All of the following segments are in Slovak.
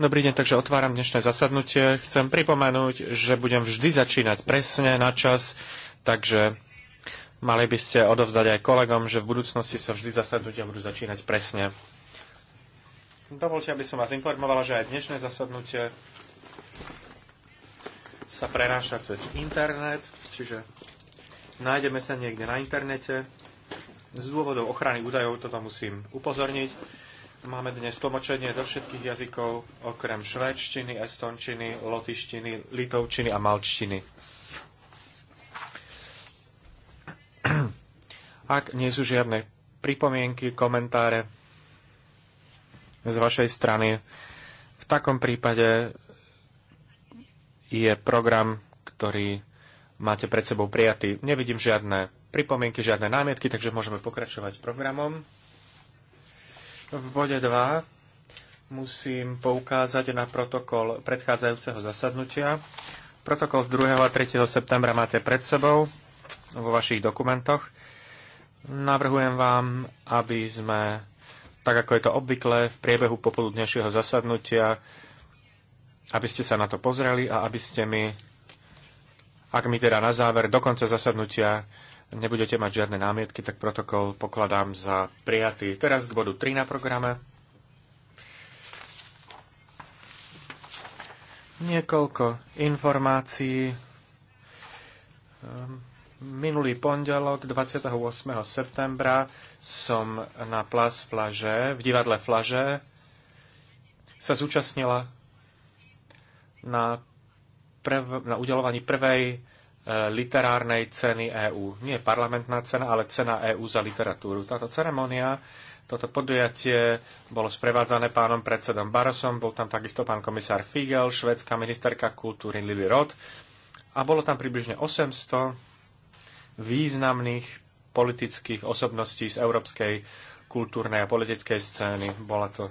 Dobrý deň, takže otváram dnešné zasadnutie. Chcem pripomenúť, že budem vždy začínať presne na čas, takže mali by ste odovzdať aj kolegom, že v budúcnosti sa vždy zasadnutia budú začínať presne. Dovolte, aby som vás informovala, že aj dnešné zasadnutie sa prenáša cez internet, čiže nájdeme sa niekde na internete. Z dôvodov ochrany údajov toto musím upozorniť. Máme dnes tlmočenie do všetkých jazykov, okrem švédštiny, estončiny, lotištiny, litovčiny a malčtiny. Ak nie sú žiadne pripomienky, komentáre z vašej strany, v takom prípade je program, ktorý máte pred sebou prijatý. Nevidím žiadne pripomienky, žiadne námietky, takže môžeme pokračovať programom. V bode 2 musím poukázať na protokol predchádzajúceho zasadnutia. Protokol z 2. a 3. septembra máte pred sebou vo vašich dokumentoch. Navrhujem vám, aby sme, tak ako je to obvykle, v priebehu popoludnejšieho zasadnutia, aby ste sa na to pozreli a aby ste mi, ak mi teda na záver do konca zasadnutia nebudete mať žiadne námietky, tak protokol pokladám za prijatý. Teraz k bodu 3 na programe. Niekoľko informácií. Ehm, minulý pondelok 28. septembra som na Plas Flaže, v divadle Flaže, sa zúčastnila na, prv, na udelovaní prvej literárnej ceny EÚ. Nie parlamentná cena, ale cena EÚ za literatúru. Táto ceremonia, toto podujatie bolo sprevádzané pánom predsedom Barosom, bol tam takisto pán komisár Figel, švedská ministerka kultúry Lily Roth a bolo tam približne 800 významných politických osobností z európskej kultúrnej a politickej scény. Bola to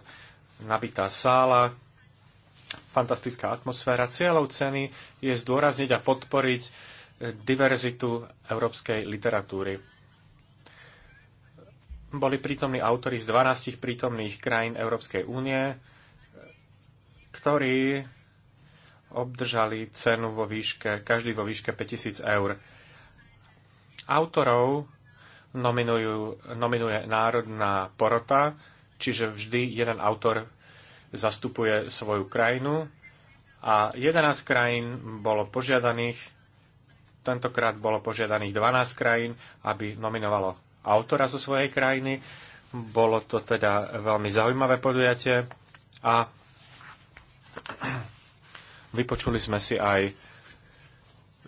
nabitá sála, fantastická atmosféra. Cieľou ceny je zdôrazniť a podporiť diverzitu európskej literatúry. Boli prítomní autory z 12 prítomných krajín Európskej únie, ktorí obdržali cenu vo výške, každý vo výške 5000 eur. Autorov nominujú, nominuje národná porota, čiže vždy jeden autor zastupuje svoju krajinu a 11 krajín bolo požiadaných Tentokrát bolo požiadaných 12 krajín, aby nominovalo autora zo svojej krajiny. Bolo to teda veľmi zaujímavé podujatie a vypočuli sme si aj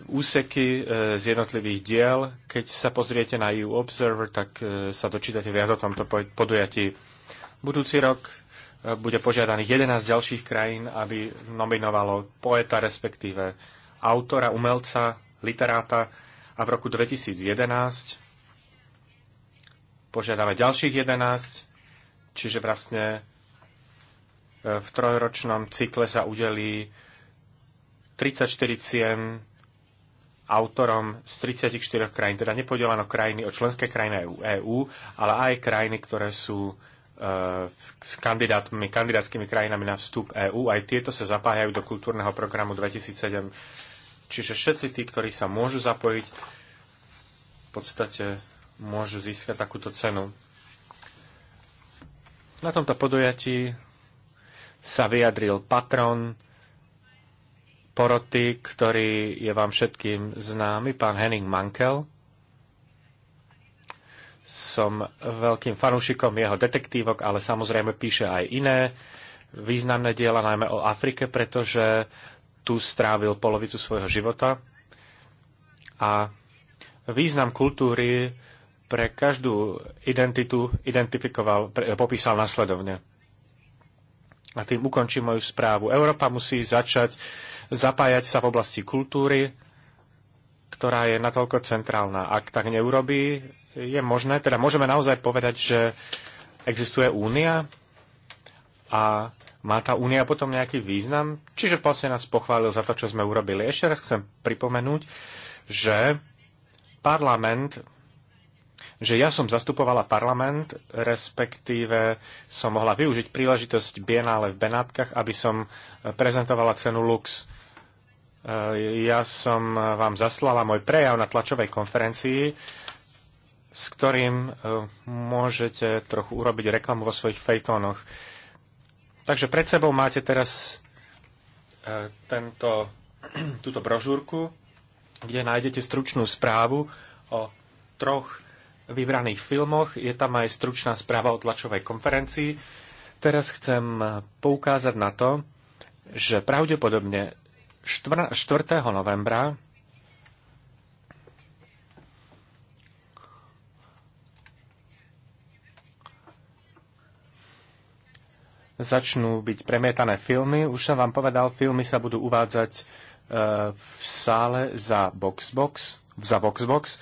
úseky e, z jednotlivých diel. Keď sa pozriete na EU Observer, tak e, sa dočítate viac o tomto podujatí. Budúci rok e, bude požiadaných 11 ďalších krajín, aby nominovalo poeta, respektíve autora, umelca literáta a v roku 2011 požiadame ďalších 11, čiže vlastne e, v trojročnom cykle sa udelí 34 cien autorom z 34 krajín, teda nepodelano krajiny o členské krajiny EÚ, ale aj krajiny, ktoré sú e, s kandidátmi, kandidátskymi krajinami na vstup EÚ. Aj tieto sa zapájajú do kultúrneho programu 2007 Čiže všetci tí, ktorí sa môžu zapojiť, v podstate môžu získať takúto cenu. Na tomto podujatí sa vyjadril patron poroty, ktorý je vám všetkým známy, pán Henning Mankel. Som veľkým fanúšikom jeho detektívok, ale samozrejme píše aj iné významné diela, najmä o Afrike, pretože tu strávil polovicu svojho života a význam kultúry pre každú identitu identifikoval, pre, popísal nasledovne. A tým ukončím moju správu. Európa musí začať zapájať sa v oblasti kultúry, ktorá je natoľko centrálna. Ak tak neurobí, je možné, teda môžeme naozaj povedať, že existuje únia a má tá únia potom nejaký význam? Čiže vlastne nás pochválil za to, čo sme urobili. Ešte raz chcem pripomenúť, že parlament že ja som zastupovala parlament, respektíve som mohla využiť príležitosť Bienále v Benátkach, aby som eh, prezentovala cenu Lux. Eh, ja som eh, vám zaslala môj prejav na tlačovej konferencii, s ktorým môžete trochu urobiť reklamu vo svojich fejtónoch. Takže pred sebou máte teraz e, tento, túto brožúrku, kde nájdete stručnú správu o troch vybraných filmoch. Je tam aj stručná správa o tlačovej konferencii. Teraz chcem poukázať na to, že pravdepodobne 4. novembra začnú byť premietané filmy. Už som vám povedal, filmy sa budú uvádzať e, v sále za Boxbox, za Voxbox e,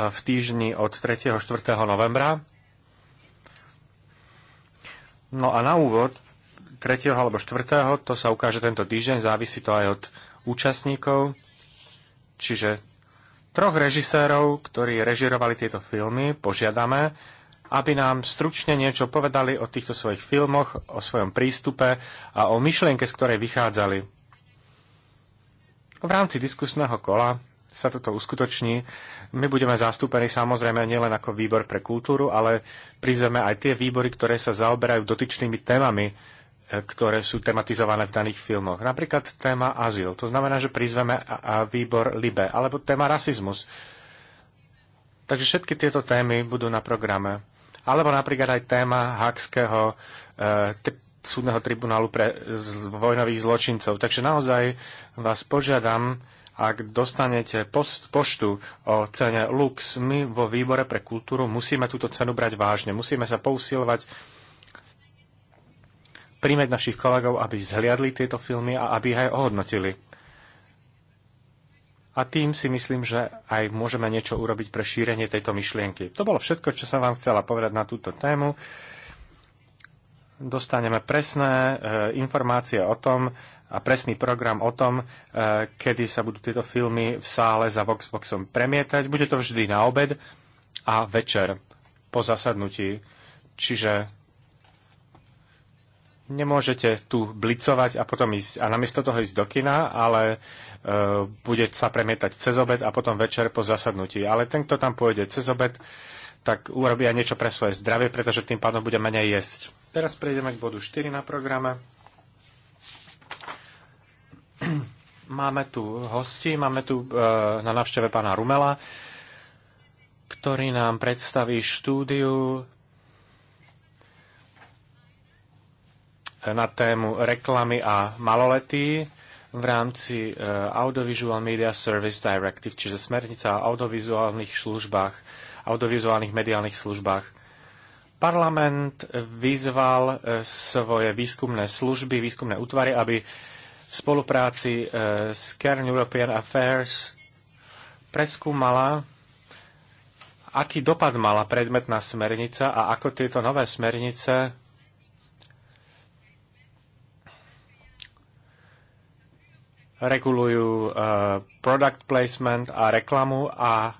v týždni od 3. 4. novembra. No a na úvod 3. alebo 4. to sa ukáže tento týždeň, závisí to aj od účastníkov, čiže troch režisérov, ktorí režirovali tieto filmy, požiadame, aby nám stručne niečo povedali o týchto svojich filmoch, o svojom prístupe a o myšlienke, z ktorej vychádzali. V rámci diskusného kola sa toto uskutoční. My budeme zastúpení samozrejme nielen ako výbor pre kultúru, ale prizveme aj tie výbory, ktoré sa zaoberajú dotyčnými témami, e, ktoré sú tematizované v daných filmoch. Napríklad téma azyl. To znamená, že prizveme výbor Libe alebo téma rasizmus. Takže všetky tieto témy budú na programe alebo napríklad aj téma Hakského e, eh, súdneho tribunálu pre vojnových zločincov. Takže naozaj vás požiadam, ak dostanete post, poštu o cene Lux, my vo výbore pre kultúru musíme túto cenu brať vážne. Musíme sa pousilovať príjmeť našich kolegov, aby zhliadli tieto filmy a aby ich aj ohodnotili a tým si myslím, že aj môžeme niečo urobiť pre šírenie tejto myšlienky. To bolo všetko, čo som vám chcela povedať na túto tému. Dostaneme presné e, informácie o tom a presný program o tom, e, kedy sa budú tieto filmy v sále za Voxboxom premietať. Bude to vždy na obed a večer po zasadnutí. Čiže nemôžete tu blicovať a potom ísť a namiesto toho ísť do kina, ale e, bude sa premietať cez obed a potom večer po zasadnutí. Ale ten, kto tam pôjde cez obed, tak urobia niečo pre svoje zdravie, pretože tým pádom bude menej jesť. Teraz prejdeme k bodu 4 na programe. Máme tu hosti, máme tu e, na návšteve pána Rumela, ktorý nám predstaví štúdiu na tému reklamy a maloletí v rámci e, Audiovisual Media Service Directive, čiže smernica o audiovizuálnych službách, audiovizuálnych mediálnych službách. Parlament vyzval e, svoje výskumné služby, výskumné útvary, aby v spolupráci e, s Kern European Affairs preskúmala, aký dopad mala predmetná smernica a ako tieto nové smernice regulujú uh, product placement a reklamu a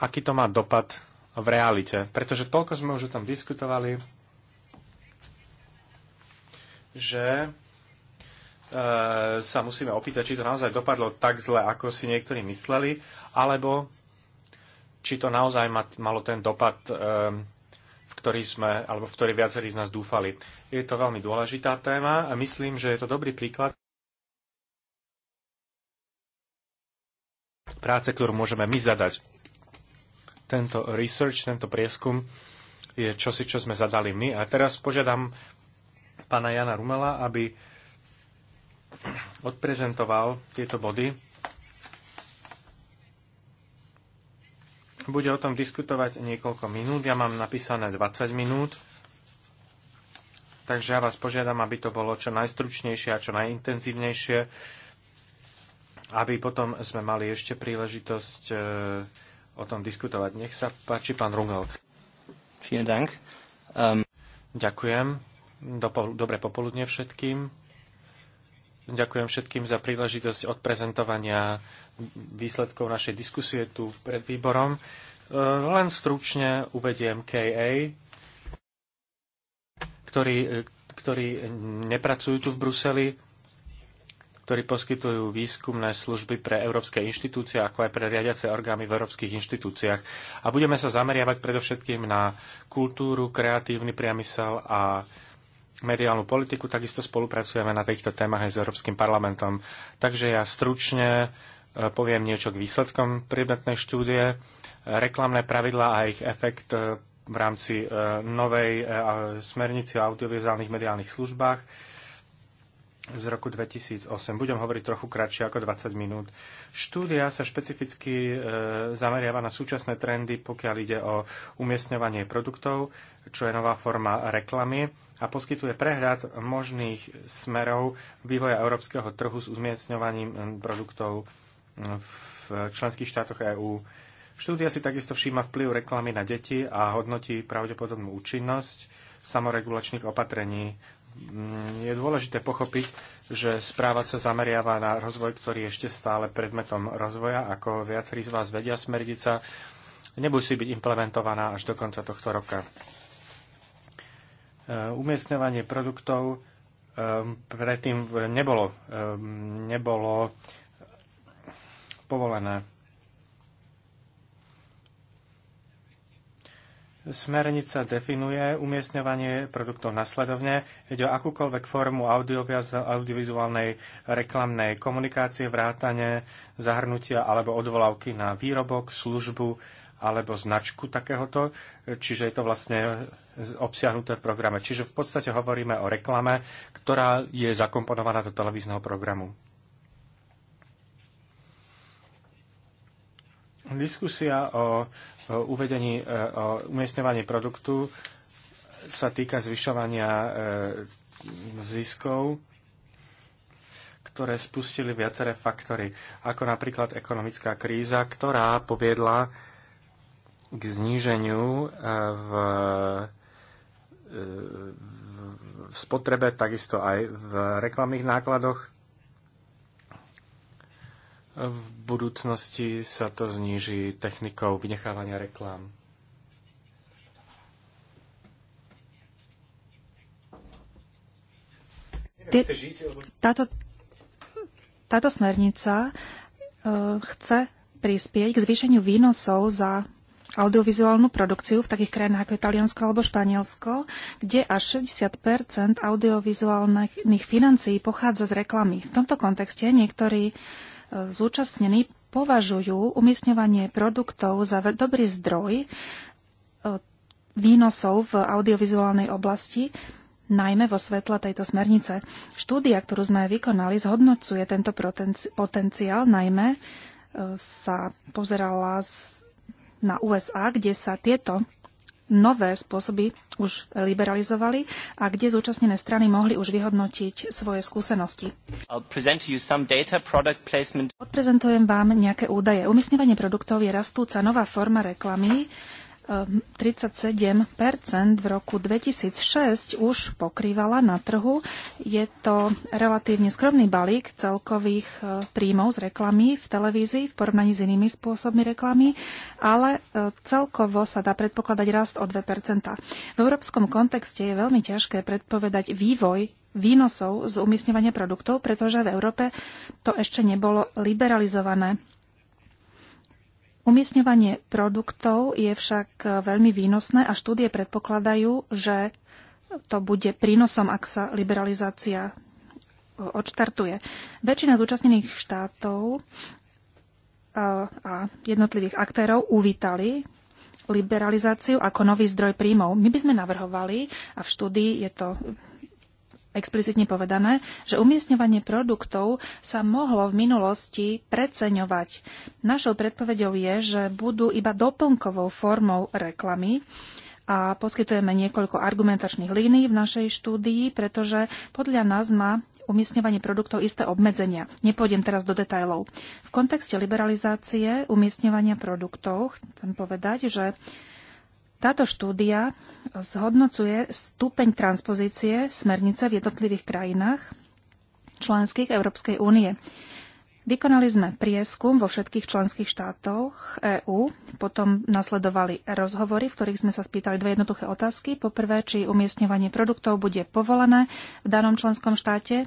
aký to má dopad v realite. Pretože toľko sme už o tom diskutovali, že uh, sa musíme opýtať, či to naozaj dopadlo tak zle, ako si niektorí mysleli, alebo či to naozaj malo ten dopad, uh, v ktorý sme, alebo v ktorý viacerí z nás dúfali. Je to veľmi dôležitá téma a myslím, že je to dobrý príklad práce, ktorú môžeme my zadať. Tento research, tento prieskum je čosi, čo sme zadali my. A teraz požiadam pána Jana Rumela, aby odprezentoval tieto body. Bude o tom diskutovať niekoľko minút. Ja mám napísané 20 minút. Takže ja vás požiadam, aby to bolo čo najstručnejšie a čo najintenzívnejšie aby potom sme mali ešte príležitosť e, o tom diskutovať. Nech sa páči, pán Rungel. Vielen Dank. Um... Ďakujem. dobré popoludne všetkým. Ďakujem všetkým za príležitosť odprezentovania výsledkov našej diskusie tu pred výborom. E, len stručne uvediem KA, ktorí, e, ktorí nepracujú tu v Bruseli, ktorí poskytujú výskumné služby pre európske inštitúcie, ako aj pre riadiace orgány v európskych inštitúciách. A budeme sa zameriavať predovšetkým na kultúru, kreatívny priemysel a mediálnu politiku. Takisto spolupracujeme na týchto témach aj s Európskym parlamentom. Takže ja stručne e, poviem niečo k výsledkom príbetnej štúdie. E, reklamné pravidlá a ich efekt e, v rámci novej smernici o audiovizuálnych mediálnych službách z roku 2008. Budem hovoriť trochu kratšie ako 20 minút. Štúdia sa špecificky e, zameriava na súčasné trendy, pokiaľ ide o umiestňovanie produktov, čo je nová forma reklamy a poskytuje prehľad možných smerov vývoja európskeho trhu s umiestňovaním produktov v členských štátoch EÚ. Štúdia si takisto všíma vplyv reklamy na deti a hodnotí pravdepodobnú účinnosť samoregulačných opatrení Mm, je dôležité pochopiť, že správa sa zameriava na rozvoj, ktorý je ešte stále predmetom rozvoja. Ako viacerí z vás vedia, smernica nemusí byť implementovaná až do konca tohto roka. E, umiestňovanie produktov e, predtým nebolo, e, nebolo povolené. Smernica definuje umiestňovanie produktov nasledovne. Ide o akúkoľvek formu audiovizuálnej reklamnej komunikácie, vrátane, zahrnutia alebo odvolávky na výrobok, službu alebo značku takéhoto, čiže je to vlastne obsiahnuté v programe. Čiže v podstate hovoríme o reklame, ktorá je zakomponovaná do televízneho programu. Diskusia o, o uvedení, e, o umiestňovaní produktu sa týka zvyšovania e, ziskov, ktoré spustili viaceré faktory, ako napríklad ekonomická kríza, ktorá poviedla k zníženiu e, e, v, v spotrebe, takisto aj v reklamných nákladoch v budúcnosti sa to zníži technikou vynechávania reklám. Táto, táto smernica e, chce prispieť k zvýšeniu výnosov za audiovizuálnu produkciu v takých krajinách ako Italiansko Taliansko alebo Španielsko, kde až 60 audiovizuálnych financií pochádza z reklamy. V tomto kontexte niektorí zúčastnení považujú umiestňovanie produktov za dobrý zdroj e, výnosov v audiovizuálnej oblasti, najmä vo svetle tejto smernice. Štúdia, ktorú sme vykonali, zhodnocuje tento potenciál, najmä e, sa pozerala na USA, kde sa tieto nové spôsoby už liberalizovali a kde zúčastnené strany mohli už vyhodnotiť svoje skúsenosti. Odprezentujem vám nejaké údaje. Umiestňovanie produktov je rastúca nová forma reklamy, 37 v roku 2006 už pokrývala na trhu. Je to relatívne skromný balík celkových e, príjmov z reklamy v televízii v porovnaní s inými spôsobmi reklamy, ale e, celkovo sa dá predpokladať rast o 2 V európskom kontexte je veľmi ťažké predpovedať vývoj výnosov z umiestňovania produktov, pretože v Európe to ešte nebolo liberalizované Umiestňovanie produktov je však e, veľmi výnosné a štúdie predpokladajú, že to bude prínosom, ak sa liberalizácia e, odštartuje. Väčšina zúčastnených štátov e, a jednotlivých aktérov uvítali liberalizáciu ako nový zdroj príjmov. My by sme navrhovali, a v štúdii je to explicitne povedané, že umiestňovanie produktov sa mohlo v minulosti preceňovať. Našou predpovedou je, že budú iba doplnkovou formou reklamy a poskytujeme niekoľko argumentačných línií v našej štúdii, pretože podľa nás má umiestňovanie produktov isté obmedzenia. Nepôjdem teraz do detajlov. V kontexte liberalizácie umiestňovania produktov chcem povedať, že táto štúdia zhodnocuje stupeň transpozície smernice v jednotlivých krajinách členských Európskej únie. Vykonali sme prieskum vo všetkých členských štátoch EÚ, potom nasledovali rozhovory, v ktorých sme sa spýtali dve jednoduché otázky. Po prvé, či umiestňovanie produktov bude povolené v danom členskom štáte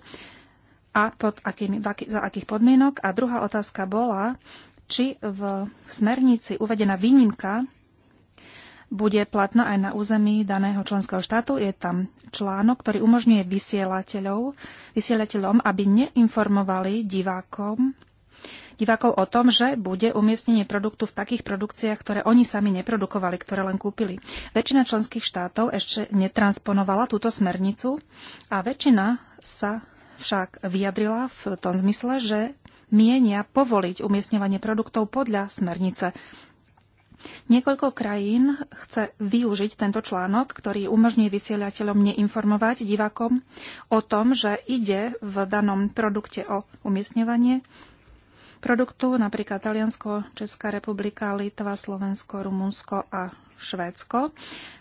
a pod akými, aký, za akých podmienok. A druhá otázka bola, či v smernici uvedená výnimka bude platná aj na území daného členského štátu. Je tam článok, ktorý umožňuje vysielateľov, vysielateľom, aby neinformovali divákom, divákov o tom, že bude umiestnenie produktu v takých produkciách, ktoré oni sami neprodukovali, ktoré len kúpili. Väčšina členských štátov ešte netransponovala túto smernicu a väčšina sa však vyjadrila v tom zmysle, že mienia povoliť umiestňovanie produktov podľa smernice. Niekoľko krajín chce využiť tento článok, ktorý umožní vysielateľom neinformovať divakom o tom, že ide v danom produkte o umiestňovanie produktu, napríklad Taliansko, Česká republika, Litva, Slovensko, Rumunsko a Švédsko.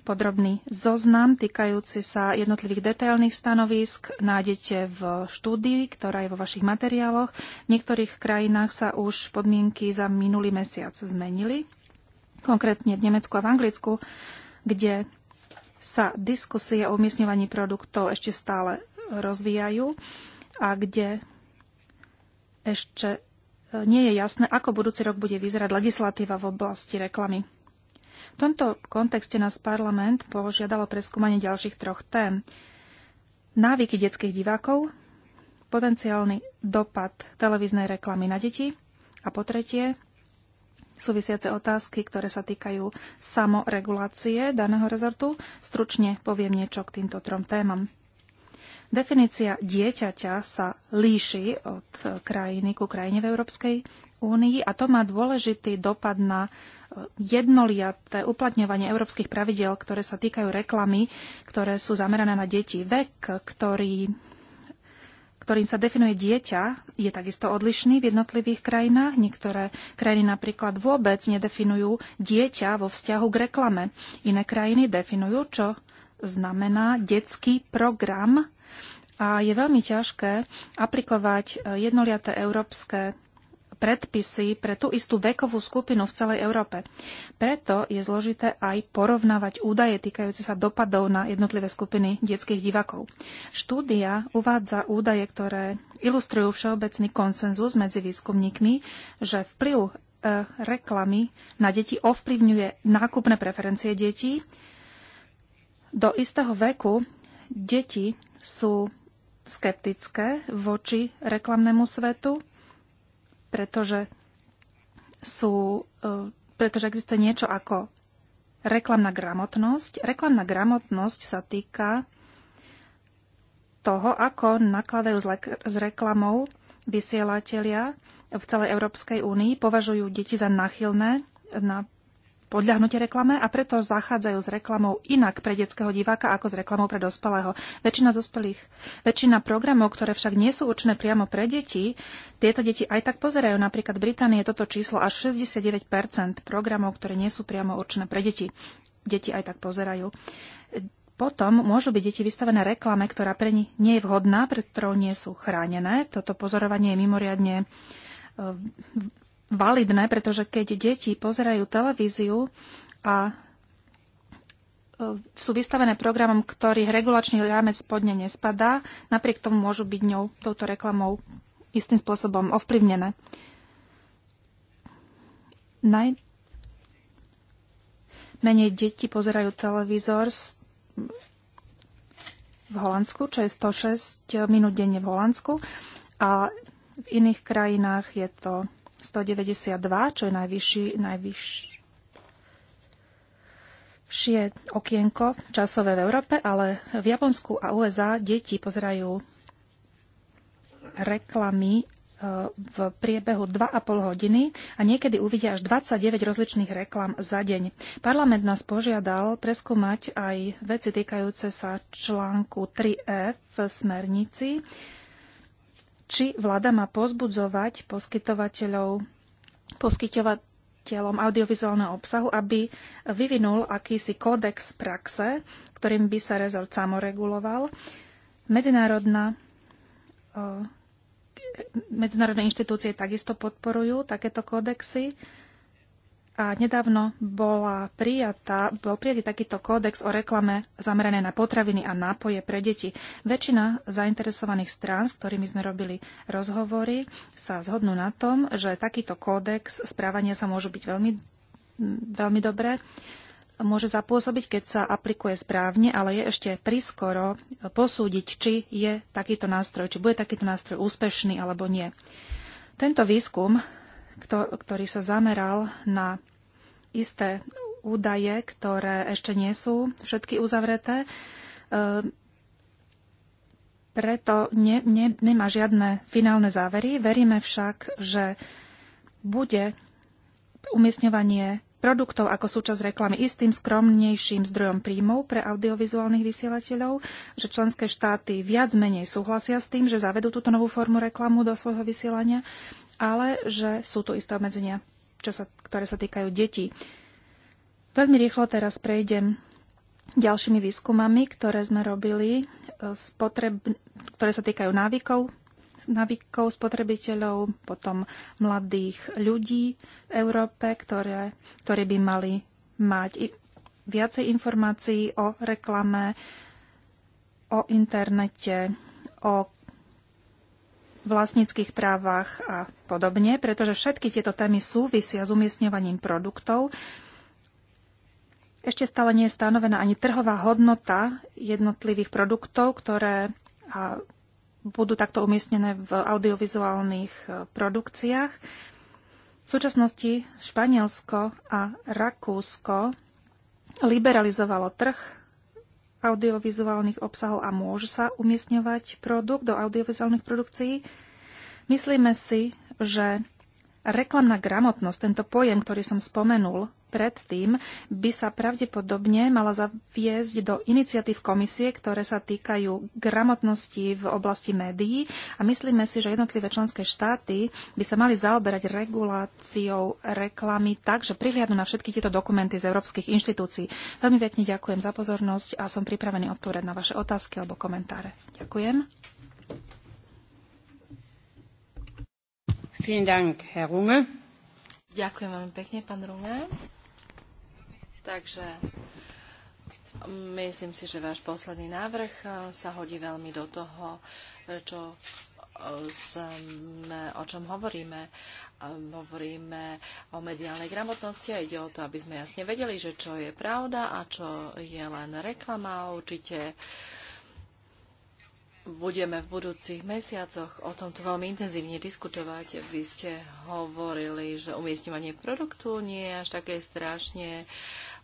Podrobný zoznam týkajúci sa jednotlivých detailných stanovisk nájdete v štúdii, ktorá je vo vašich materiáloch. V niektorých krajinách sa už podmienky za minulý mesiac zmenili konkrétne v Nemecku a v Anglicku, kde sa diskusie o umiestňovaní produktov ešte stále rozvíjajú a kde ešte e, nie je jasné, ako budúci rok bude vyzerať legislatíva v oblasti reklamy. V tomto kontexte nás parlament požiadalo preskúmanie ďalších troch tém. Návyky detských divákov, potenciálny dopad televíznej reklamy na deti a po tretie súvisiace otázky, ktoré sa týkajú samoregulácie daného rezortu. Stručne poviem niečo k týmto trom témam. Definícia dieťaťa sa líši od krajiny ku krajine v Európskej únii a to má dôležitý dopad na e, jednoliaté uplatňovanie európskych pravidiel, ktoré sa týkajú reklamy, ktoré sú zamerané na deti. Vek, ktorý ktorým sa definuje dieťa, je takisto odlišný v jednotlivých krajinách. Niektoré krajiny napríklad vôbec nedefinujú dieťa vo vzťahu k reklame. Iné krajiny definujú, čo znamená detský program a je veľmi ťažké aplikovať jednoliaté európske predpisy pre tú istú vekovú skupinu v celej Európe. Preto je zložité aj porovnávať údaje týkajúce sa dopadov na jednotlivé skupiny detských divakov. Štúdia uvádza údaje, ktoré ilustrujú všeobecný konsenzus medzi výskumníkmi, že vplyv e, reklamy na deti ovplyvňuje nákupné preferencie detí. Do istého veku deti sú skeptické voči reklamnému svetu pretože sú, e, pretože existuje niečo ako reklamná gramotnosť. Reklamná gramotnosť sa týka toho, ako nakladajú s reklamou vysielatelia v celej Európskej únii, považujú deti za nachylné na podľahnutie reklame a preto zachádzajú s reklamou inak pre detského diváka ako s reklamou pre dospelého. Väčšina dospelých, väčšina programov, ktoré však nie sú určené priamo pre deti, tieto deti aj tak pozerajú. Napríklad v Británii je toto číslo až 69% programov, ktoré nie sú priamo určené pre deti. Deti aj tak pozerajú. Potom môžu byť deti vystavené reklame, ktorá pre nich nie je vhodná, pred ktorou nie sú chránené. Toto pozorovanie je mimoriadne eh, validné, pretože keď deti pozerajú televíziu a e, sú vystavené programom, ktorý regulačný rámec pod ne nespadá, napriek tomu môžu byť ňou, touto reklamou istým spôsobom ovplyvnené. Menej deti pozerajú televízor v Holandsku, čo je 106 minút denne v Holandsku a v iných krajinách je to 192, čo je najvyšší, najvyššie okienko časové v Európe, ale v Japonsku a USA deti pozerajú reklamy e, v priebehu 2,5 hodiny a niekedy uvidia až 29 rozličných reklam za deň. Parlament nás požiadal preskúmať aj veci týkajúce sa článku 3F e v smernici, či vláda má pozbudzovať poskytovateľov, poskytovateľom audiovizuálneho obsahu, aby vyvinul akýsi kódex praxe, ktorým by sa rezort samoreguloval. Medzinárodná e, medzinárodné inštitúcie takisto podporujú takéto kódexy a nedávno bola prijatá, bol prijatý takýto kódex o reklame zamerané na potraviny a nápoje pre deti. Väčšina zainteresovaných strán, s ktorými sme robili rozhovory, sa zhodnú na tom, že takýto kódex správania sa môže byť veľmi, veľmi dobré môže zapôsobiť, keď sa aplikuje správne, ale je ešte priskoro posúdiť, či je takýto nástroj, či bude takýto nástroj úspešný alebo nie. Tento výskum ktorý sa zameral na isté údaje, ktoré ešte nie sú všetky uzavreté. E, preto ne, ne, nemá žiadne finálne závery. Veríme však, že bude umiestňovanie produktov ako súčasť reklamy istým skromnejším zdrojom príjmov pre audiovizuálnych vysielateľov, že členské štáty viac menej súhlasia s tým, že zavedú túto novú formu reklamu do svojho vysielania ale že sú tu isté obmedzenia, čo sa, ktoré sa týkajú detí. Veľmi rýchlo teraz prejdem ďalšími výskumami, ktoré sme robili, spotreb, e, ktoré sa týkajú návykov, návykov spotrebiteľov, potom mladých ľudí v Európe, ktoré, ktorí by mali mať viacej informácií o reklame, o internete, o vlastníckých právach a podobne, pretože všetky tieto témy súvisia s umiestňovaním produktov. Ešte stále nie je stanovená ani trhová hodnota jednotlivých produktov, ktoré budú takto umiestnené v audiovizuálnych e, produkciách. V súčasnosti Španielsko a Rakúsko liberalizovalo trh audiovizuálnych obsahov a môže sa umiestňovať produkt do audiovizuálnych produkcií? Myslíme si, že Reklamná gramotnosť, tento pojem, ktorý som spomenul predtým, by sa pravdepodobne mala zaviesť do iniciatív komisie, ktoré sa týkajú gramotnosti v oblasti médií a myslíme si, že jednotlivé členské štáty by sa mali zaoberať reguláciou reklamy tak, že prihliadnú na všetky tieto dokumenty z európskych inštitúcií. Veľmi pekne ďakujem za pozornosť a som pripravený odpovedať na vaše otázky alebo komentáre. Ďakujem. Vielen Dank, Herr Runge. Ďakujem veľmi pekne, pán Runge. Takže myslím si, že váš posledný návrh eh, sa hodí veľmi do toho, eh, čo eh, sme, o čom hovoríme. Hovoríme o mediálnej gramotnosti a ide o to, aby sme jasne vedeli, že čo je pravda a čo je len reklama. Určite uh, budeme v budúcich mesiacoch o tomto veľmi intenzívne diskutovať. Vy ste hovorili, že umiestňovanie produktu nie je až také strašne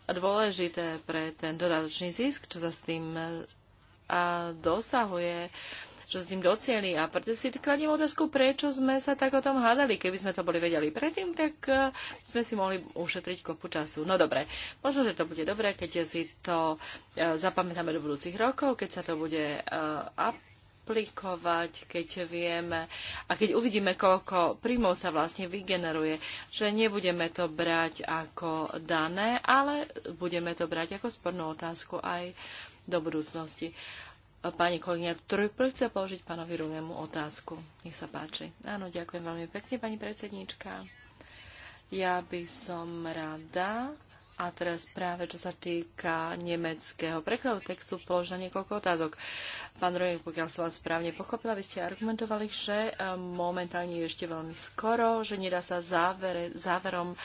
dôležité pre ten dodatočný zisk, čo sa s tým e, a dosahuje čo s tým docieli. A preto si kladiem otázku, prečo sme sa tak o tom hádali. Keby sme to boli vedeli predtým, tak e, sme si mohli ušetriť kopu času. No dobre, možno, že to bude dobré, keď si to e, zapamätáme do budúcich rokov, keď sa to bude aplikovať, keď vieme a keď uvidíme, koľko príjmov sa vlastne vygeneruje, že nebudeme to brať ako dané, ale budeme to brať ako spornú otázku aj do budúcnosti. Pani kolegyňa Trujpl chce položiť pánovi Rungemu otázku. Nech sa páči. Áno, ďakujem veľmi pekne, pani predsedníčka. Ja by som rada a teraz práve čo sa týka nemeckého prekladu textu, položila niekoľko otázok. Pán Rojek, pokiaľ som vás správne pochopila, vy ste argumentovali, že eh, momentálne je ešte veľmi skoro, že nedá sa závere, záverom um,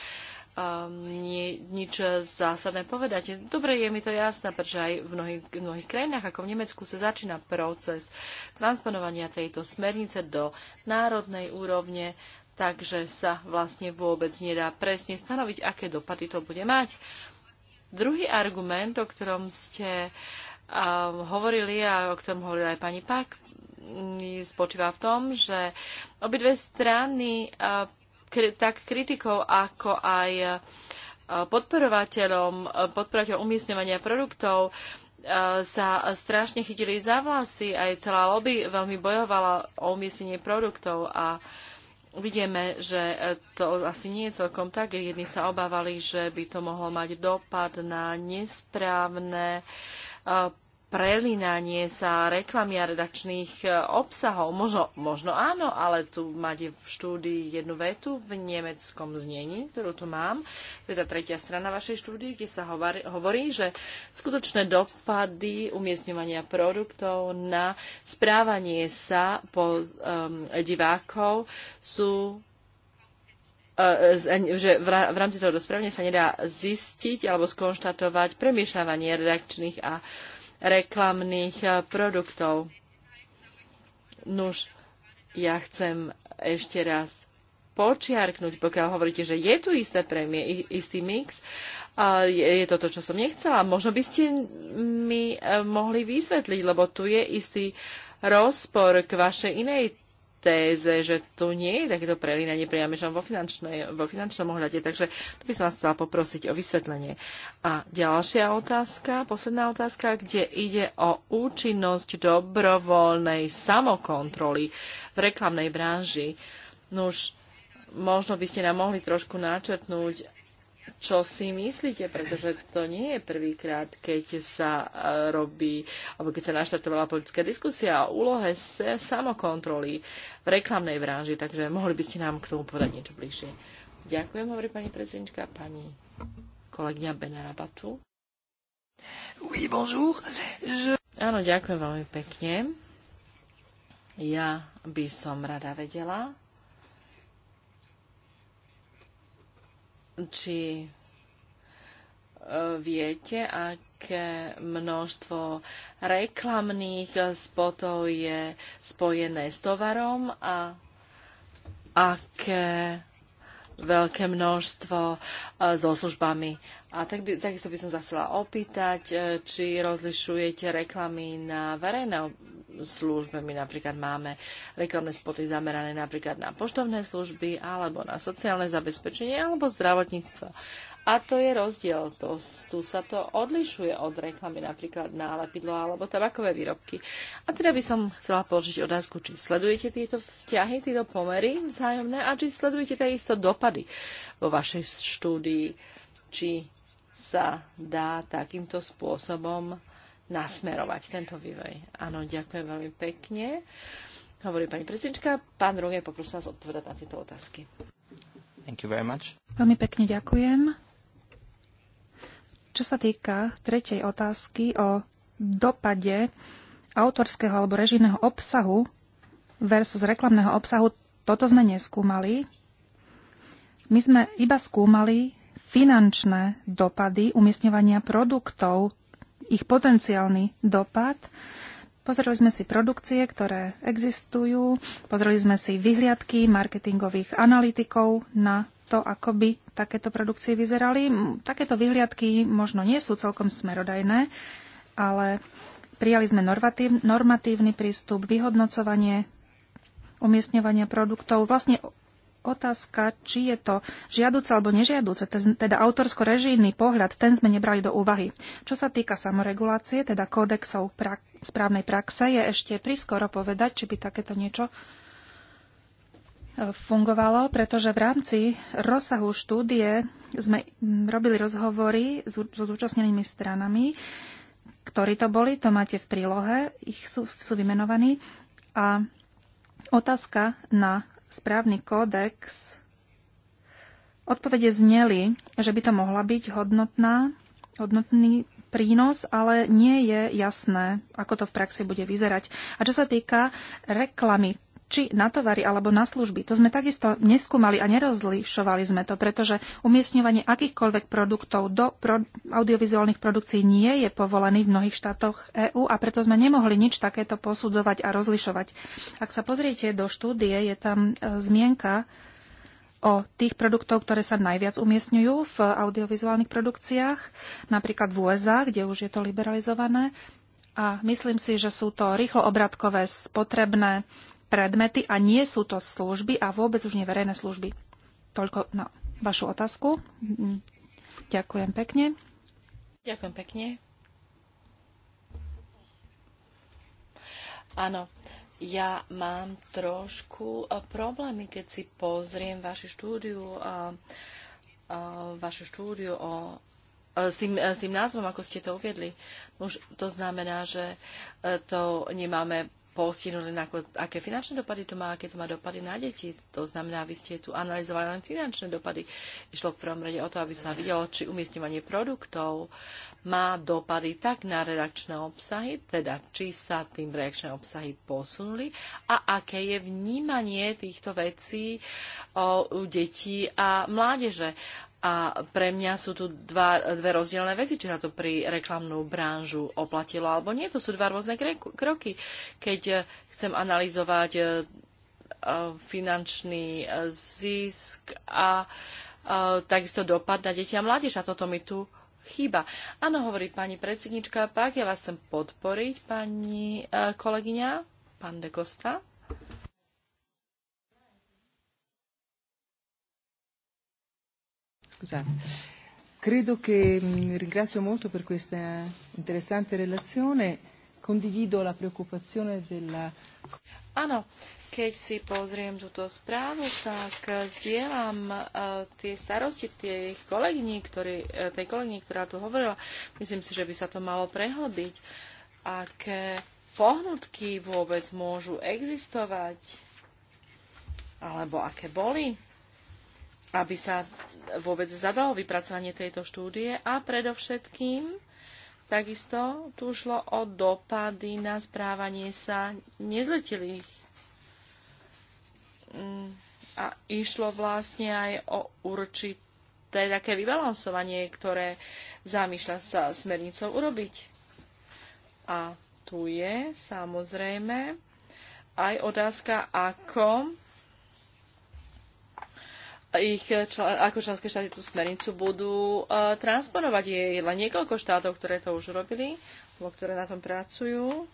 nie, nič zásadné povedať. Dobre, je mi to jasné, pretože aj v mnohých, v mnohých krajinách, ako v Nemecku, sa začína proces transponovania tejto smernice do národnej úrovne takže sa vlastne vôbec nedá presne stanoviť, aké dopady to bude mať. Druhý argument, o ktorom ste um, hovorili a o ktorom hovorila aj pani Pak, spočíva v tom, že obidve strany tak kritikou, ako aj podporovateľom, podporovateľom umiestňovania produktov sa strašne chytili za vlasy, aj celá lobby veľmi bojovala o umiestnenie produktov a uh, Vidíme, že e, to asi nie je celkom tak. Jedni sa obávali, že by to mohlo mať dopad na nesprávne e, prelinanie sa reklamy a redakčných e, obsahov. Možno, možno áno, ale tu máte v štúdii jednu vetu v nemeckom znení, ktorú tu mám. To je tá tretia strana vašej štúdii, kde sa hovorí, hovorí že skutočné dopady umiestňovania produktov na správanie sa po um, divákov sú e, že v rámci toho dosprávania sa nedá zistiť alebo skonštatovať premiešavanie redakčných a uh, reklamných eh, produktov. Nuž, ja chcem ešte raz počiarknúť, pokiaľ hovoríte, že je tu isté premie, istý mix, a je to to, čo som nechcela. Možno by ste mi eh, mohli vysvetliť, lebo tu je istý rozpor k vašej inej téze, že tu nie je takéto prelínanie že vo, vo finančnom ohľade. Takže tu by som vás chcela poprosiť o vysvetlenie. A ďalšia otázka, posledná otázka, kde ide o účinnosť dobrovoľnej samokontroly v reklamnej branži. No už možno by ste nám mohli trošku načetnúť čo si myslíte, pretože to nie je prvýkrát, keď sa e, robí, alebo keď sa naštartovala politická diskusia o úlohe samokontroly v reklamnej branži, takže mohli by ste nám k tomu povedať niečo bližšie. Ďakujem, hovorí pani predsednička, pani kolegyňa Benarabatu. Oui, bonjour. Je... Áno, ďakujem veľmi pekne. Ja by som rada vedela, či e, viete, aké množstvo reklamných spotov je spojené s tovarom a aké veľké množstvo e, so službami. A tak by, takisto by som sa chcela opýtať, e, či rozlišujete reklamy na verejné službe. My napríklad máme reklamné spoty zamerané napríklad na poštovné služby alebo na sociálne zabezpečenie alebo zdravotníctvo. A to je rozdiel. To, tu sa to odlišuje od reklamy napríklad na lepidlo alebo tabakové výrobky. A teda by som chcela položiť otázku, či sledujete tieto vzťahy, tieto pomery vzájomné a či sledujete takisto dopady vo vašej štúdii, či sa dá takýmto spôsobom nasmerovať tento vývoj. Áno, ďakujem veľmi pekne. Hovorí pani predsednička. Pán Runge, poprosím vás odpovedať na tieto otázky. Thank you very much. Veľmi pekne ďakujem. Čo sa týka tretej otázky o dopade autorského alebo režijného obsahu versus reklamného obsahu, toto sme neskúmali. My sme iba skúmali finančné dopady umiestňovania produktov, ich potenciálny dopad. Pozreli sme si produkcie, ktoré existujú, pozreli sme si vyhliadky marketingových analytikov na to, ako by takéto produkcie vyzerali. Takéto vyhliadky možno nie sú celkom smerodajné, ale prijali sme normatív, normatívny prístup, vyhodnocovanie umiestňovania produktov. Vlastne otázka, či je to žiaduce alebo nežiaduce, teda autorsko-režijný pohľad, ten sme nebrali do úvahy. Čo sa týka samoregulácie, teda kódexov správnej praxe, je ešte priskoro povedať, či by takéto niečo fungovalo, pretože v rámci rozsahu štúdie sme robili rozhovory s zúčastnenými stranami, ktorí to boli, to máte v prílohe, ich sú, sú vymenovaní. A otázka na správny kódex odpovede zneli, že by to mohla byť hodnotná, hodnotný prínos, ale nie je jasné, ako to v praxi bude vyzerať. A čo sa týka reklamy, či na tovary alebo na služby. To sme takisto neskúmali a nerozlišovali sme to, pretože umiestňovanie akýchkoľvek produktov do pro- audiovizuálnych produkcií nie je povolený v mnohých štátoch EÚ a preto sme nemohli nič takéto posudzovať a rozlišovať. Ak sa pozriete do štúdie, je tam e, zmienka o tých produktov, ktoré sa najviac umiestňujú v audiovizuálnych produkciách, napríklad v USA, kde už je to liberalizované. A myslím si, že sú to rýchlo obratkové spotrebné predmety a nie sú to služby a vôbec už nie verejné služby. Toľko na vašu otázku. Ďakujem pekne. Ďakujem pekne. Áno, ja mám trošku problémy, keď si pozriem vaše štúdiu, a, a, vaše štúdiu o s tým, s tým názvom, ako ste to uviedli. Už to znamená, že e, to nemáme postihnuté, aké finančné dopady to má, aké to má dopady na deti. To znamená, vy ste tu analyzovali len finančné dopady. Išlo v prvom rade o to, aby sa videlo, či umiestňovanie produktov má dopady tak na redakčné obsahy, teda či sa tým redakčné obsahy posunuli a aké je vnímanie týchto vecí o, u detí a mládeže. A pre mňa sú tu dva, dve rozdielne veci, či sa to pri reklamnú branžu oplatilo alebo nie. To sú dva rôzne kroky. Keď chcem analyzovať e, e, finančný e, zisk a takisto dopad na deti a mládež. A toto mi tu chýba. Áno, hovorí pani predsednička, pak ja vás chcem podporiť, pani kolegyňa, pán de Costa. Scusate. Credo che ringrazio molto per questa interessante relazione. Condivido la preoccupazione della... Áno, keď si pozriem túto správu, tak eh, zdieľam uh, tie starosti tých kolegyní, ktorý, uh, eh, tej kolegyní, ktorá tu hovorila. Myslím si, že by sa to malo prehodiť. Aké pohnutky vôbec môžu existovať? Alebo aké boli? Aby sa vôbec zadalo vypracovanie tejto štúdie a predovšetkým takisto tu šlo o dopady na správanie sa nezletilých. Mm, a išlo vlastne aj o určité také vybalansovanie, ktoré zamýšľa sa smernicou urobiť. A tu je samozrejme aj otázka, ako ich ako členské štáty tú smernicu budú uh, transponovať. Je len niekoľko štátov, ktoré to už robili, alebo ktoré na tom pracujú.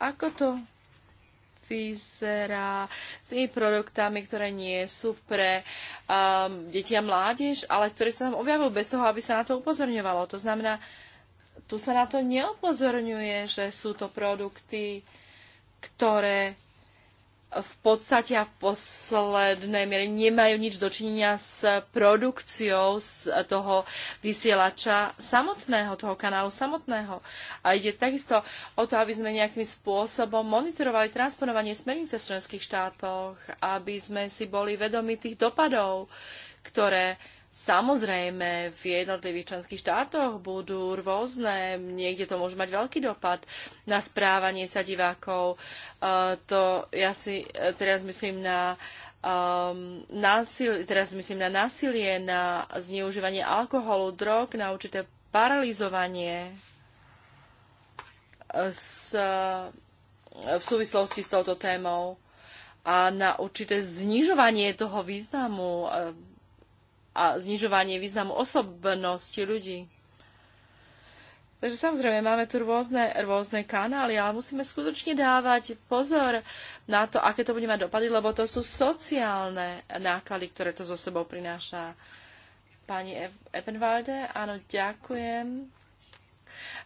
Ako to vyzerá s tými produktami, ktoré nie sú pre um, deti a mládež, ale ktoré sa tam objavujú bez toho, aby sa na to upozorňovalo. To znamená, tu sa na to neopozorňuje, že sú to produkty, ktoré v podstate a v poslednej miere nemajú nič dočinenia s produkciou z toho vysielača samotného, toho kanálu samotného. A ide takisto o to, aby sme nejakým spôsobom monitorovali transponovanie smernice v členských štátoch, aby sme si boli vedomi tých dopadov, ktoré uh, Samozrejme, v jednotlivých členských štátoch budú rôzne, niekde to môže mať veľký dopad na správanie sa divákov. E, to ja si e, teraz myslím na um, násil, teraz myslím na násilie, na zneužívanie alkoholu, drog, na určité paralizovanie e, s, v súvislosti s touto témou a na určité znižovanie toho významu a znižovanie významu osobnosti ľudí. Takže samozrejme, máme tu rôzne, rôzne kanály, ale musíme skutočne dávať pozor na to, aké to bude mať dopady, lebo to sú sociálne náklady, ktoré to so sebou prináša. Pani Eppenwalde, áno, ďakujem.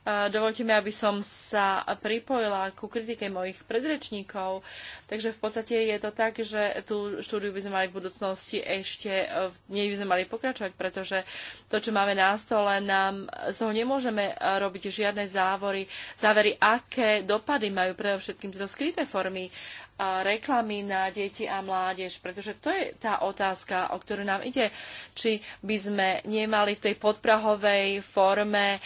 Eh, dovolte mi, aby som sa pripojila ku kritike mojich predrečníkov. Takže v podstate je to tak, že tú štúdiu by sme mali v budúcnosti ešte, eh, v nej by sme mali pokračovať, pretože to, čo máme na stole, nám, z toho nemôžeme eh, robiť žiadne závory, závery, aké dopady majú predovšetkým tieto skryté formy reklamy na deti a mládež, pretože to je tá otázka, o ktorú nám ide, či by sme nemali v tej podprahovej forme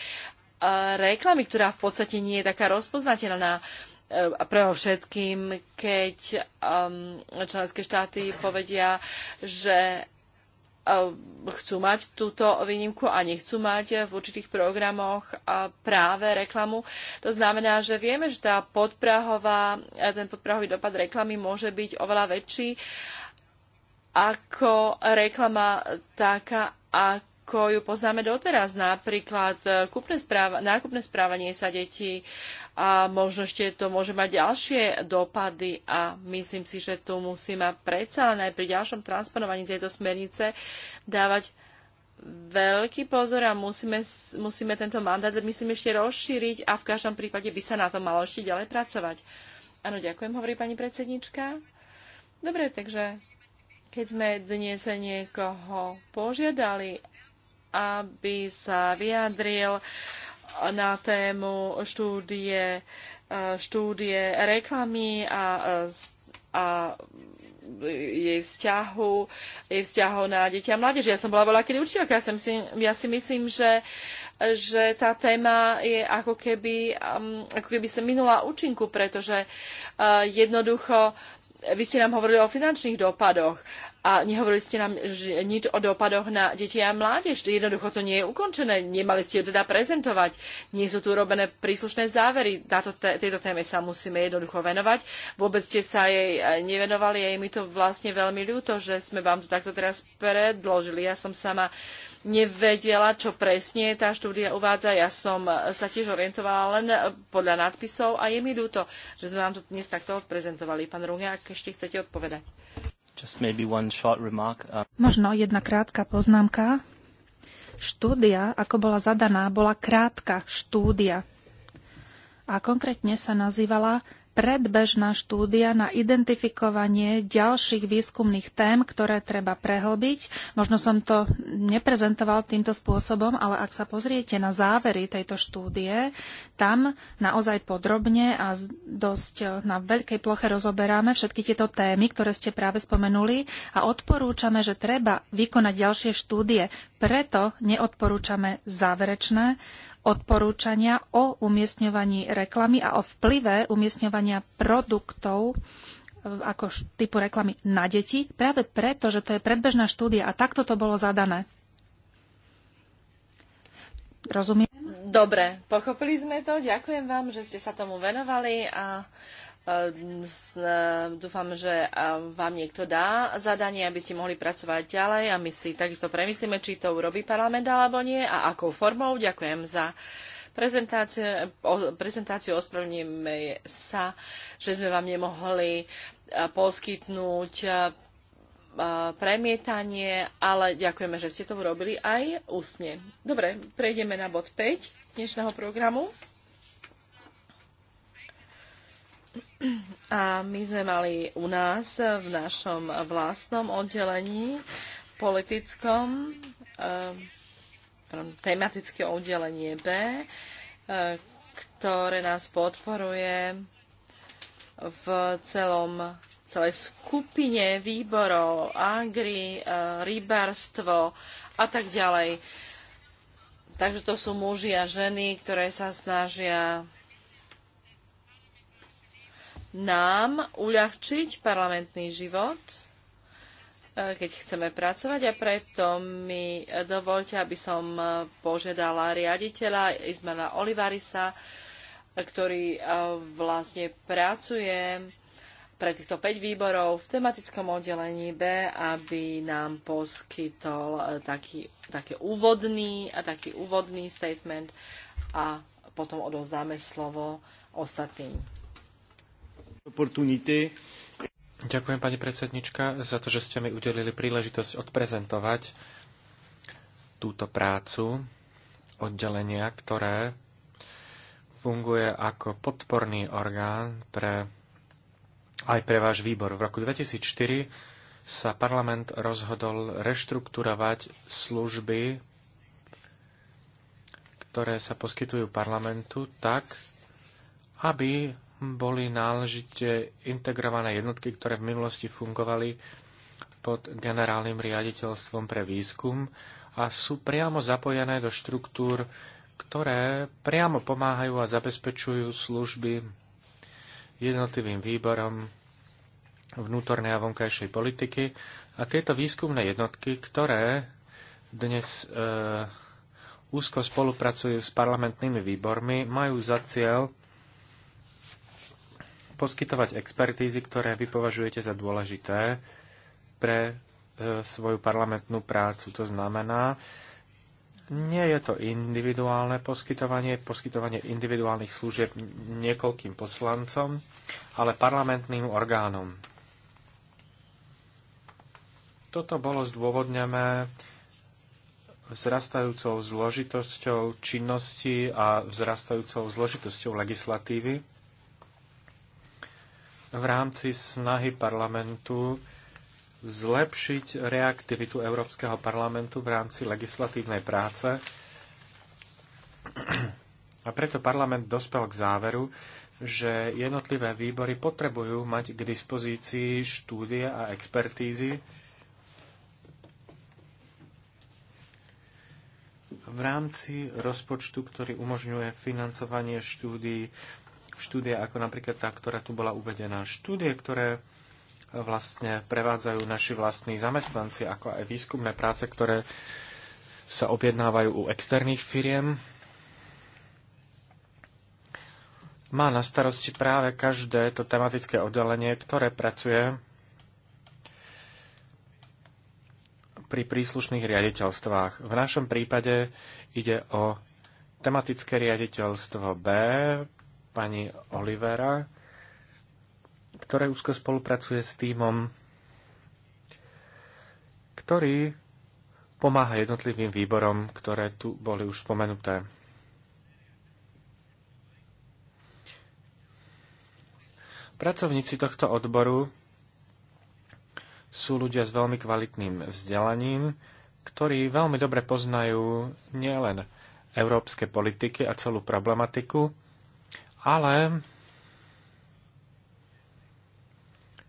reklamy, ktorá v podstate nie je taká rozpoznateľná. E, a preho všetkým, keď um, členské štáty povedia, že um, chcú mať túto výnimku a nechcú mať v určitých programoch práve reklamu. To znamená, že vieme, že tá podprahová, ten podprahový dopad reklamy môže byť oveľa väčší ako reklama taká, ako ako ju poznáme doteraz. Napríklad eh, kúpne správa, nákupné správanie sa detí a možno ešte to môže mať ďalšie dopady a myslím si, že tu musíme predsa len aj pri ďalšom transponovaní tejto smernice dávať veľký pozor a musíme, musíme tento mandát, myslím, ešte rozšíriť a v každom prípade by sa na to malo ešte ďalej pracovať. Áno, ďakujem, hovorí pani predsednička. Dobre, takže keď sme dnes niekoho požiadali, aby sa vyjadril na tému štúdie, e, štúdie reklamy a, e, a jej vzťahu, jej vzťahu na deti a mládež. Ja som bola veľa kedy učiteľka, ja, si, ja si myslím, že, že tá téma je ako keby, um, ako keby sa minula účinku, pretože e, jednoducho vy ste nám hovorili o finančných dopadoch a nehovorili ste nám nič o dopadoch na deti a mládež. Jednoducho to nie je ukončené. Nemali ste ju teda prezentovať. Nie sú tu urobené príslušné závery. Táto, tejto téme sa musíme jednoducho venovať. Vôbec ste sa jej e, nevenovali a je mi to vlastne veľmi ľúto, že sme vám to takto teraz predložili. Ja som sama nevedela, čo presne tá štúdia uvádza. Ja som e, sa tiež orientovala len e, podľa nadpisov a je mi ľúto, že sme vám to dnes takto odprezentovali. Pán Runge, ak ešte chcete odpovedať. Uh, Možno jedna krátka poznámka. Štúdia, ako bola zadaná, bola krátka štúdia. A konkrétne sa nazývala predbežná štúdia na identifikovanie ďalších výskumných tém, ktoré treba prehlbiť. Možno som to neprezentoval týmto spôsobom, ale ak sa pozriete na závery tejto štúdie, tam naozaj podrobne a dosť na veľkej ploche rozoberáme všetky tieto témy, ktoré ste práve spomenuli a odporúčame, že treba vykonať ďalšie štúdie. Preto neodporúčame záverečné odporúčania o umiestňovaní reklamy a o vplyve umiestňovania produktov e, ako typu reklamy na deti, práve preto, že to je predbežná štúdia a takto to bolo zadané. Rozumiem? Dobre, pochopili sme to. Ďakujem vám, že ste sa tomu venovali a Ehm, ehm, dúfam, že ehm, vám niekto dá zadanie, aby ste mohli pracovať ďalej a my si takisto premyslíme, či to urobí parlament alebo nie a akou formou. Ďakujem za prezentáciu. ospravníme sa, že sme vám nemohli e, poskytnúť e, e, premietanie, ale ďakujeme, že ste to urobili aj ústne. Dobre, prejdeme na bod 5 dnešného programu. A my sme mali u nás v našom vlastnom oddelení politickom eh, tematické oddelenie B, eh, ktoré nás podporuje v celom celej skupine výborov, agri, eh, rybárstvo a tak ďalej. Takže to sú muži a ženy, ktoré sa snažia nám uľahčiť parlamentný život, e, keď chceme pracovať a preto mi e, dovolte, aby som e, požiadala riaditeľa Izmana Olivarisa, ktorý vlastne pracuje pre týchto 5 výborov v tematickom oddelení B, aby nám poskytol taký, taký úvodný a taký úvodný statement a potom odovzdáme slovo ostatným. Ďakujem, pani predsednička, za to, že ste mi udelili príležitosť odprezentovať túto prácu oddelenia, ktoré funguje ako podporný orgán pre, aj pre váš výbor. V roku 2004 sa parlament rozhodol reštrukturovať služby, ktoré sa poskytujú parlamentu tak, aby boli náležite integrované jednotky, ktoré v minulosti fungovali pod generálnym riaditeľstvom pre výskum a sú priamo zapojené do štruktúr, ktoré priamo pomáhajú a zabezpečujú služby jednotlivým výborom vnútornej a vonkajšej politiky. A tieto výskumné jednotky, ktoré dnes e, úzko spolupracujú s parlamentnými výbormi, majú za cieľ poskytovať expertízy, ktoré vy považujete za dôležité pre e, svoju parlamentnú prácu. To znamená, nie je to individuálne poskytovanie, poskytovanie individuálnych služieb niekoľkým poslancom, ale parlamentným orgánom. Toto bolo zdôvodnené vzrastajúcou zložitosťou činnosti a vzrastajúcou zložitosťou legislatívy v rámci snahy parlamentu zlepšiť reaktivitu Európskeho parlamentu v rámci legislatívnej práce. A preto parlament dospel k záveru, že jednotlivé výbory potrebujú mať k dispozícii štúdie a expertízy v rámci rozpočtu, ktorý umožňuje financovanie štúdií štúdie ako napríklad tá, ktorá tu bola uvedená. Štúdie, ktoré vlastne prevádzajú naši vlastní zamestnanci, ako aj výskumné práce, ktoré sa objednávajú u externých firiem. Má na starosti práve každé to tematické oddelenie, ktoré pracuje pri príslušných riaditeľstvách. V našom prípade ide o tematické riaditeľstvo B, pani Olivera, ktoré úzko spolupracuje s týmom, ktorý pomáha jednotlivým výborom, ktoré tu boli už spomenuté. Pracovníci tohto odboru sú ľudia s veľmi kvalitným vzdelaním, ktorí veľmi dobre poznajú nielen európske politiky a celú problematiku, ale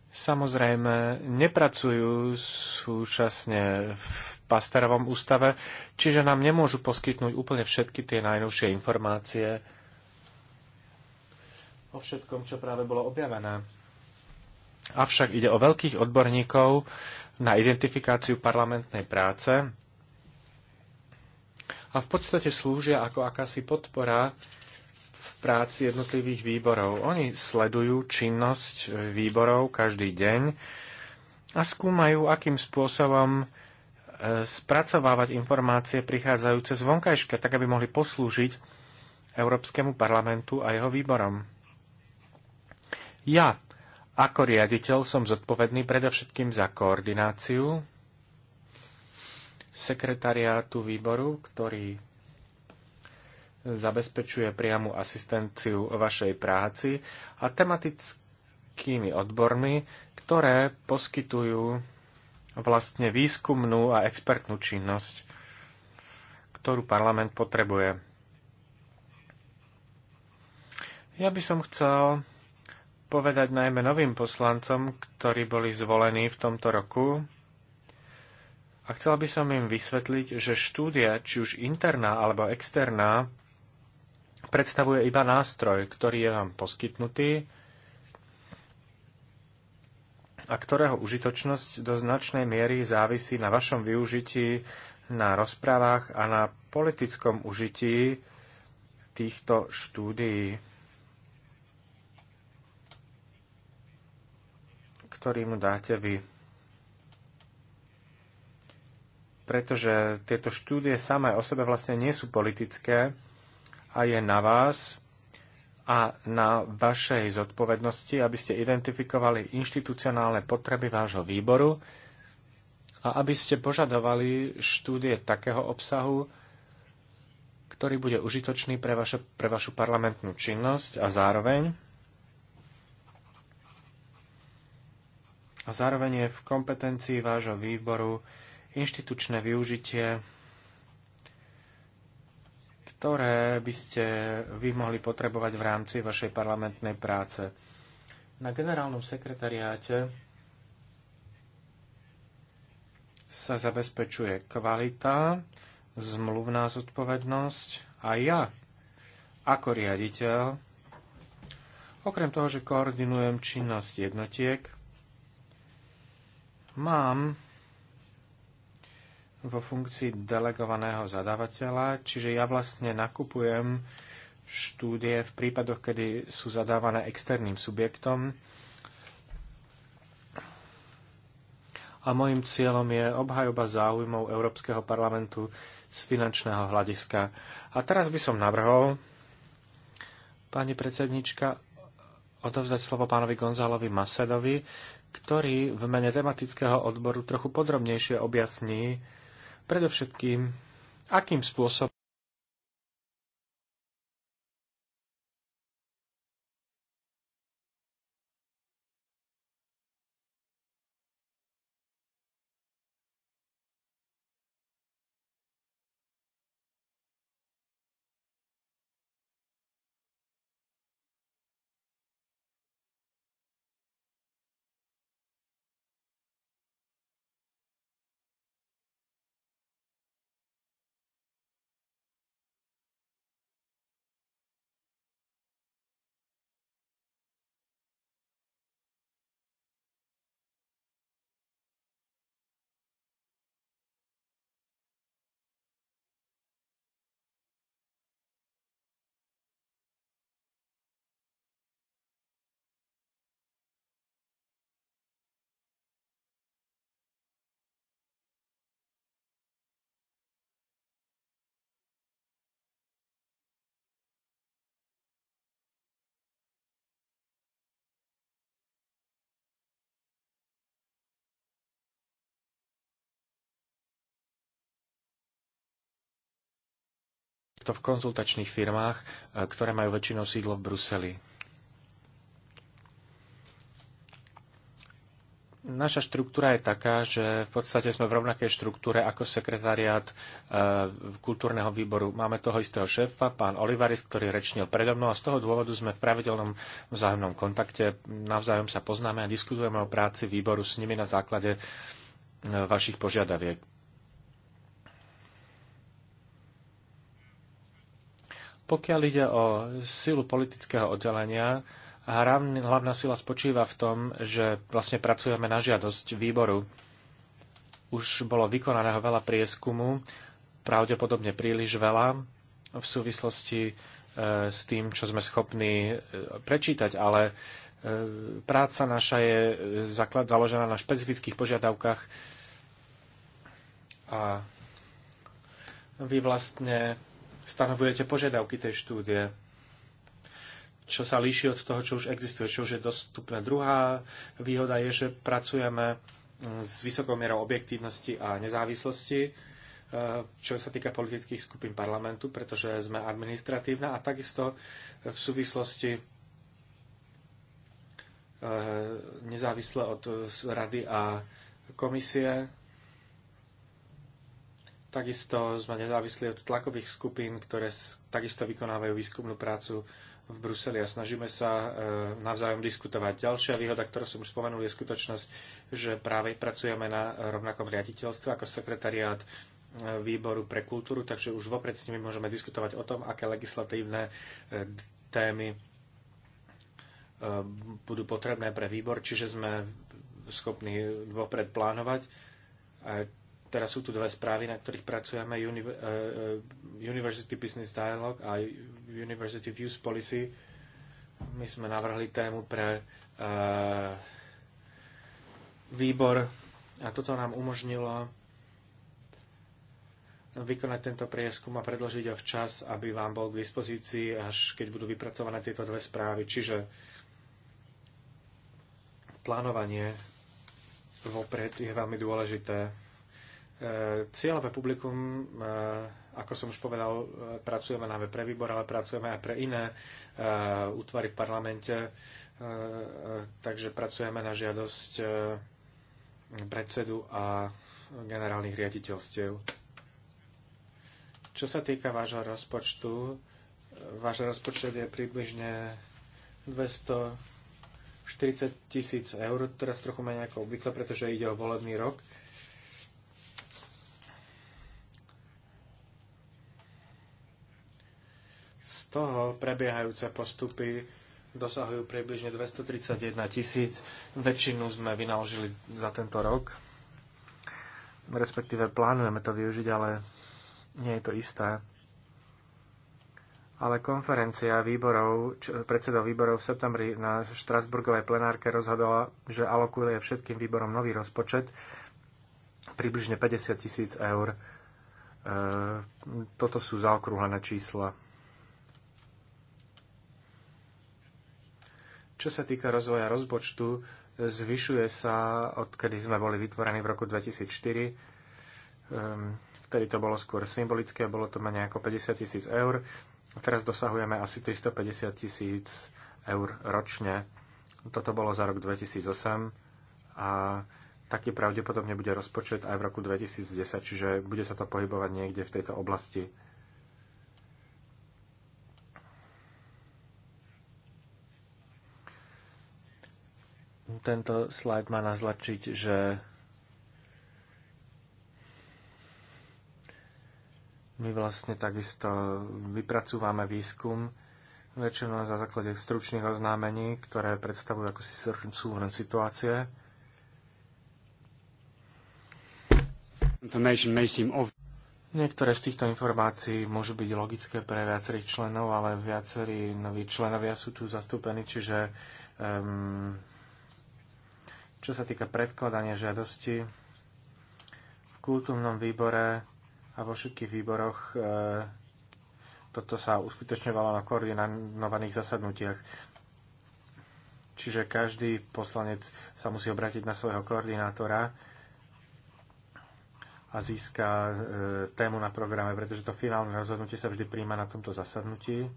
samozrejme nepracujú súčasne v Pasterovom ústave, čiže nám nemôžu poskytnúť úplne všetky tie najnovšie informácie o všetkom, čo práve bolo objavené. Avšak ide o veľkých odborníkov na identifikáciu parlamentnej práce a v podstate slúžia ako akási podpora práci jednotlivých výborov. Oni sledujú činnosť výborov každý deň a skúmajú, akým spôsobom e, spracovávať informácie prichádzajúce z vonkajška, tak aby mohli poslúžiť Európskemu parlamentu a jeho výborom. Ja ako riaditeľ som zodpovedný predovšetkým za koordináciu sekretariátu výboru, ktorý zabezpečuje priamu asistenciu vašej práci a tematickými odbormi, ktoré poskytujú vlastne výskumnú a expertnú činnosť, ktorú parlament potrebuje. Ja by som chcel povedať najmä novým poslancom, ktorí boli zvolení v tomto roku. A chcela by som im vysvetliť, že štúdia, či už interná alebo externá, predstavuje iba nástroj, ktorý je vám poskytnutý a ktorého užitočnosť do značnej miery závisí na vašom využití, na rozprávach a na politickom užití týchto štúdií, ktorým dáte vy. pretože tieto štúdie samé o sebe vlastne nie sú politické, a je na vás a na vašej zodpovednosti, aby ste identifikovali inštitucionálne potreby vášho výboru a aby ste požadovali štúdie takého obsahu, ktorý bude užitočný pre, vaše, pre vašu parlamentnú činnosť a zároveň a zároveň je v kompetencii vášho výboru inštitučné využitie ktoré by ste vy mohli potrebovať v rámci vašej parlamentnej práce. Na generálnom sekretariáte sa zabezpečuje kvalita, zmluvná zodpovednosť a ja ako riaditeľ, okrem toho, že koordinujem činnosť jednotiek, mám vo funkcii delegovaného zadávateľa, čiže ja vlastne nakupujem štúdie v prípadoch, kedy sú zadávané externým subjektom. A môjim cieľom je obhajoba záujmov Európskeho parlamentu z finančného hľadiska. A teraz by som navrhol, pani predsednička, odovzdať slovo pánovi Gonzálovi Masedovi, ktorý v mene tematického odboru trochu podrobnejšie objasní, Predovšetkým, akým spôsobom to v konzultačných firmách, eh, ktoré majú väčšinou sídlo v Bruseli. Naša štruktúra je taká, že v podstate sme v rovnakej štruktúre ako sekretariát e, kultúrneho výboru. Máme toho istého šéfa, pán Olivaris, ktorý rečnil predo mnou a z toho dôvodu sme v pravidelnom vzájomnom kontakte. Navzájom sa poznáme a diskutujeme o práci výboru s nimi na základe eh, vašich požiadaviek. Pokiaľ ide o silu politického oddelenia, hlavná sila spočíva v tom, že vlastne pracujeme na žiadosť výboru. Už bolo vykonaného veľa prieskumu, pravdepodobne príliš veľa v súvislosti e, s tým, čo sme schopní e, prečítať, ale e, práca naša je základ založená na špecifických požiadavkách a vy vlastne stanovujete požiadavky tej štúdie? Čo sa líši od toho, čo už existuje, čo už je dostupné. Druhá výhoda je, že pracujeme mm, s vysokou mierou objektívnosti a nezávislosti, e, čo sa týka politických skupín parlamentu, pretože sme administratívna a takisto v súvislosti e, nezávisle od e, rady a komisie Takisto sme nezávislí od tlakových skupín, ktoré takisto vykonávajú výskumnú prácu v Bruseli a snažíme sa e, navzájom diskutovať. Ďalšia výhoda, ktorú som už spomenul, je skutočnosť, že práve pracujeme na rovnakom riaditeľstve ako sekretariát e, výboru pre kultúru, takže už vopred s nimi môžeme diskutovať o tom, aké legislatívne e, témy budú potrebné pre výbor, čiže sme schopní vopred plánovať, Teraz sú tu dve správy, na ktorých pracujeme, Uni eh, eh, University Business Dialogue a University Views Policy. My sme navrhli tému pre eh, výbor a toto nám umožnilo vykonať tento prieskum a predložiť ho včas, aby vám bol k dispozícii, až keď budú vypracované tieto dve správy. Čiže plánovanie vopred je veľmi dôležité. E, cieľové publikum, e, ako som už povedal, e, pracujeme najmä pre výbor, ale pracujeme aj pre iné útvary v parlamente, takže pracujeme na žiadosť predsedu a generálnych riaditeľstiev. Čo sa týka vášho rozpočtu, váš rozpočet je približne 240 tisíc eur, teraz trochu menej ako obvykle, pretože ide o volebný rok. Z toho prebiehajúce postupy dosahujú približne 231 tisíc. Väčšinu sme vynaložili za tento rok. Respektíve plánujeme to využiť, ale nie je to isté. Ale konferencia výborov, predsedov výborov v septembri na Štrasburgovej plenárke rozhodla, že alokuje všetkým výborom nový rozpočet, približne 50 tisíc eur. E, toto sú zaokrúhlené čísla. Čo sa týka rozvoja rozpočtu, zvyšuje sa, odkedy sme boli vytvorení v roku 2004. Ehm, vtedy to bolo skôr symbolické, bolo to menej ako 50 tisíc eur. A teraz dosahujeme asi 350 tisíc eur ročne. Toto bolo za rok 2008 a taký pravdepodobne bude rozpočet aj v roku 2010, čiže bude sa to pohybovať niekde v tejto oblasti. Tento slajd má naznačiť, že my vlastne takisto vypracúvame výskum, väčšinou na základe stručných oznámení, ktoré predstavujú ako si súhrn situácie. Niektoré z týchto informácií môžu byť logické pre viacerých členov, ale viacerí noví členovia sú tu zastúpení, čiže um, čo sa týka predkladania žiadosti, v kultúrnom výbore a vo všetkých výboroch e, toto sa uskutočňovalo na koordinovaných zasadnutiach. Čiže každý poslanec sa musí obrátiť na svojho koordinátora a získa e, tému na programe, pretože to finálne rozhodnutie sa vždy príjma na tomto zasadnutí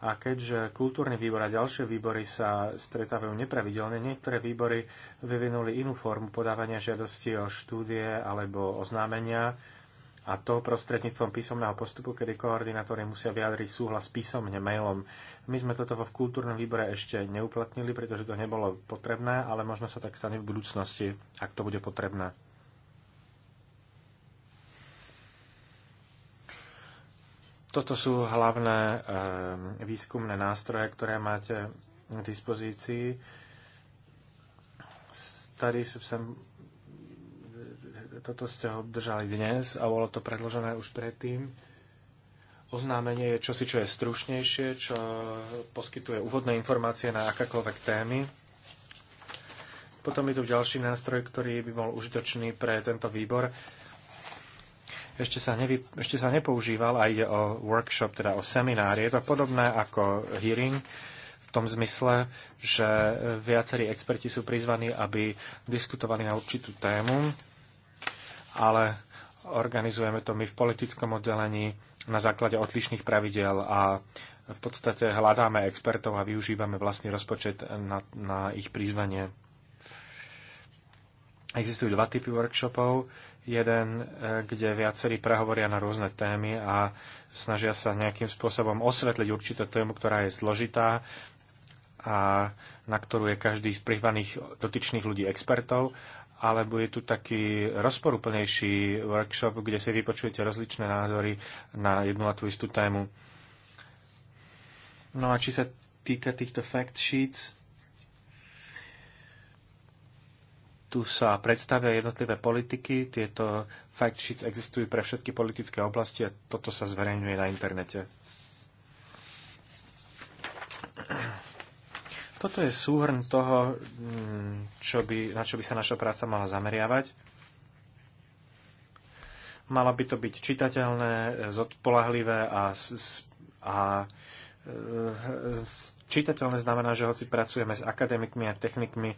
a keďže kultúrny výbor a ďalšie výbory sa stretávajú nepravidelne, niektoré výbory vyvinuli inú formu podávania žiadosti o štúdie alebo oznámenia, a to prostredníctvom písomného postupu, kedy koordinátori musia vyjadriť súhlas písomne mailom. My sme toto vo kultúrnom výbore ešte neuplatnili, pretože to nebolo potrebné, ale možno sa tak stane v budúcnosti, ak to bude potrebné. Toto sú hlavné ehm, výskumné nástroje, ktoré máte k dispozícii. Starý som toto ste obdržali dnes a bolo to predložené už predtým. Oznámenie je čosi, čo je stručnejšie, čo poskytuje úvodné informácie na akákoľvek témy. Potom je tu ďalší nástroj, ktorý by bol užitočný pre tento výbor ešte sa, nevy, ešte sa nepoužíval a ide o workshop, teda o seminár. Je to podobné ako hearing v tom zmysle, že viacerí experti sú prizvaní, aby diskutovali na určitú tému, ale organizujeme to my v politickom oddelení na základe odlišných pravidel a v podstate hľadáme expertov a využívame vlastný rozpočet na, na ich prizvanie. Existujú dva typy workshopov jeden, e, kde viacerí prehovoria na rôzne témy a snažia sa nejakým spôsobom osvetliť určitú tému, ktorá je zložitá a na ktorú je každý z prihvaných dotyčných ľudí expertov, alebo je tu taký rozporúplnejší workshop, kde si vypočujete rozličné názory na jednu a tú istú tému. No a či sa týka týchto fact sheets, Tu sa predstavia jednotlivé politiky, tieto fact sheets existujú pre všetky politické oblasti a toto sa zverejňuje na internete. Toto je súhrn toho, mm, čo by, na čo by sa naša práca mala zameriavať. Mala by to byť čitateľné, zodpolahlivé a, a e, e, čitateľné znamená, že hoci pracujeme s akademikmi a technikmi,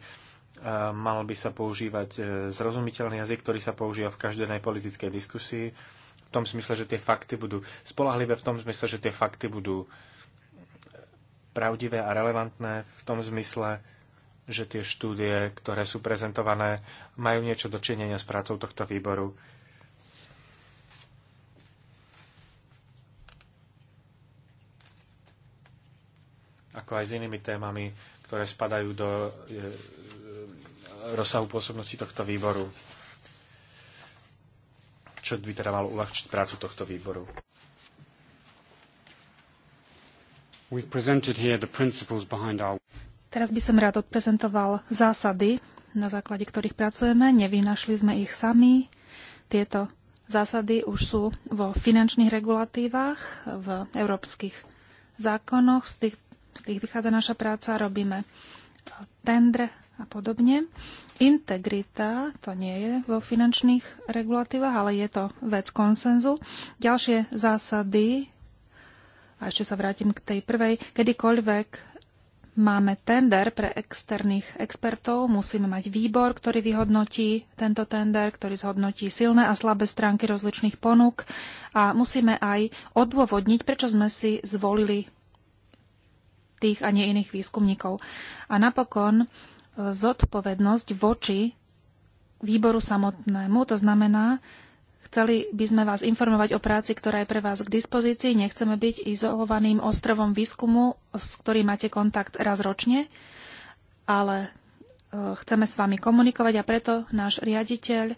mal by sa používať e, zrozumiteľný jazyk, ktorý sa používa v každej politickej diskusii, v tom smysle, že tie fakty budú spolahlivé, v tom smysle, že tie fakty budú pravdivé a relevantné, v tom zmysle, že tie štúdie, ktoré sú prezentované, majú niečo dočinenia s prácou tohto výboru. Ako aj s inými témami, ktoré spadajú do e, e, rozsahu pôsobnosti tohto výboru. Čo by teda malo uľahčiť prácu tohto výboru? Teraz by som rád odprezentoval zásady, na základe ktorých pracujeme. Nevynašli sme ich sami. Tieto zásady už sú vo finančných regulatívach, v európskych zákonoch. Z tých z tých vychádza naša práca, robíme e, tender a podobne. Integrita to nie je vo finančných regulatívach, ale je to vec konsenzu. Ďalšie zásady, a ešte sa vrátim k tej prvej, kedykoľvek máme tender pre externých expertov, musíme mať výbor, ktorý vyhodnotí tento tender, ktorý zhodnotí silné a slabé stránky rozličných ponúk a musíme aj odôvodniť, prečo sme si zvolili tých a nie iných výskumníkov. A napokon e, zodpovednosť voči výboru samotnému, to znamená, Chceli by sme vás informovať o práci, ktorá je pre vás k dispozícii. Nechceme byť izolovaným ostrovom výskumu, s ktorým máte kontakt raz ročne, ale e, chceme s vami komunikovať a preto náš riaditeľ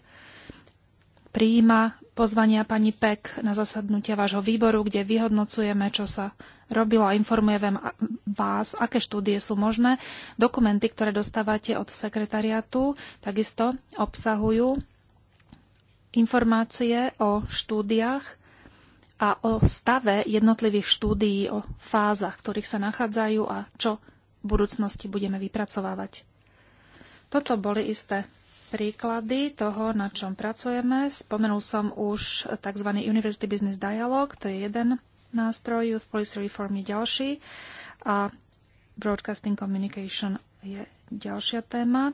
prijíma pozvania pani Pek na zasadnutia vášho výboru, kde vyhodnocujeme, čo sa robilo a informujeme vás, aké štúdie sú možné. Dokumenty, ktoré dostávate od sekretariátu, takisto obsahujú informácie o štúdiách a o stave jednotlivých štúdií, o fázach, ktorých sa nachádzajú a čo v budúcnosti budeme vypracovávať. Toto boli isté príklady toho, na čom pracujeme. Spomenul som už tzv. University Business Dialog, to je jeden nástroj, Youth Policy Reform je ďalší a Broadcasting Communication je ďalšia téma.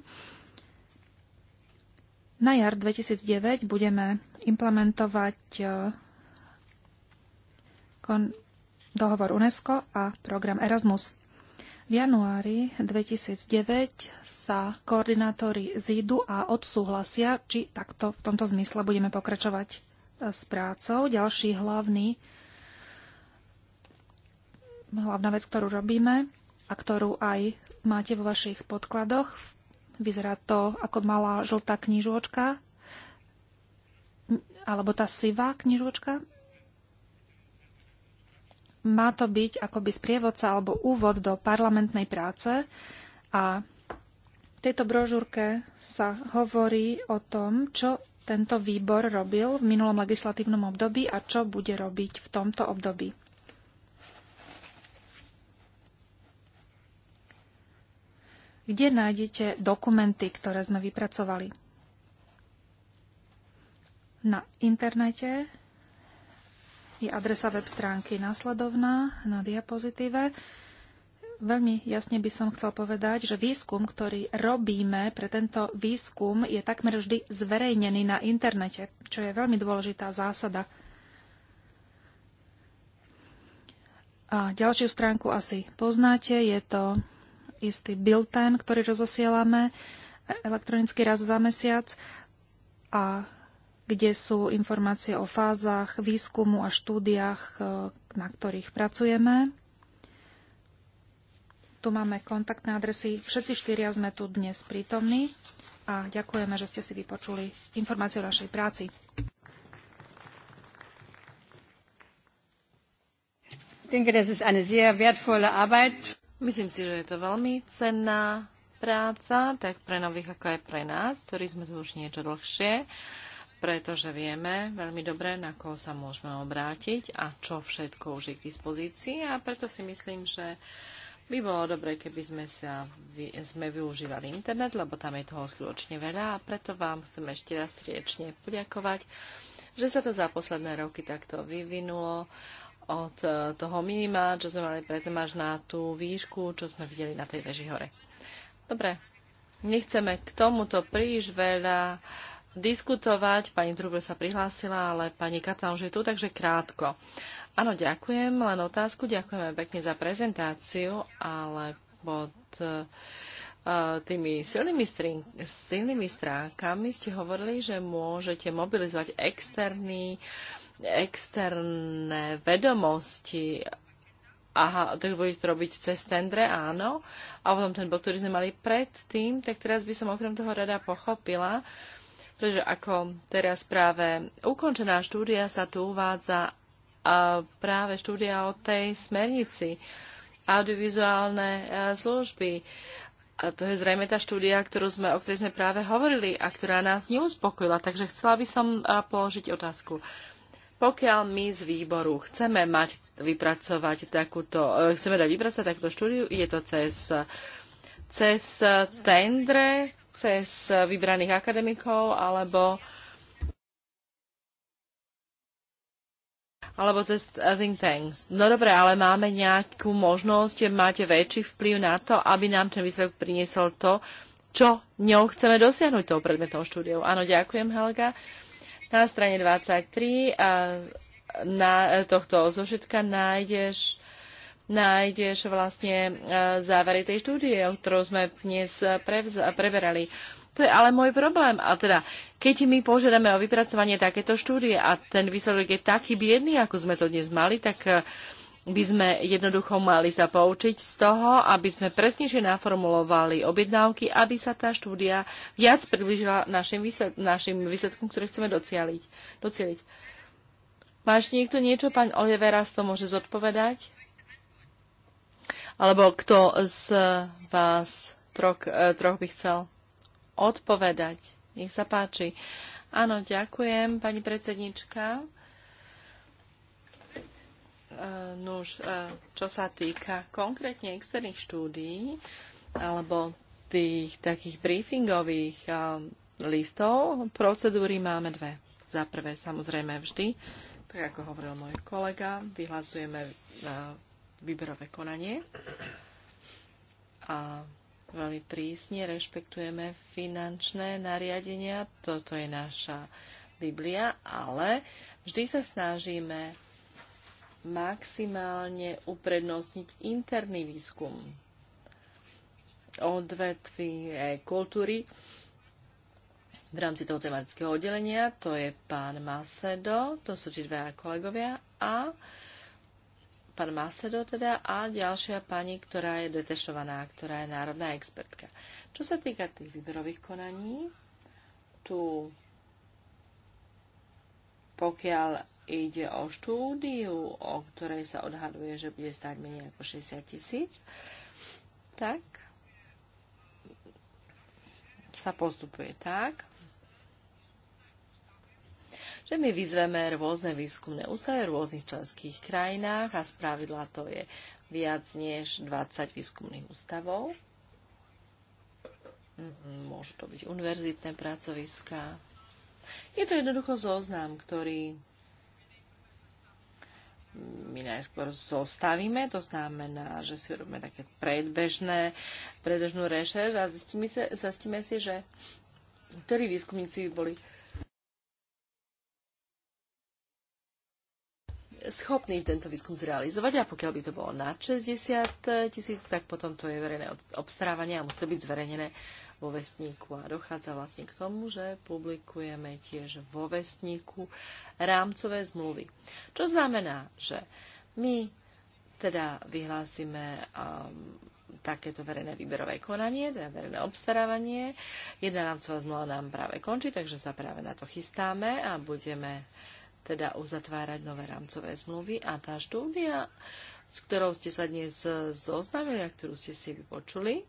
Na jar 2009 budeme implementovať e, dohovor UNESCO a program Erasmus. V januári 2009 sa koordinátori zídu a odsúhlasia, či takto v tomto zmysle budeme pokračovať e, s prácou. Ďalší hlavný, hlavná vec, ktorú robíme a ktorú aj máte vo vašich podkladoch, vyzerá to ako malá žltá knižočka, alebo tá sivá knižočka, má to byť akoby sprievodca alebo úvod do parlamentnej práce a v tejto brožúrke sa hovorí o tom, čo tento výbor robil v minulom legislatívnom období a čo bude robiť v tomto období. Kde nájdete dokumenty, ktoré sme vypracovali? Na internete je adresa web stránky následovná na diapozitíve. Veľmi jasne by som chcel povedať, že výskum, ktorý robíme pre tento výskum, je takmer vždy zverejnený na internete, čo je veľmi dôležitá zásada. A ďalšiu stránku asi poznáte, je to istý bilten, ktorý rozosielame elektronicky raz za mesiac a kde sú informácie o fázach výskumu a štúdiách, e, na ktorých pracujeme. Tu máme kontaktné adresy. Všetci štyria sme tu dnes prítomní a ďakujeme, že ste si vypočuli informácie o našej práci. Myslím si, že je to veľmi cenná práca, tak pre nových, ako aj pre nás, ktorí sme tu už niečo dlhšie pretože vieme veľmi dobre, na koho sa môžeme obrátiť a čo všetko už je k dispozícii a preto si myslím, že by bolo dobre, keby sme, sa, sme využívali internet, lebo tam je toho skutočne veľa a preto vám chcem ešte raz riečne poďakovať, že sa to za posledné roky takto vyvinulo od e, toho minima, čo sme mali predtým až na tú výšku, čo sme videli na tej veži hore. Dobre, nechceme k tomuto príliš veľa diskutovať. Pani Drubel sa prihlásila, ale pani Katán už je tu, takže krátko. Áno, ďakujem, len otázku. Ďakujeme pekne za prezentáciu, ale pod e, tými silnými, strín, silnými stránkami ste hovorili, že môžete mobilizovať externý, externé vedomosti. Aha, tak budete to robiť cez tendre, áno. A potom ten bod, ktorý sme mali predtým, tak teraz by som okrem toho rada pochopila, uh, pretože ako teraz práve ukončená štúdia sa tu uvádza a práve štúdia o tej smernici audiovizuálne e, služby. A to je zrejme tá štúdia, ktorú sme, o ktorej sme práve hovorili a ktorá nás neuspokojila. Takže chcela by som e, položiť otázku. Pokiaľ my z výboru chceme mať vypracovať takúto, e, chceme dať vypracovať takúto štúdiu, je to cez, cez tendre cez vybraných akademikov alebo alebo cez uh, think tanks. No dobre, ale máme nejakú možnosť, máte väčší vplyv na to, aby nám ten výsledok priniesol to, čo ňou chceme dosiahnuť tou predmetnou štúdiou. Áno, ďakujem Helga. Na strane 23 a na eh, tohto zošitka nájdeš nájdeš vlastne e, závery tej štúdie, o ktorou sme dnes preberali. To je ale môj problém. A teda, keď my požiadame o vypracovanie takéto štúdie a ten výsledok je taký biedný, ako sme to dnes mali, tak e, by sme jednoducho mali sa poučiť z toho, aby sme presnejšie naformulovali objednávky, aby sa tá štúdia viac priblížila našim, výsled, našim výsledkom, ktoré chceme docieliť. Máš niekto niečo, pán Olivera, to môže zodpovedať? alebo kto z vás troch, e, troch by chcel odpovedať. Nech sa páči. Áno, ďakujem, pani predsednička. E, nuž, e, čo sa týka konkrétne externých štúdií alebo tých takých briefingových listov, procedúry máme dve. Za prvé, samozrejme vždy, tak ako hovoril môj kolega, vyhlasujeme výberové konanie a veľmi prísne rešpektujeme finančné nariadenia, toto je naša Biblia, ale vždy sa snažíme maximálne uprednostniť interný výskum odvetví e, kultúry v rámci toho tematického oddelenia. To je pán Macedo, to sú tí dvaja kolegovia a pán Masedo teda a ďalšia pani, ktorá je detešovaná, ktorá je národná expertka. Čo sa týka tých výberových konaní, tu pokiaľ ide o štúdiu, o ktorej sa odhaduje, že bude stať menej ako 60 tisíc, tak sa postupuje tak, že my vyzveme rôzne výskumné ústavy v rôznych členských krajinách a spravidla to je viac než 20 výskumných ústavov. Mhm, môžu to byť univerzitné pracoviská. Je to jednoducho zoznam, ktorý my najskôr zostavíme, to znamená, že si robíme také predbežné, predbežnú rešerš a zistíme, zistíme si, že ktorí výskumníci by boli Schopný tento výskum zrealizovať a pokiaľ by to bolo na 60 tisíc, tak potom to je verejné obstarávanie a musí to byť zverejnené vo vestníku. A dochádza vlastne k tomu, že publikujeme tiež vo vestníku rámcové zmluvy. Čo znamená, že my teda vyhlásime um, takéto verejné výberové konanie, teda verejné obstarávanie. Jedna rámcová zmluva nám práve končí, takže sa práve na to chystáme a budeme teda uzatvárať nové rámcové zmluvy a tá štúdia, s ktorou ste sa dnes zoznámili a ktorú ste si vypočuli,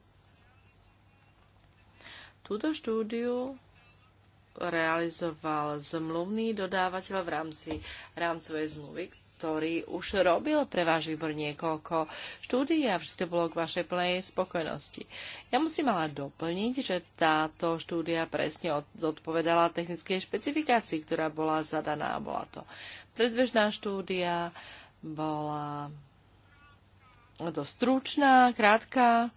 túto štúdiu realizoval zmluvný dodávateľ v rámci rámcovej zmluvy, ktorý už robil pre váš výbor niekoľko štúdií a vždy to bolo k vašej plnej spokojnosti. Ja musím ale doplniť, že táto štúdia presne odpovedala technickej špecifikácii, ktorá bola zadaná. Bola to predbežná štúdia, bola dosť stručná, krátka,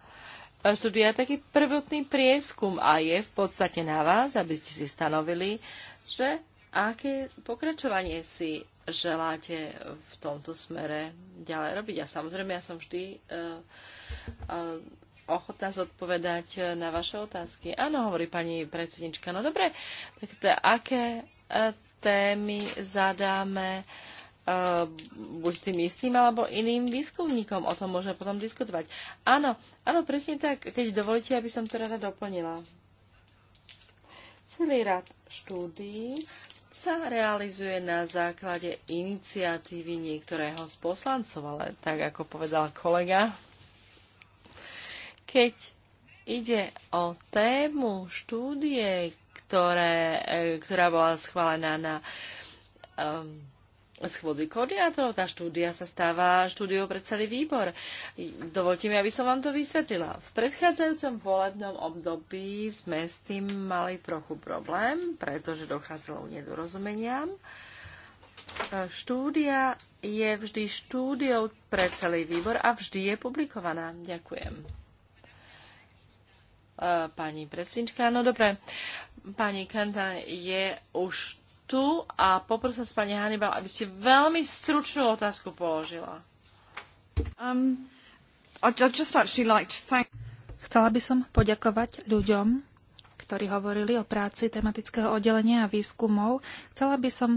štúdia taký prvotný prieskum a je v podstate na vás, aby ste si stanovili, že aké pokračovanie si želáte v tomto smere ďalej robiť. A samozrejme, ja som vždy e, e, ochotná zodpovedať e, na vaše otázky. Áno, hovorí pani predsednička. No dobre, tak to, aké témy zadáme buď tým istým alebo iným výskumníkom. O tom môžeme potom diskutovať. Áno, áno, presne tak. Keď dovolíte, aby som to rada doplnila. Celý rad štúdií sa realizuje na základe iniciatívy niektorého z poslancov, ale tak ako povedal kolega, keď ide o tému štúdie, ktoré, e, ktorá bola schválená na um, schôdzi koordinátorov. Tá štúdia sa stáva štúdiou pre celý výbor. Dovolte mi, aby som vám to vysvetlila. V predchádzajúcom volebnom období sme s tým mali trochu problém, pretože dochádzalo k nedorozumeniam. Štúdia je vždy štúdiou pre celý výbor a vždy je publikovaná. Ďakujem. E, pani predsednička, no dobre. Pani Kanta je už tu a poprosím s pani Hannibal, aby ste veľmi stručnú otázku položila. Um, like thank... Chcela by som poďakovať ľuďom, ktorí hovorili o práci tematického oddelenia a výskumov. Chcela by som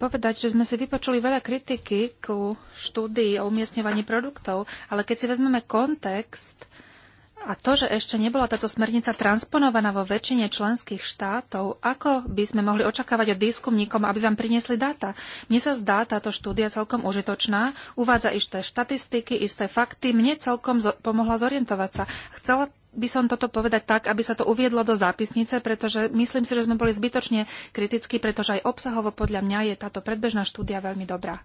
povedať, že sme si vypočuli veľa kritiky ku štúdii o umiestňovaní produktov, ale keď si vezmeme kontext, a to, že ešte nebola táto smernica transponovaná vo väčšine členských štátov, ako by sme mohli očakávať od výskumníkom, aby vám priniesli dáta? Mne sa zdá táto štúdia celkom užitočná, uvádza isté štatistiky, isté fakty, mne celkom pomohla zorientovať sa. Chcela by som toto povedať tak, aby sa to uviedlo do zápisnice, pretože myslím si, že sme boli zbytočne kritickí, pretože aj obsahovo podľa mňa je táto predbežná štúdia veľmi dobrá.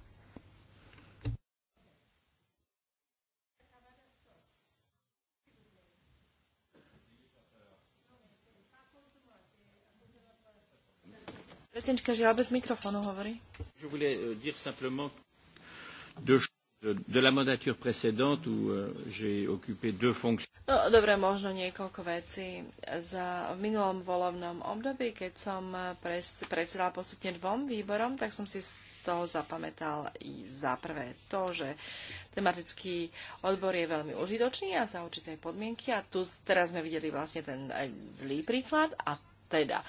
žiaľ bez mikrofónu hovorí. Je voulais euh, dire simplement deux euh, de la mandature précédente où euh, j'ai occupé deux fonctions. No, dobre, možno niekoľko vecí. Za, v minulom volovnom období, keď som eh, predsedala postupne dvom výborom, tak som si z toho zapamätal i za prvé to, že tematický odbor je veľmi užitočný a za určité podmienky. A tu teraz sme videli vlastne ten zlý príklad. A teda,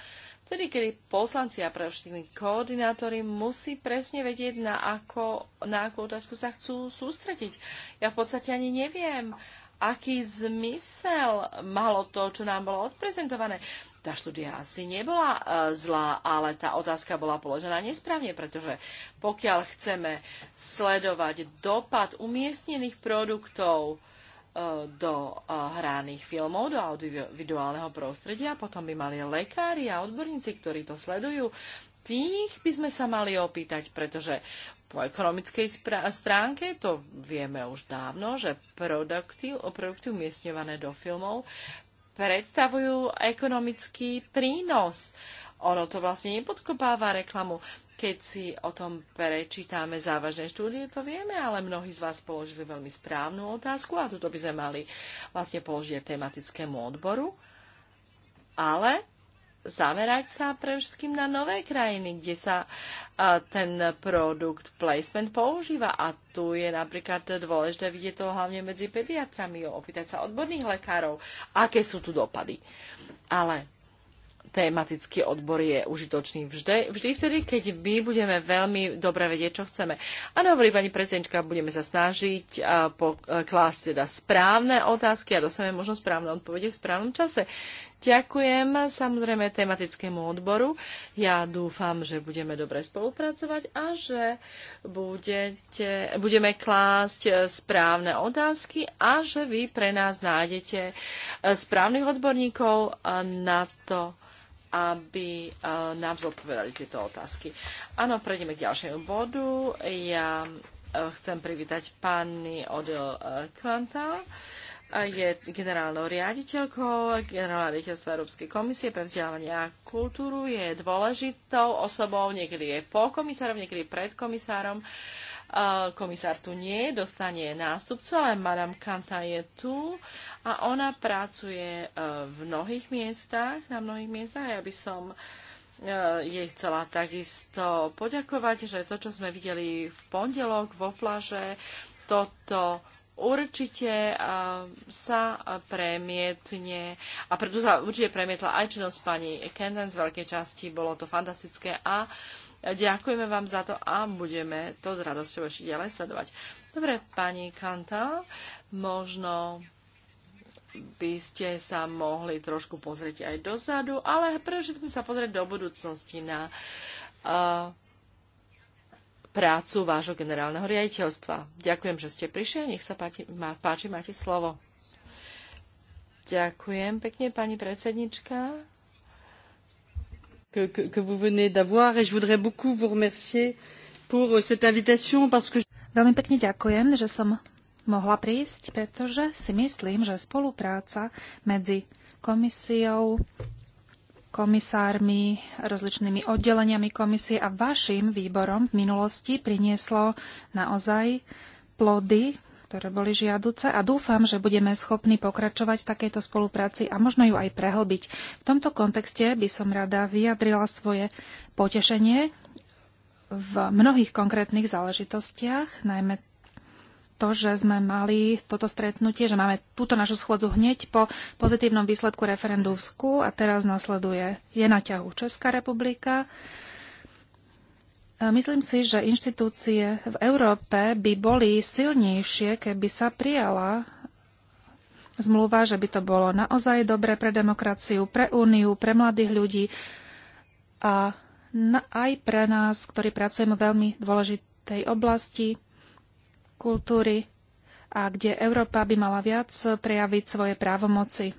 vtedy, kedy poslanci a pravštívni koordinátori musí presne vedieť, na, ako, na akú otázku sa chcú sústrediť. Ja v podstate ani neviem, aký zmysel malo to, čo nám bolo odprezentované. Tá štúdia asi nebola e, zlá, ale tá otázka bola položená nesprávne, pretože pokiaľ chceme sledovať dopad umiestnených produktov E, do e, hraných filmov, do audiovizuálneho prostredia, potom by mali lekári a odborníci, ktorí to sledujú. Tých by sme sa mali opýtať, pretože po ekonomickej stránke to vieme už dávno, že produkty, produkty umiestňované do filmov predstavujú ekonomický prínos. Ono to vlastne nepodkopáva reklamu. Keď si o tom prečítame závažné štúdie, to vieme, ale mnohí z vás položili veľmi správnu otázku a tuto by sme mali vlastne položiť tematickému odboru. Ale zamerať sa pre všetkým na nové krajiny, kde sa ten produkt placement používa. A tu je napríklad dôležité vidieť to hlavne medzi pediatrami, opýtať sa odborných lekárov, aké sú tu dopady. Ale tematický odbor je užitočný vždy, vždy vtedy, keď my budeme veľmi dobre vedieť, čo chceme. Áno, hovorí pani predsednička, budeme sa snažiť e, klásť teda správne otázky a dostaneme možno správne odpovede v správnom čase. Ďakujem samozrejme tematickému odboru. Ja dúfam, že budeme dobre spolupracovať a že budete, budeme klásť správne otázky a že vy pre nás nájdete správnych odborníkov na to, aby e, nám zodpovedali tieto otázky. Áno, prejdeme k ďalšiemu bodu. Ja e, chcem privítať pani Odil Kvantal. E, je generálnou riaditeľkou generálna riaditeľstva Európskej komisie pre vzdelávanie a kultúru, je dôležitou osobou, niekedy je po komisárom, niekedy pred komisárom. Komisár tu nie, dostane nástupcu, ale Madame Kanta je tu a ona pracuje e, v mnohých miestach, na mnohých miestach. Ja by som e, jej chcela takisto poďakovať, že to, čo sme videli v pondelok vo flaže, toto určite sa premietne a preto sa určite premietla aj činnosť pani Kenden z veľkej časti. Bolo to fantastické a Ďakujeme vám za to a budeme to s radosťou ešte ďalej sledovať. Dobre, pani Kanta, možno by ste sa mohli trošku pozrieť aj dozadu, ale pre sa pozrieť do budúcnosti na uh, prácu vášho generálneho riaditeľstva. Ďakujem, že ste prišli. Nech sa páči, má, páči, máte slovo. Ďakujem pekne, pani predsednička. Que, que, que vous venez d'avoir et je voudrais beaucoup vous remercier pour euh, cette invitation parce que... Veľmi pekne ďakujem, že som mohla prísť, pretože si myslím, že spolupráca medzi komisiou, komisármi, rozličnými oddeleniami komisie a vašim výborom v minulosti prinieslo naozaj plody, ktoré boli žiaduce a dúfam, že budeme schopní pokračovať v takejto spolupráci a možno ju aj prehlbiť. V tomto kontexte by som rada vyjadrila svoje potešenie v mnohých konkrétnych záležitostiach, najmä to, že sme mali toto stretnutie, že máme túto našu schôdzu hneď po pozitívnom výsledku referendu v Sku a teraz nasleduje, je na ťahu Česká republika. E, myslím si, že inštitúcie v Európe by boli silnejšie, keby sa prijala zmluva, že by to bolo naozaj dobré pre demokraciu, pre úniu, pre mladých ľudí a aj pre nás, ktorí pracujeme v veľmi dôležitej oblasti, kultúry a kde Európa by mala viac prejaviť svoje právomoci.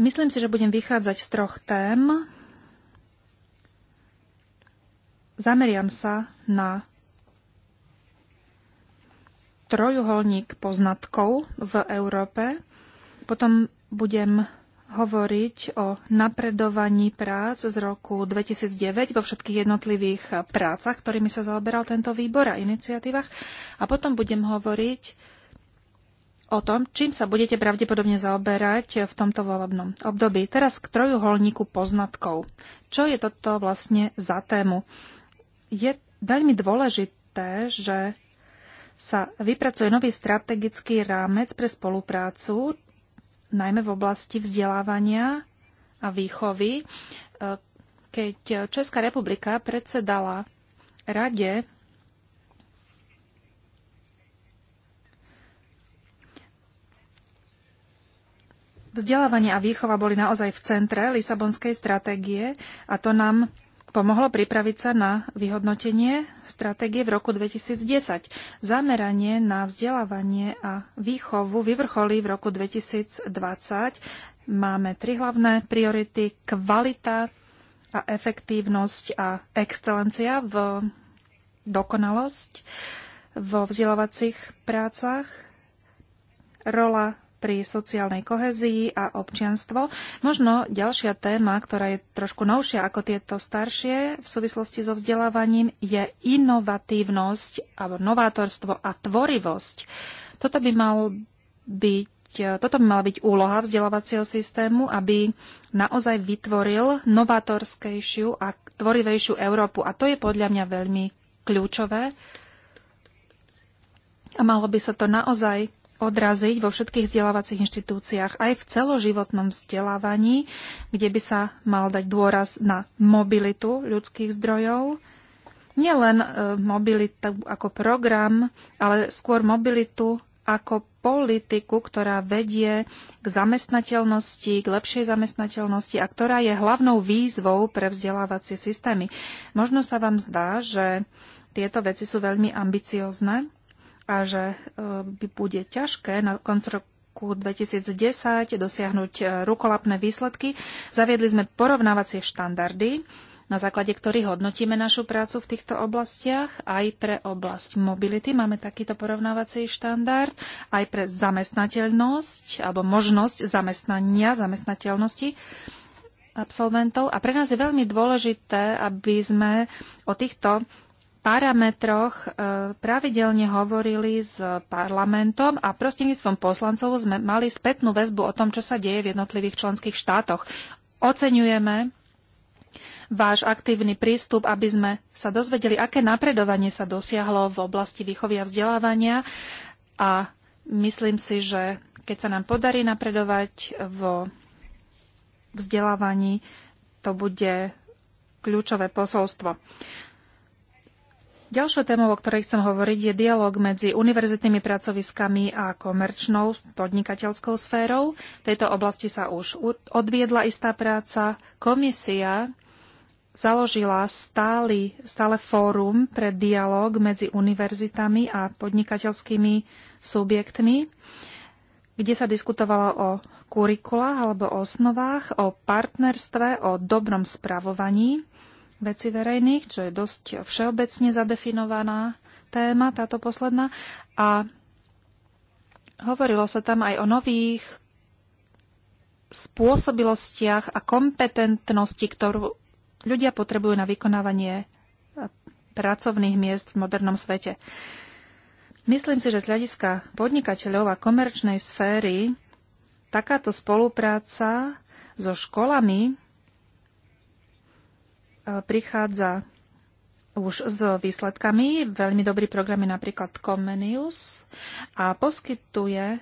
Myslím si, že budem vychádzať z troch tém. Zameriam sa na trojuholník poznatkov v Európe. Potom budem hovoriť o napredovaní prác z roku 2009 vo všetkých jednotlivých prácach, ktorými sa zaoberal tento výbor a iniciatívach. A potom budem hovoriť o tom, čím sa budete pravdepodobne zaoberať v tomto volebnom období. Teraz k trojuholníku poznatkov. Čo je toto vlastne za tému? Je veľmi dôležité, že sa vypracuje nový strategický rámec pre spoluprácu, najmä v oblasti vzdelávania a výchovy. E, keď Česká republika predsedala rade, vzdelávanie a výchova boli naozaj v centre Lisabonskej stratégie a to nám pomohlo pripraviť sa na vyhodnotenie stratégie v roku 2010. Zameranie na vzdelávanie a výchovu vyvrcholí v roku 2020. Máme tri hlavné priority. Kvalita a efektívnosť a excelencia v dokonalosť vo vzdelávacích prácach, rola pri sociálnej kohezii a občianstvo. Možno ďalšia téma, ktorá je trošku novšia ako tieto staršie v súvislosti so vzdelávaním, je inovatívnosť alebo novátorstvo a tvorivosť. Toto by mal byť toto by mala byť úloha vzdelávacieho systému, aby naozaj vytvoril novatorskejšiu a tvorivejšiu Európu. A to je podľa mňa veľmi kľúčové. A malo by sa to naozaj odraziť vo všetkých vzdelávacích inštitúciách, aj v celoživotnom vzdelávaní, kde by sa mal dať dôraz na mobilitu ľudských zdrojov. Nielen e, mobilitu ako program, ale skôr mobilitu ako politiku, ktorá vedie k zamestnateľnosti, k lepšej zamestnateľnosti a ktorá je hlavnou výzvou pre vzdelávacie systémy. Možno sa vám zdá, že tieto veci sú veľmi ambiciozne, a že e, by bude ťažké na koncu roku 2010 dosiahnuť e, rukolapné výsledky. Zaviedli sme porovnávacie štandardy, na základe ktorých hodnotíme našu prácu v týchto oblastiach. Aj pre oblasť mobility máme takýto porovnávací štandard, aj pre zamestnateľnosť alebo možnosť zamestnania, zamestnateľnosti absolventov. A pre nás je veľmi dôležité, aby sme o týchto parametroch e, pravidelne hovorili s parlamentom a prostredníctvom poslancov sme mali spätnú väzbu o tom, čo sa deje v jednotlivých členských štátoch. Oceňujeme váš aktívny prístup, aby sme sa dozvedeli, aké napredovanie sa dosiahlo v oblasti výchovy a vzdelávania a myslím si, že keď sa nám podarí napredovať vo vzdelávaní, to bude kľúčové posolstvo. Ďalšou témou, o ktorej chcem hovoriť, je dialog medzi univerzitnými pracoviskami a komerčnou podnikateľskou sférou. V tejto oblasti sa už odviedla istá práca. Komisia založila stály, stále fórum pre dialog medzi univerzitami a podnikateľskými subjektmi, kde sa diskutovalo o kurikulách alebo o osnovách, o partnerstve, o dobrom spravovaní veci verejných, čo je dosť všeobecne zadefinovaná téma, táto posledná. A hovorilo sa tam aj o nových spôsobilostiach a kompetentnosti, ktorú ľudia potrebujú na vykonávanie e, pracovných miest v modernom svete. Myslím si, že z hľadiska podnikateľov a komerčnej sféry takáto spolupráca so školami prichádza už s výsledkami. Veľmi dobrý program je napríklad Comenius a poskytuje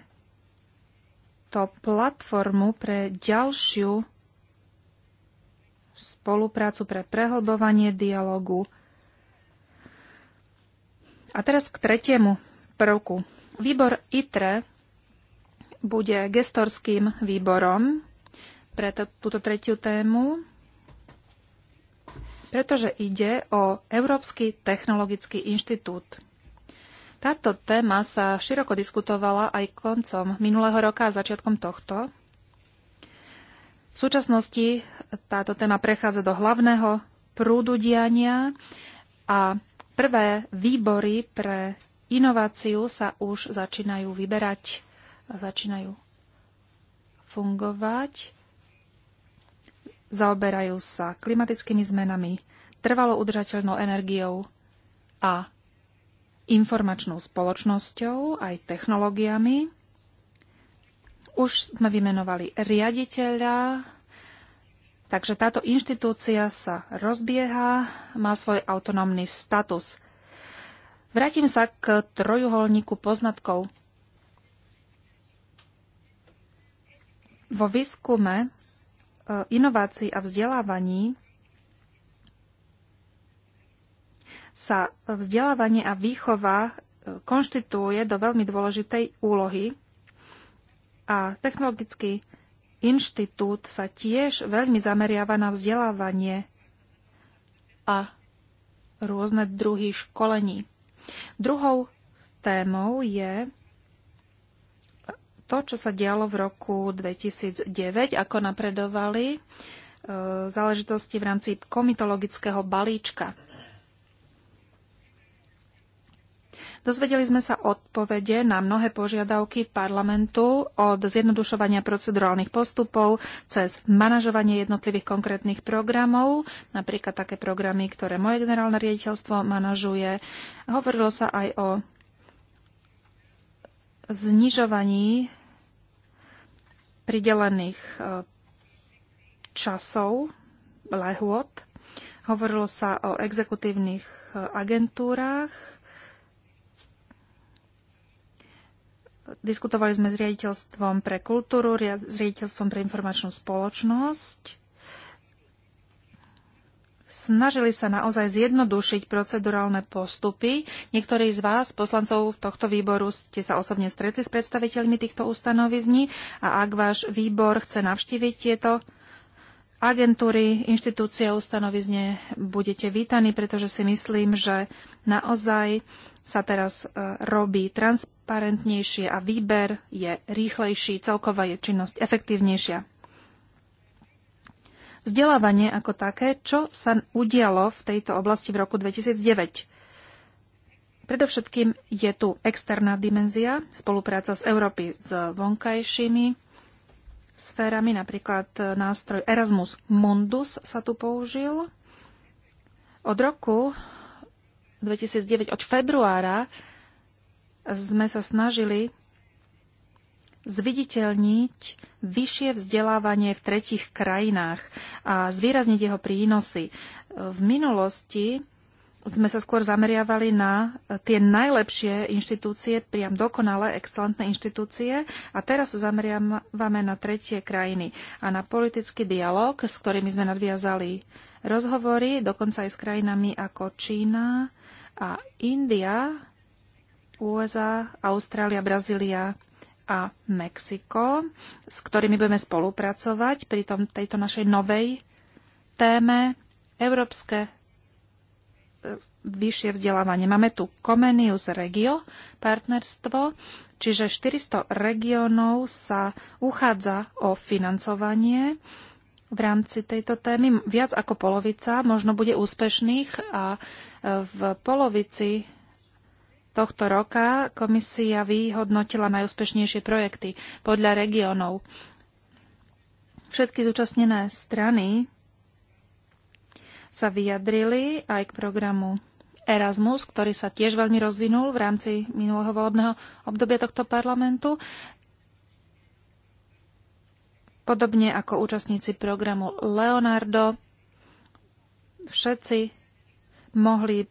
to platformu pre ďalšiu spoluprácu, pre prehlbovanie dialogu. A teraz k tretiemu prvku. Výbor ITRE bude gestorským výborom pre túto tretiu tému pretože ide o Európsky technologický inštitút. Táto téma sa široko diskutovala aj koncom minulého roka a začiatkom tohto. V súčasnosti táto téma prechádza do hlavného prúdu diania a prvé výbory pre inováciu sa už začínajú vyberať a začínajú fungovať. Zaoberajú sa klimatickými zmenami, trvalo udržateľnou energiou a informačnou spoločnosťou, aj technológiami. Už sme vymenovali riaditeľa, takže táto inštitúcia sa rozbieha, má svoj autonómny status. Vrátim sa k trojuholníku poznatkov. Vo výskume E, inovácií a vzdelávaní sa vzdelávanie a výchova e, konštituuje do veľmi dôležitej úlohy a technologický inštitút sa tiež veľmi zameriava na vzdelávanie a rôzne druhy školení. Druhou témou je to, čo sa dialo v roku 2009, ako napredovali e, záležitosti v rámci komitologického balíčka. Dozvedeli sme sa odpovede na mnohé požiadavky parlamentu od zjednodušovania procedurálnych postupov cez manažovanie jednotlivých konkrétnych programov, napríklad také programy, ktoré moje generálne riaditeľstvo manažuje. Hovorilo sa aj o znižovaní pridelených e, časov, lehôd. Hovorilo sa o exekutívnych e, agentúrách. Diskutovali sme s riaditeľstvom pre kultúru, s riaditeľstvom pre informačnú spoločnosť snažili sa naozaj zjednodušiť procedurálne postupy. Niektorí z vás, poslancov tohto výboru, ste sa osobne stretli s predstaviteľmi týchto ustanovizní a ak váš výbor chce navštíviť tieto agentúry, inštitúcie a ustanovizne, budete vítaní, pretože si myslím, že naozaj sa teraz e, robí transparentnejšie a výber je rýchlejší, celková je činnosť efektívnejšia vzdelávanie ako také, čo sa udialo v tejto oblasti v roku 2009. Predovšetkým je tu externá dimenzia, spolupráca z Európy s vonkajšími sférami, napríklad nástroj Erasmus Mundus sa tu použil. Od roku 2009, od februára sme sa snažili zviditeľniť vyššie vzdelávanie v tretich krajinách a zvýrazniť jeho prínosy. V minulosti sme sa skôr zameriavali na tie najlepšie inštitúcie, priam dokonale excelentné inštitúcie a teraz sa zameriavame na tretie krajiny a na politický dialog, s ktorými sme nadviazali rozhovory, dokonca aj s krajinami ako Čína a India, USA, Austrália, Brazília, a Mexiko, s ktorými budeme spolupracovať pri tom, tejto našej novej téme európske e, vyššie vzdelávanie. Máme tu Comenius Regio partnerstvo, čiže 400 regiónov sa uchádza o financovanie v rámci tejto témy. Viac ako polovica možno bude úspešných a e, v polovici tohto roka komisia vyhodnotila najúspešnejšie projekty podľa regiónov. Všetky zúčastnené strany sa vyjadrili aj k programu Erasmus, ktorý sa tiež veľmi rozvinul v rámci minulého volebného obdobia tohto parlamentu. Podobne ako účastníci programu Leonardo, všetci mohli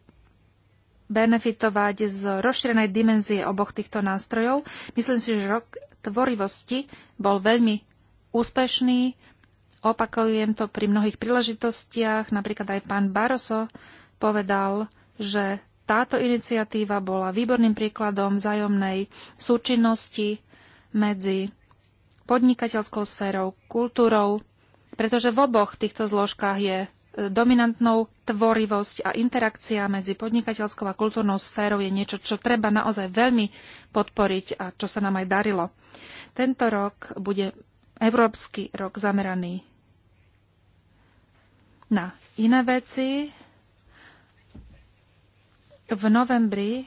benefitovať z rozšírenej dimenzie oboch týchto nástrojov. Myslím si, že rok tvorivosti bol veľmi úspešný. Opakujem to pri mnohých príležitostiach. Napríklad aj pán Baroso povedal, že táto iniciatíva bola výborným príkladom vzájomnej súčinnosti medzi podnikateľskou sférou, kultúrou, pretože v oboch týchto zložkách je dominantnou tvorivosť a interakcia medzi podnikateľskou a kultúrnou sférou je niečo, čo treba naozaj veľmi podporiť a čo sa nám aj darilo. Tento rok bude Európsky rok zameraný na iné veci. V novembri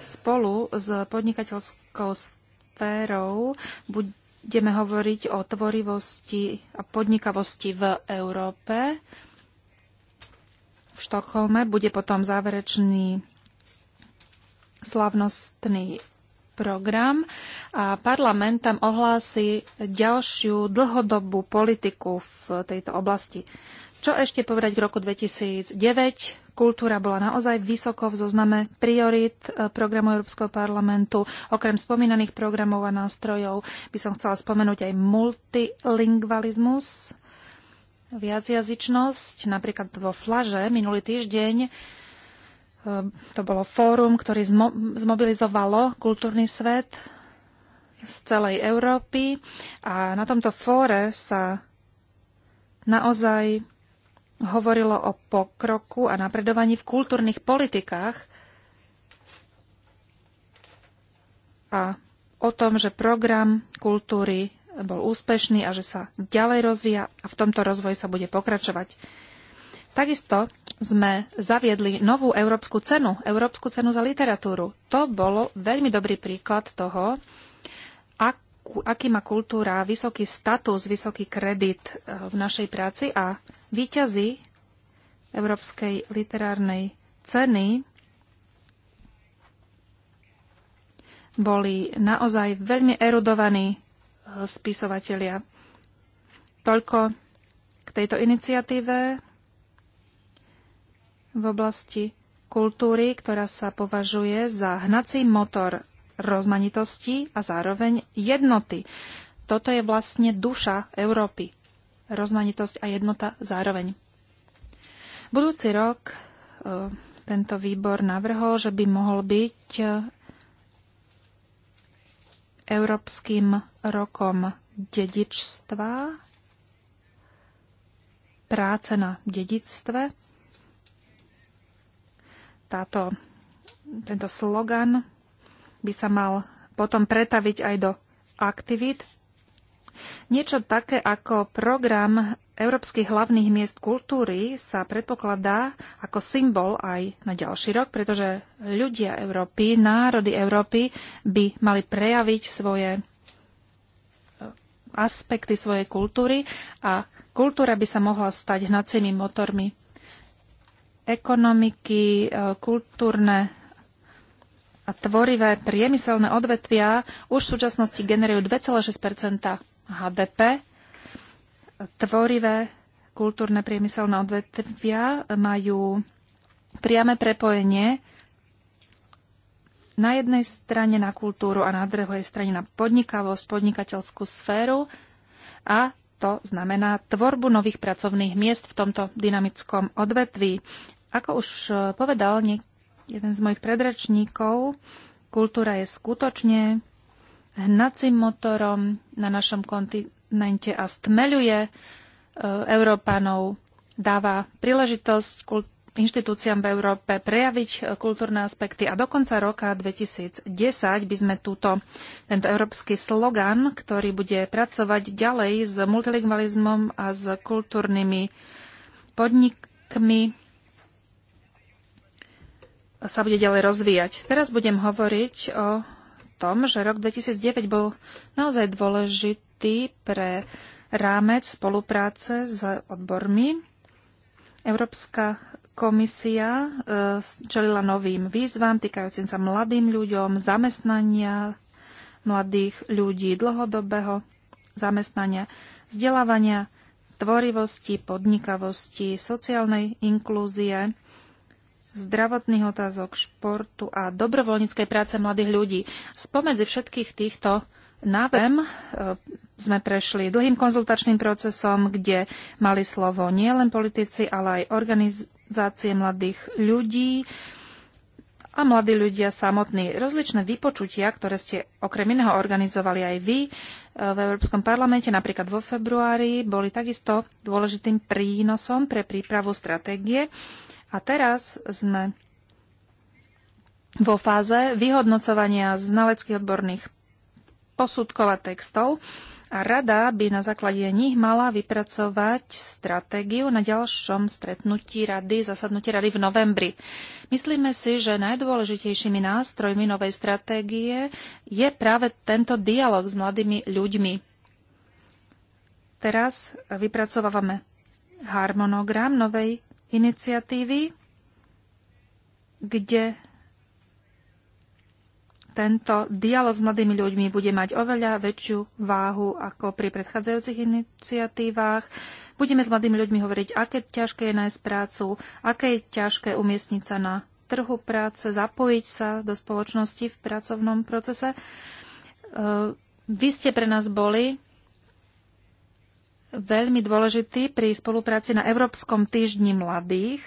spolu s podnikateľskou sférou budeme hovoriť o tvorivosti a podnikavosti v Európe v Štokholme. Bude potom záverečný slavnostný program a parlament tam ohlási ďalšiu dlhodobú politiku v tejto oblasti. Čo ešte povedať k roku 2009? Kultúra bola naozaj vysoko v zozname priorit e, programu Európskeho parlamentu. Okrem spomínaných programov a nástrojov by som chcela spomenúť aj multilingvalizmus, viacjazyčnosť. Napríklad vo Flaže minulý týždeň e, to bolo fórum, ktorý zmobilizovalo kultúrny svet z celej Európy a na tomto fóre sa naozaj hovorilo o pokroku a napredovaní v kultúrnych politikách a o tom, že program kultúry bol úspešný a že sa ďalej rozvíja a v tomto rozvoji sa bude pokračovať. Takisto sme zaviedli novú európsku cenu, európsku cenu za literatúru. To bolo veľmi dobrý príklad toho, aký má kultúra vysoký status, vysoký kredit e, v našej práci a výťazí Európskej literárnej ceny boli naozaj veľmi erudovaní spisovatelia. Toľko k tejto iniciatíve v oblasti kultúry, ktorá sa považuje za hnací motor rozmanitosti a zároveň jednoty. Toto je vlastne duša Európy. Rozmanitosť a jednota zároveň. Budúci rok e, tento výbor navrhol, že by mohol byť e, Európskym rokom dedičstva, práce na dedictve. Táto, tento slogan by sa mal potom pretaviť aj do aktivít. Niečo také ako program európskych hlavných miest kultúry sa predpokladá ako symbol aj na ďalší rok, pretože ľudia Európy, národy Európy by mali prejaviť svoje e, aspekty svojej kultúry a kultúra by sa mohla stať hnacími motormi ekonomiky, e, kultúrne a tvorivé priemyselné odvetvia už v súčasnosti generujú 2,6 HDP tvorivé kultúrne priemyselné odvetvia majú priame prepojenie na jednej strane na kultúru a na druhej strane na podnikavosť, podnikateľskú sféru a to znamená tvorbu nových pracovných miest v tomto dynamickom odvetví. Ako už povedal jeden z mojich predračníkov, kultúra je skutočne hnacím motorom na našom kontinente parlamente a stmeľuje e, Európanov, dáva príležitosť inštitúciám v Európe prejaviť e, kultúrne aspekty a do konca roka 2010 by sme túto, tento európsky slogan, ktorý bude pracovať ďalej s multilingualizmom a s kultúrnymi podnikmi, sa bude ďalej rozvíjať. Teraz budem hovoriť o tom, že rok 2009 bol naozaj dôležitý akty pre rámec spolupráce s odbormi. Európska komisia e, čelila novým výzvam týkajúcim sa mladým ľuďom, zamestnania mladých ľudí, dlhodobého zamestnania, vzdelávania, tvorivosti, podnikavosti, sociálnej inklúzie, zdravotných otázok, športu a dobrovoľníckej práce mladých ľudí. Spomedzi všetkých týchto návrhem e, sme prešli dlhým konzultačným procesom, kde mali slovo nielen politici, ale aj organizácie mladých ľudí a mladí ľudia samotní. Rozličné vypočutia, ktoré ste okrem iného organizovali aj vy e, v Európskom parlamente, napríklad vo februári, boli takisto dôležitým prínosom pre prípravu stratégie. A teraz sme vo fáze vyhodnocovania znaleckých odborných posudkov a textov a rada by na základe nich mala vypracovať stratégiu na ďalšom stretnutí rady, zasadnutí rady v novembri. Myslíme si, že najdôležitejšími nástrojmi novej stratégie je práve tento dialog s mladými ľuďmi. Teraz vypracovávame harmonogram novej iniciatívy, kde tento dialog s mladými ľuďmi bude mať oveľa väčšiu váhu ako pri predchádzajúcich iniciatívach. Budeme s mladými ľuďmi hovoriť, aké ťažké je nájsť prácu, aké je ťažké umiestniť sa na trhu práce, zapojiť sa do spoločnosti v pracovnom procese. E, vy ste pre nás boli veľmi dôležitý pri spolupráci na Európskom týždni mladých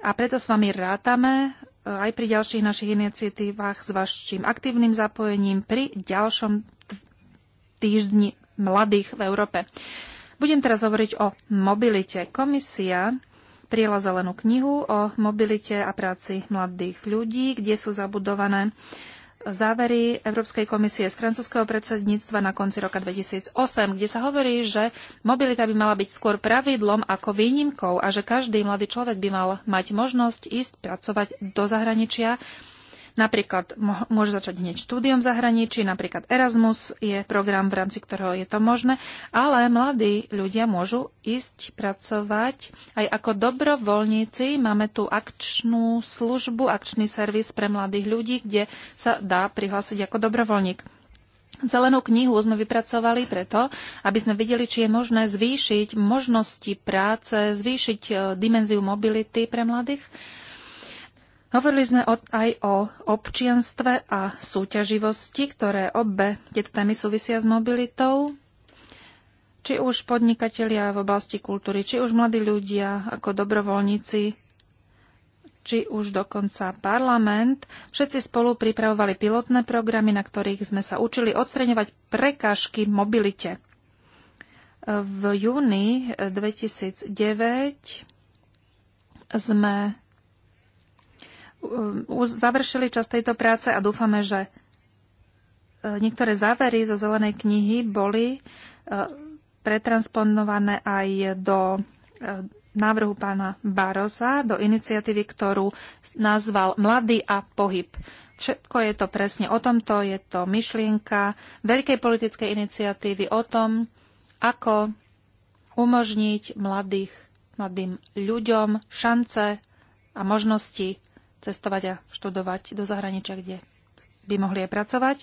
a preto s vami rátame E, aj pri ďalších našich iniciatívach s vašim aktívnym zapojením pri ďalšom týždni mladých v Európe. Budem teraz hovoriť o mobilite. Komisia prijela zelenú knihu o mobilite a práci mladých ľudí, kde sú zabudované závery Európskej komisie z francúzského predsedníctva na konci roka 2008, kde sa hovorí, že mobilita by mala byť skôr pravidlom ako výnimkou a že každý mladý človek by mal mať možnosť ísť pracovať do zahraničia Napríklad môže začať hneď štúdium v zahraničí, napríklad Erasmus je program, v rámci ktorého je to možné, ale mladí ľudia môžu ísť pracovať aj ako dobrovoľníci. Máme tu akčnú službu, akčný servis pre mladých ľudí, kde sa dá prihlásiť ako dobrovoľník. Zelenú knihu sme vypracovali preto, aby sme videli, či je možné zvýšiť možnosti práce, zvýšiť e, dimenziu mobility pre mladých Hovorili sme aj o občianstve a súťaživosti, ktoré obe tieto témy súvisia s mobilitou. Či už podnikatelia v oblasti kultúry, či už mladí ľudia ako dobrovoľníci, či už dokonca parlament. Všetci spolu pripravovali pilotné programy, na ktorých sme sa učili odstreňovať prekážky mobilite. V júni 2009 sme Um, završili čas tejto práce a dúfame, že e, niektoré závery zo zelenej knihy boli e, pretransponované aj do e, návrhu pána Barosa, do iniciatívy, ktorú nazval Mladý a pohyb. Všetko je to presne o tomto, je to myšlienka veľkej politickej iniciatívy o tom, ako umožniť mladých, mladým ľuďom šance a možnosti cestovať a študovať do zahraničia, kde by mohli aj pracovať.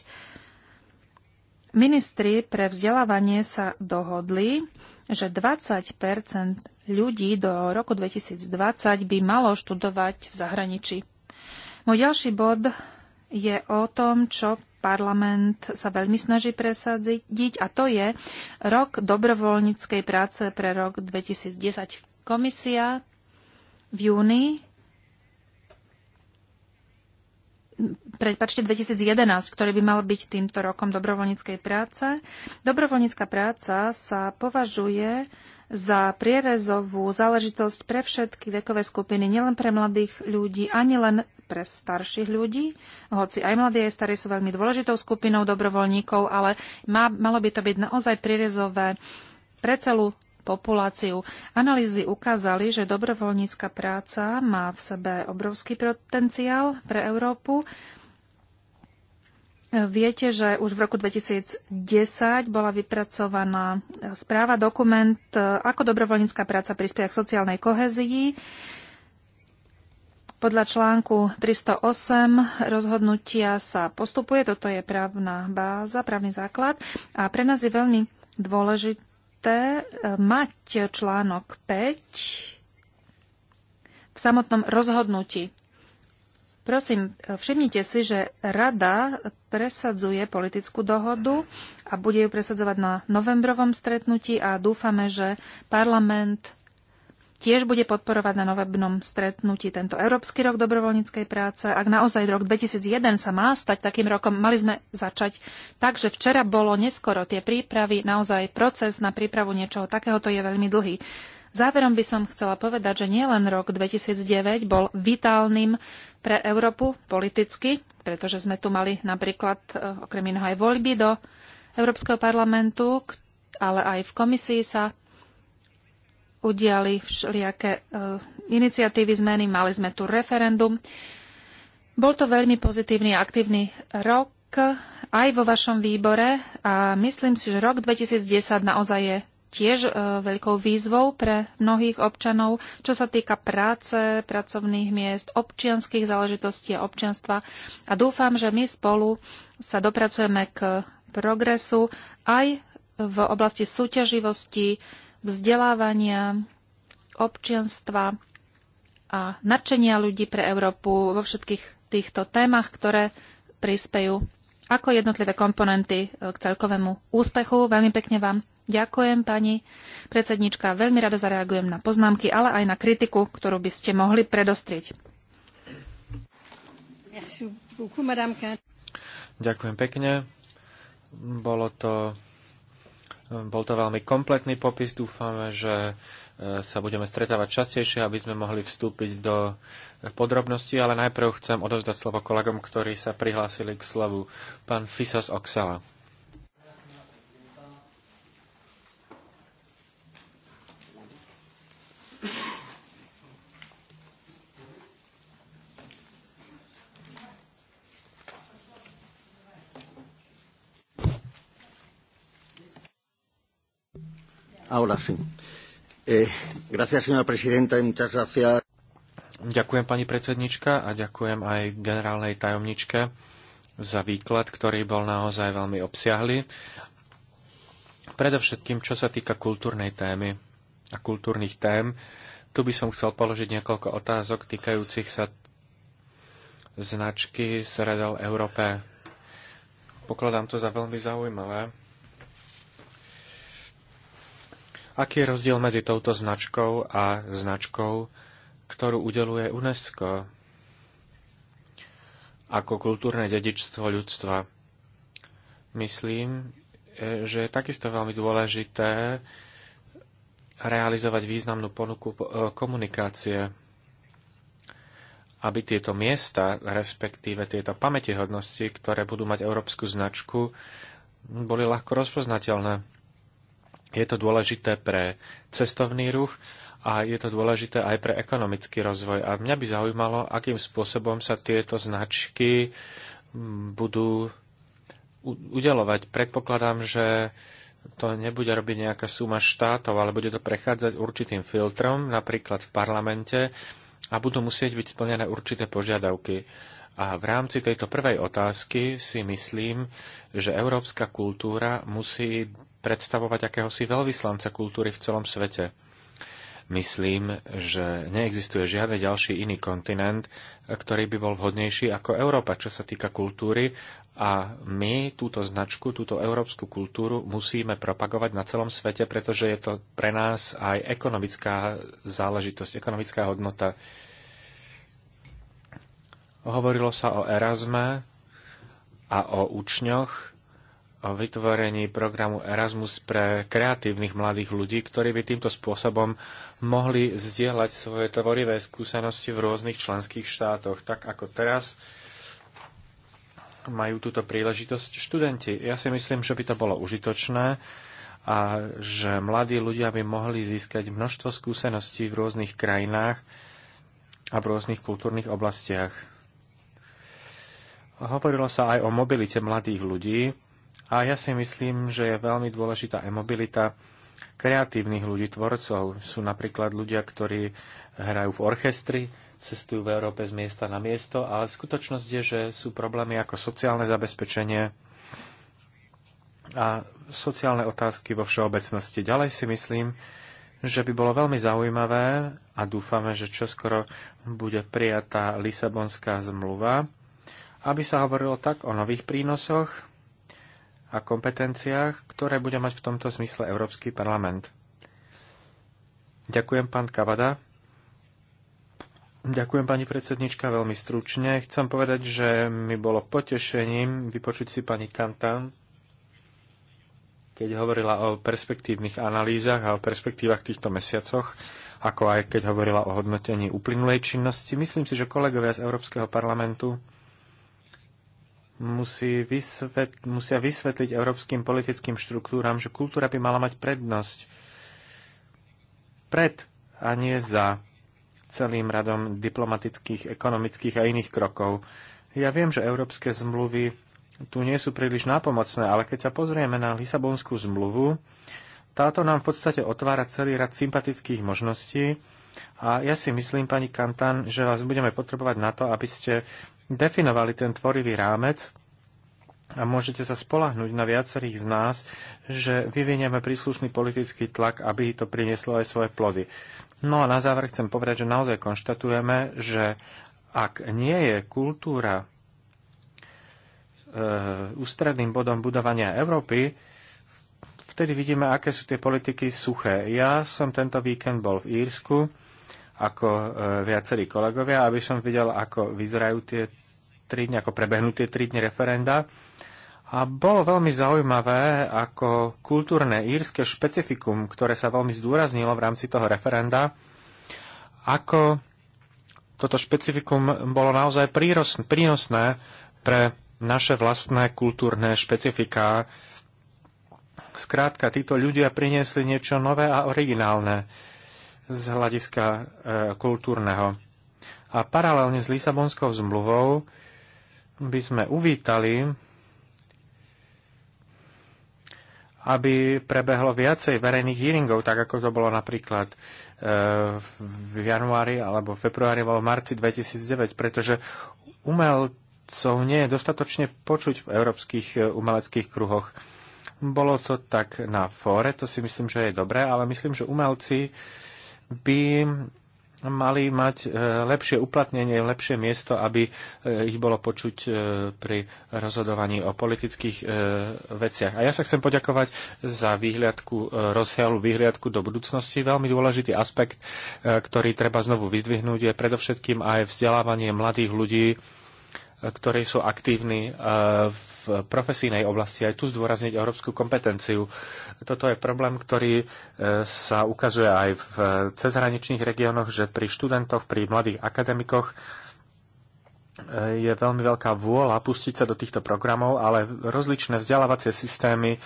Ministri pre vzdelávanie sa dohodli, že 20 ľudí do roku 2020 by malo študovať v zahraničí. Môj ďalší bod je o tom, čo parlament sa veľmi snaží presadiť a to je rok dobrovoľníckej práce pre rok 2010. Komisia v júni prepačte, 2011, ktorý by mal byť týmto rokom dobrovoľníckej práce. Dobrovoľnícka práca sa považuje za prierezovú záležitosť pre všetky vekové skupiny, nielen pre mladých ľudí, ani len pre starších ľudí, hoci aj mladí, aj starí sú veľmi dôležitou skupinou dobrovoľníkov, ale má, malo by to byť naozaj prierezové pre celú populáciu. Analýzy ukázali, že dobrovoľnícka práca má v sebe obrovský potenciál pre Európu. Viete, že už v roku 2010 bola vypracovaná správa, dokument, ako dobrovoľnícka práca prispieva k sociálnej kohezii. Podľa článku 308 rozhodnutia sa postupuje, toto je právna báza, právny základ a pre nás je veľmi dôležité, dôležité e, mať článok 5 v samotnom rozhodnutí. Prosím, e, všimnite si, že rada presadzuje politickú dohodu a bude ju presadzovať na novembrovom stretnutí a dúfame, že parlament tiež bude podporovať na novebnom stretnutí tento Európsky rok dobrovoľníckej práce. Ak naozaj rok 2001 sa má stať takým rokom, mali sme začať tak, že včera bolo neskoro tie prípravy, naozaj proces na prípravu niečoho takéhoto je veľmi dlhý. Záverom by som chcela povedať, že nielen rok 2009 bol vitálnym pre Európu politicky, pretože sme tu mali napríklad e, okrem iného aj voľby do Európskeho parlamentu, ale aj v komisii sa udiali všelijaké e, iniciatívy zmeny, mali sme tu referendum. Bol to veľmi pozitívny a aktívny rok aj vo vašom výbore a myslím si, že rok 2010 naozaj je tiež e, veľkou výzvou pre mnohých občanov, čo sa týka práce, pracovných miest, občianských záležitostí a občianstva. A dúfam, že my spolu sa dopracujeme k progresu aj v oblasti súťaživosti, vzdelávania, občianstva a nadšenia ľudí pre Európu vo všetkých týchto témach, ktoré prispejú ako jednotlivé komponenty e, k celkovému úspechu. Veľmi pekne vám ďakujem, pani predsednička. Veľmi rada zareagujem na poznámky, ale aj na kritiku, ktorú by ste mohli predostrieť. Ďakujem pekne. Bolo to bol to veľmi kompletný popis. Dúfame, že e, sa budeme stretávať častejšie, aby sme mohli vstúpiť do podrobností, ale najprv chcem odovzdať slovo kolegom, ktorí sa prihlásili k slovu. Pán Fisas Oxala. Ahora sí. Eh, gracias, señora presidenta, y muchas gracias. Ďakujem pani predsednička a ďakujem aj generálnej tajomničke za výklad, ktorý bol naozaj veľmi obsiahly. Predovšetkým, čo sa týka kultúrnej témy a kultúrnych tém, tu by som chcel položiť niekoľko otázok týkajúcich sa značky Sredel Európe. Pokladám to za veľmi zaujímavé. Aký je rozdiel medzi touto značkou a značkou, ktorú udeluje UNESCO ako kultúrne dedičstvo ľudstva? Myslím, e, že je takisto veľmi dôležité realizovať významnú ponuku e, komunikácie, aby tieto miesta, respektíve tieto pamätihodnosti, ktoré budú mať európsku značku, boli ľahko rozpoznateľné. Je to dôležité pre cestovný ruch a je to dôležité aj pre ekonomický rozvoj. A mňa by zaujímalo, akým spôsobom sa tieto značky mm, budú udelovať. Predpokladám, že to nebude robiť nejaká suma štátov, ale bude to prechádzať určitým filtrom, napríklad v parlamente, a budú musieť byť splnené určité požiadavky. A v rámci tejto prvej otázky si myslím, že európska kultúra musí predstavovať akéhosi veľvyslanca kultúry v celom svete. Myslím, že neexistuje žiadny ďalší iný kontinent, ktorý by bol vhodnejší ako Európa, čo sa týka kultúry a my túto značku, túto európsku kultúru musíme propagovať na celom svete, pretože je to pre nás aj ekonomická záležitosť, ekonomická hodnota. Hovorilo sa o Erasme a o učňoch, o vytvorení programu Erasmus pre kreatívnych mladých ľudí, ktorí by týmto spôsobom mohli zdieľať svoje tvorivé skúsenosti v rôznych členských štátoch. Tak ako teraz majú túto príležitosť študenti. Ja si myslím, že by to bolo užitočné a že mladí ľudia by mohli získať množstvo skúseností v rôznych krajinách a v rôznych kultúrnych oblastiach. Hovorilo sa aj o mobilite mladých ľudí a ja si myslím, že je veľmi dôležitá e-mobilita kreatívnych ľudí, tvorcov. Sú napríklad ľudia, ktorí hrajú v orchestri, cestujú v Európe z miesta na miesto, ale skutočnosť je, že sú problémy ako sociálne zabezpečenie a sociálne otázky vo všeobecnosti. Ďalej si myslím, že by bolo veľmi zaujímavé a dúfame, že čoskoro bude prijatá Lisabonská zmluva, aby sa hovorilo tak o nových prínosoch a kompetenciách, ktoré bude mať v tomto zmysle Európsky parlament. Ďakujem, pán Kavada. Ďakujem, pani predsednička, veľmi stručne. Chcem povedať, že mi bolo potešením vypočuť si pani Kantan, keď hovorila o perspektívnych analýzach a o perspektívach týchto mesiacoch, ako aj keď hovorila o hodnotení uplynulej činnosti. Myslím si, že kolegovia z Európskeho parlamentu musí vysvet, musia vysvetliť európskym politickým štruktúram, že kultúra by mala mať prednosť pred a nie za celým radom diplomatických, ekonomických a iných krokov. Ja viem, že európske zmluvy tu nie sú príliš nápomocné, ale keď sa pozrieme na Lisabonskú zmluvu, táto nám v podstate otvára celý rad sympatických možností, a ja si myslím, pani Kantan, že vás budeme potrebovať na to, aby ste definovali ten tvorivý rámec a môžete sa spolahnuť na viacerých z nás, že vyvinieme príslušný politický tlak, aby to prinieslo aj svoje plody. No a na záver chcem povedať, že naozaj konštatujeme, že ak nie je kultúra e, ústredným bodom budovania Európy, vtedy vidíme, aké sú tie politiky suché. Ja som tento víkend bol v Írsku ako e, viacerí kolegovia, aby som videl, ako vyzerajú tie tri dni, ako prebehnú tie tri dni referenda. A bolo veľmi zaujímavé, ako kultúrne írske špecifikum, ktoré sa veľmi zdôraznilo v rámci toho referenda, ako toto špecifikum bolo naozaj prínosné pre naše vlastné kultúrne špecifiká. Skrátka, títo ľudia priniesli niečo nové a originálne z hľadiska e, kultúrneho. A paralelne s Lisabonskou zmluvou by sme uvítali, aby prebehlo viacej verejných hearingov, tak ako to bolo napríklad e, v januári alebo v februári alebo v marci 2009, pretože umelcov nie je dostatočne počuť v európskych e, umeleckých kruhoch. Bolo to tak na fóre, to si myslím, že je dobré, ale myslím, že umelci by mali mať e, lepšie uplatnenie, lepšie miesto, aby e, ich bolo počuť e, pri rozhodovaní o politických veciach. A ja sa chcem poďakovať za výhľadku, rozsiahlu výhľadku do budúcnosti. Veľmi dôležitý aspekt, ktorý treba znovu vydvihnúť, je predovšetkým aj vzdelávanie mladých ľudí, ktorí sú aktívni v v profesijnej oblasti aj tu zdôrazniť európsku kompetenciu. Toto je problém, ktorý e, sa ukazuje aj v cezhraničných regiónoch, že pri študentoch, pri mladých akademikoch e, je veľmi veľká vôľa pustiť sa do týchto programov, ale rozličné vzdelávacie systémy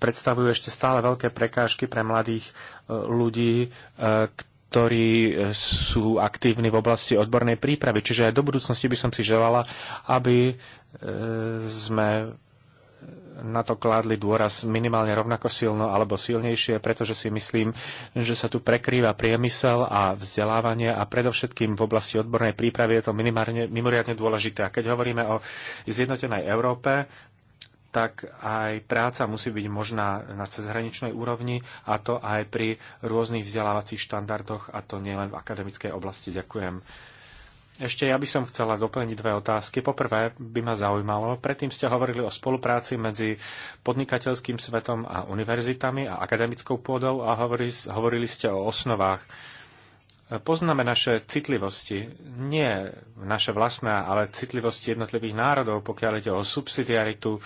predstavujú ešte stále veľké prekážky pre mladých e, ľudí, ktorí e, sú aktívni v oblasti odbornej prípravy. Čiže aj do budúcnosti by som si želala, aby e, sme na to kládli dôraz minimálne rovnako silno alebo silnejšie, pretože si myslím, že sa tu prekrýva priemysel a vzdelávanie a predovšetkým v oblasti odbornej prípravy je to minimálne, mimoriadne dôležité. A keď hovoríme o zjednotenej Európe, tak aj práca musí byť možná na cezhraničnej úrovni a to aj pri rôznych vzdelávacích štandardoch a to nielen v akademickej oblasti. Ďakujem. Ešte ja by som chcela doplniť dve otázky. Poprvé by ma zaujímalo, predtým ste hovorili o spolupráci medzi podnikateľským svetom a univerzitami a akademickou pôdou a hovorili, hovorili ste o osnovách. Poznáme naše citlivosti, nie naše vlastné, ale citlivosti jednotlivých národov, pokiaľ ide o subsidiaritu,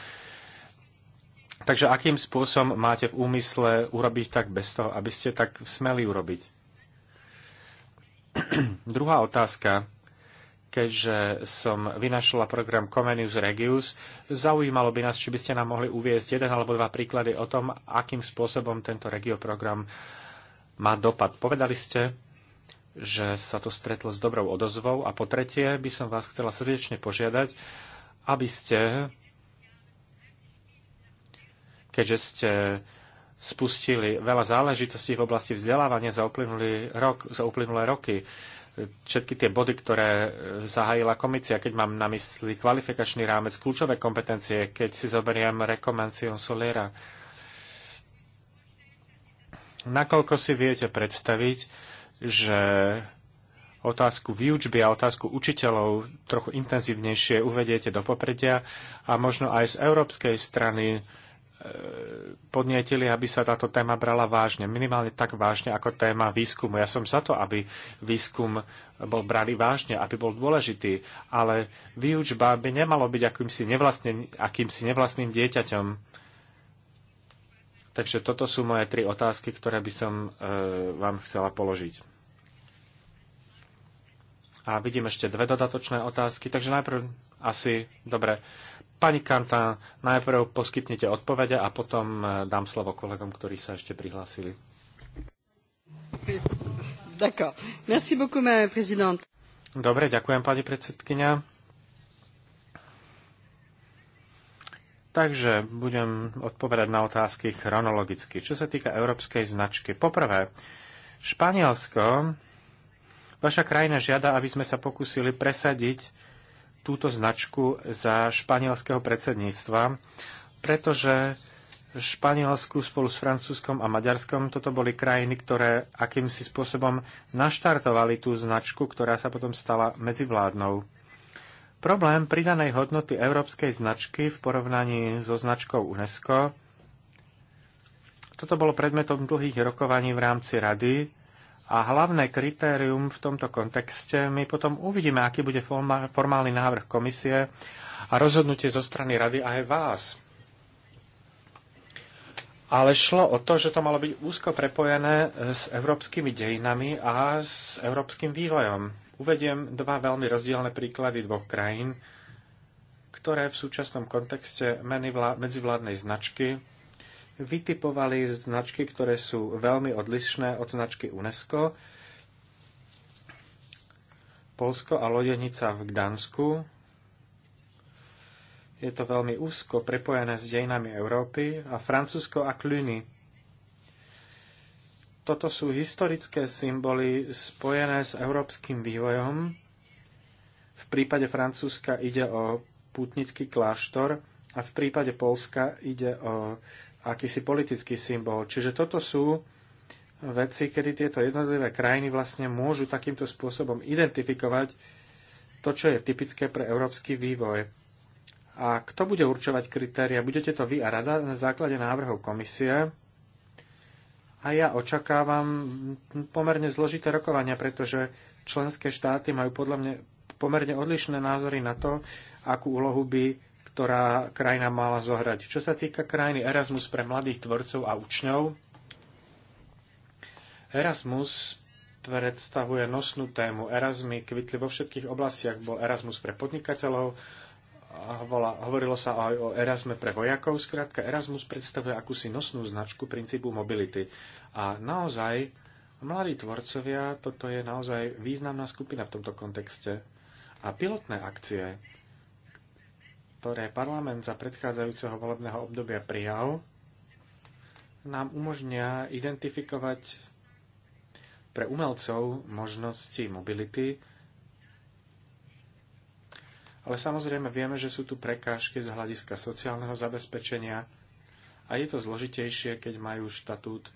Takže akým spôsobom máte v úmysle urobiť tak bez toho, aby ste tak smeli urobiť? Druhá otázka. Keďže som vynašla program Comenius Regius, zaujímalo by nás, či by ste nám mohli uviezť jeden alebo dva príklady o tom, akým spôsobom tento regio program má dopad. Povedali ste, že sa to stretlo s dobrou odozvou a po tretie by som vás chcela srdečne požiadať, aby ste keďže ste spustili veľa záležitostí v oblasti vzdelávania za, uplynulý rok, za uplynulé roky. Všetky tie body, ktoré zahájila komisia, keď mám na mysli kvalifikačný rámec, kľúčové kompetencie, keď si zoberiem rekomencion Solera. Nakoľko si viete predstaviť, že otázku výučby a otázku učiteľov trochu intenzívnejšie uvediete do popredia a možno aj z európskej strany podnietili, aby sa táto téma brala vážne, minimálne tak vážne ako téma výskumu. Ja som za to, aby výskum bol braný vážne, aby bol dôležitý, ale výučba by nemalo byť akýmsi, nevlastným, akýmsi nevlastným dieťaťom. Takže toto sú moje tri otázky, ktoré by som e, vám chcela položiť. A vidím ešte dve dodatočné otázky, takže najprv asi, dobre, Pani Kanta, najprv poskytnite odpovede a potom eh, dám slovo kolegom, ktorí sa ešte prihlásili. Dobre, ďakujem pani predsedkynia. Takže budem odpovedať na otázky chronologicky. Čo sa týka európskej značky. Poprvé, Španielsko, vaša krajina žiada, aby sme sa pokúsili presadiť túto značku za španielského predsedníctva, pretože v Španielsku spolu s Francúzskom a Maďarskom toto boli krajiny, ktoré akýmsi spôsobom naštartovali tú značku, ktorá sa potom stala medzivládnou. Problém pridanej hodnoty európskej značky v porovnaní so značkou UNESCO. Toto bolo predmetom dlhých rokovaní v rámci Rady a hlavné kritérium v tomto kontexte, my potom uvidíme, aký bude formálny návrh komisie a rozhodnutie zo strany rady a aj vás. Ale šlo o to, že to malo byť úzko prepojené e, s európskymi dejinami a s európskym vývojom. Uvediem dva veľmi rozdielne príklady dvoch krajín, ktoré v súčasnom kontexte medzivládnej značky vytipovali značky, ktoré sú veľmi odlišné od značky UNESCO. Polsko a lodenica v Gdansku. Je to veľmi úzko prepojené s dejinami Európy a Francúzsko a Cluny. Toto sú historické symboly spojené s európskym vývojom. V prípade Francúzska ide o putnický kláštor a v prípade Polska ide o akýsi politický symbol. Čiže toto sú veci, kedy tieto jednotlivé krajiny vlastne môžu takýmto spôsobom identifikovať to, čo je typické pre európsky vývoj. A kto bude určovať kritéria? Budete to vy a rada na základe návrhov komisie. A ja očakávam pomerne zložité rokovania, pretože členské štáty majú podľa mňa pomerne odlišné názory na to, akú úlohu by ktorá krajina mala zohrať. Čo sa týka krajiny Erasmus pre mladých tvorcov a učňov, Erasmus predstavuje nosnú tému. Erasmy kvitli vo všetkých oblastiach. Bol Erasmus pre podnikateľov, hovorilo sa aj o Erasme pre vojakov. Skrátka, Erasmus predstavuje akúsi nosnú značku princípu mobility. A naozaj, mladí tvorcovia, toto je naozaj významná skupina v tomto kontexte. A pilotné akcie ktoré parlament za predchádzajúceho volebného obdobia prijal, nám umožnia identifikovať pre umelcov možnosti mobility, ale samozrejme vieme, že sú tu prekážky z hľadiska sociálneho zabezpečenia a je to zložitejšie, keď majú štatút e,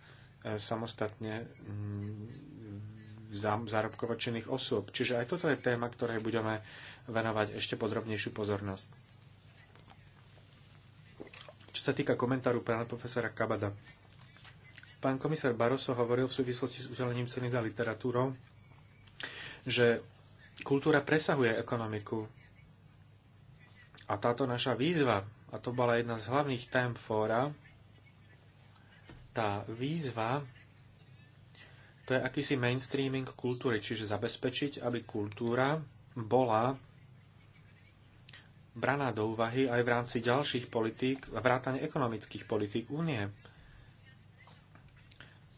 samostatne mm, zárobkovačených osôb. Čiže aj toto je téma, ktorej budeme venovať ešte podrobnejšiu pozornosť. Čo sa týka komentáru pána profesora Kabada. Pán komisár Baroso hovoril v súvislosti s udelením ceny za literatúrou, že kultúra presahuje ekonomiku. A táto naša výzva, a to bola jedna z hlavných tém fóra, tá výzva, to je akýsi mainstreaming kultúry, čiže zabezpečiť, aby kultúra bola braná do úvahy aj v rámci ďalších politík, vrátane ekonomických politík únie.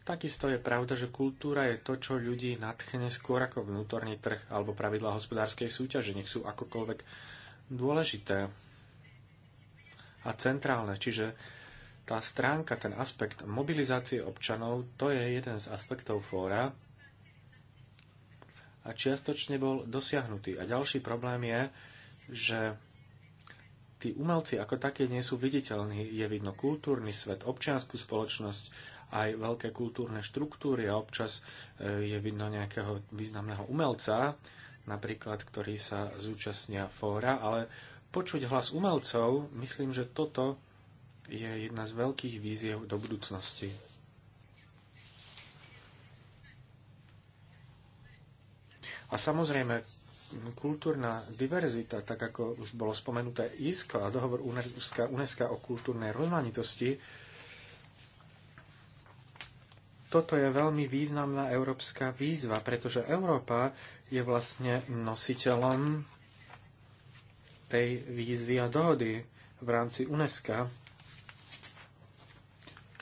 Takisto je pravda, že kultúra je to, čo ľudí nadchne skôr ako vnútorný trh alebo pravidla hospodárskej súťaže, nech sú akokoľvek dôležité a centrálne. Čiže tá stránka, ten aspekt mobilizácie občanov, to je jeden z aspektov fóra a čiastočne bol dosiahnutý. A ďalší problém je, že tí umelci ako také nie sú viditeľní. Je vidno kultúrny svet, občianskú spoločnosť, aj veľké kultúrne štruktúry a občas e, je vidno nejakého významného umelca, napríklad, ktorý sa zúčastnia fóra, ale počuť hlas umelcov, myslím, že toto je jedna z veľkých víziev do budúcnosti. A samozrejme, kultúrna diverzita, tak ako už bolo spomenuté ISKO a dohovor UNESCO, o kultúrnej rozmanitosti, toto je veľmi významná európska výzva, pretože Európa je vlastne nositeľom tej výzvy a dohody v rámci UNESCO,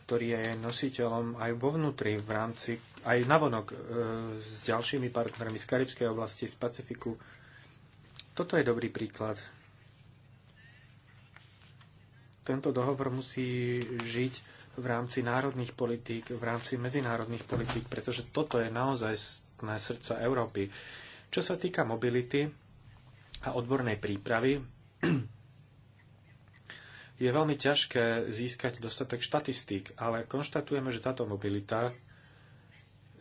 ktorý je nositeľom aj vo vnútri v rámci aj navonok e, s ďalšími partnermi z Karibskej oblasti, z Pacifiku. Toto je dobrý príklad. Tento dohovor musí žiť v rámci národných politík, v rámci medzinárodných politík, pretože toto je naozaj na srdca Európy. Čo sa týka mobility a odbornej prípravy, je veľmi ťažké získať dostatek štatistík, ale konštatujeme, že táto mobilita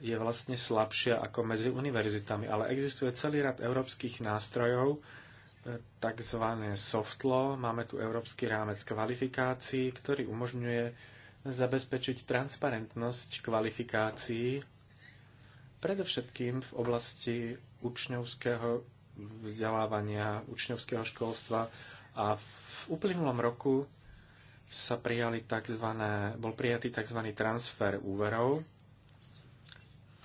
je vlastne slabšia ako medzi univerzitami, ale existuje celý rad európskych nástrojov, e, tzv. soft law, máme tu európsky rámec kvalifikácií, ktorý umožňuje zabezpečiť transparentnosť kvalifikácií, predovšetkým v oblasti učňovského vzdelávania, učňovského školstva a v uplynulom roku sa prijali tzv. bol prijatý tzv. transfer úverov,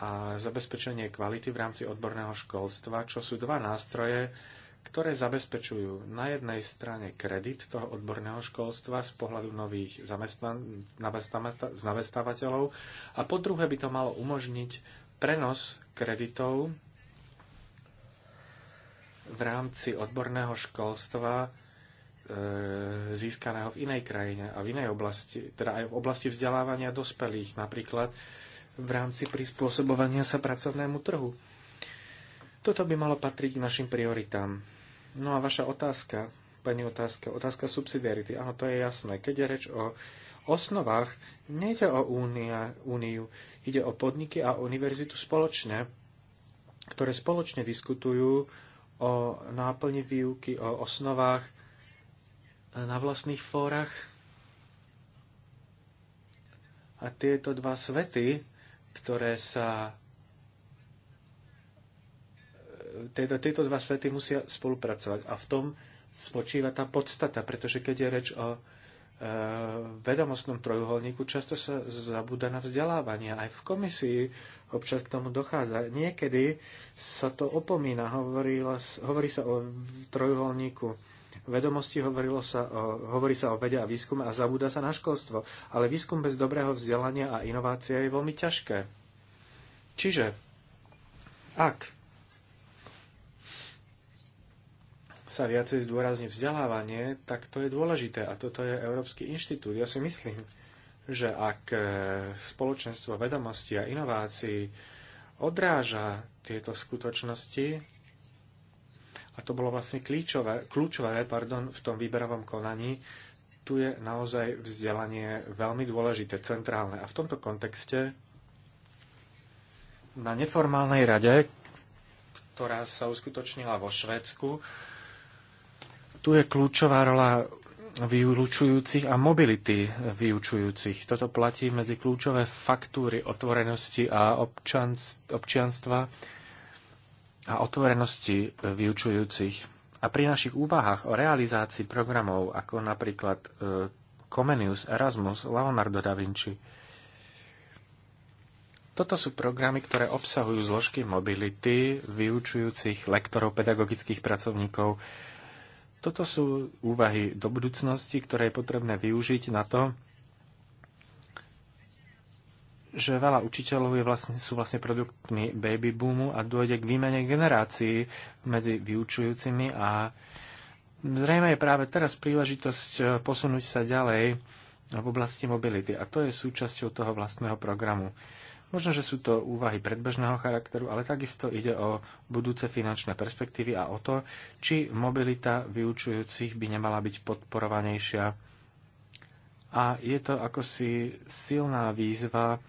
a zabezpečenie kvality v rámci odborného školstva, čo sú dva nástroje, ktoré zabezpečujú na jednej strane kredit toho odborného školstva z pohľadu nových zamestnávateľov a po druhé by to malo umožniť prenos kreditov v rámci odborného školstva e, získaného v inej krajine a v inej oblasti, teda aj v oblasti vzdelávania dospelých napríklad v rámci prispôsobovania sa pracovnému trhu. Toto by malo patriť k našim prioritám. No a vaša otázka, pani otázka, otázka subsidiarity. Áno, to je jasné. Keď je reč o osnovách, nejde o únia, úniu, ide o podniky a univerzitu spoločne, ktoré spoločne diskutujú o náplni výuky, o osnovách na vlastných fórach. A tieto dva svety ktoré sa e, tieto, tieto dva svety musia spolupracovať. A v tom spočíva tá podstata, pretože keď je reč o e, vedomostnom trojuholníku, často sa zabúda na vzdelávanie. Aj v komisii občas k tomu dochádza. Niekedy sa to opomína, hovorí, hovorí sa o trojuholníku vedomosti, hovorilo sa o, hovorí sa o vede a výskume a zabúda sa na školstvo. Ale výskum bez dobrého vzdelania a inovácia je veľmi ťažké. Čiže, ak sa viacej zdôrazní vzdelávanie, tak to je dôležité. A toto je Európsky inštitút. Ja si myslím, že ak e, spoločenstvo vedomostí a inovácií odráža tieto skutočnosti, a to bolo vlastne kľúčové, kľúčové pardon, v tom výberovom konaní, tu je naozaj vzdelanie veľmi dôležité, centrálne. A v tomto kontexte na neformálnej rade, ktorá sa uskutočnila vo Švédsku, tu je kľúčová rola vyučujúcich a mobility vyučujúcich. Toto platí medzi kľúčové faktúry otvorenosti a občianstva a otvorenosti e, vyučujúcich. A pri našich úvahách o realizácii programov, ako napríklad e, Comenius, Erasmus, Leonardo da Vinci, toto sú programy, ktoré obsahujú zložky mobility, vyučujúcich lektorov, pedagogických pracovníkov. Toto sú úvahy do budúcnosti, ktoré je potrebné využiť na to, že veľa učiteľov je vlastne, sú vlastne produktmi baby boomu a dôjde k výmene generácií medzi vyučujúcimi a zrejme je práve teraz príležitosť e, posunúť sa ďalej v oblasti mobility a to je súčasťou toho vlastného programu. Možno, že sú to úvahy predbežného charakteru, ale takisto ide o budúce finančné perspektívy a o to, či mobilita vyučujúcich by nemala byť podporovanejšia a je to akosi silná výzva e,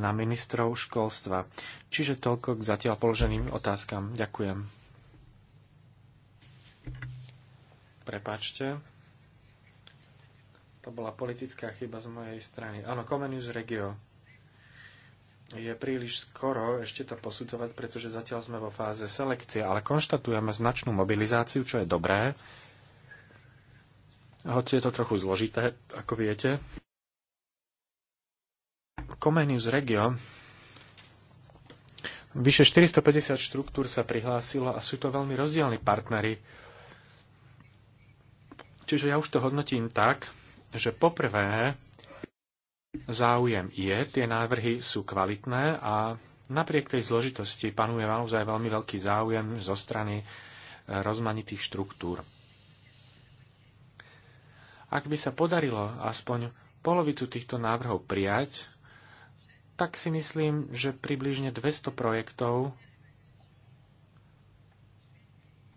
na ministrov školstva. Čiže toľko k zatiaľ položeným otázkam. Ďakujem. Prepačte. To bola politická chyba z mojej strany. Áno, Comenius Regio. Je príliš skoro ešte to posudzovať, pretože zatiaľ sme vo fáze selekcie, ale konštatujeme značnú mobilizáciu, čo je dobré hoci je to trochu zložité, ako viete. Comenius Regio Vyše 450 štruktúr sa prihlásilo a sú to veľmi rozdielni partnery. Čiže ja už to hodnotím tak, že poprvé záujem je, tie návrhy sú kvalitné a napriek tej zložitosti panuje naozaj veľmi veľký záujem zo strany rozmanitých štruktúr. Ak by sa podarilo aspoň polovicu týchto návrhov prijať, tak si myslím, že približne 200 projektov.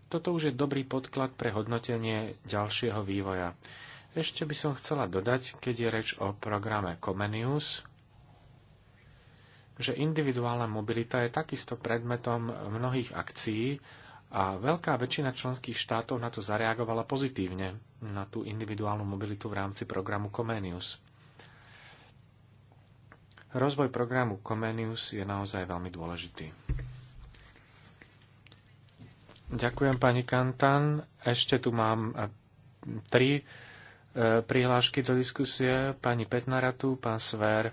Toto už je dobrý podklad pre hodnotenie ďalšieho vývoja. Ešte by som chcela dodať, keď je reč o programe Comenius, že individuálna mobilita je takisto predmetom mnohých akcií a veľká väčšina členských štátov na to zareagovala pozitívne, na tú individuálnu mobilitu v rámci programu Comenius. Rozvoj programu Comenius je naozaj veľmi dôležitý. Ďakujem, pani Kantan. Ešte tu mám e, tri e, prihlášky do diskusie. Pani Petnaratu, pán Sver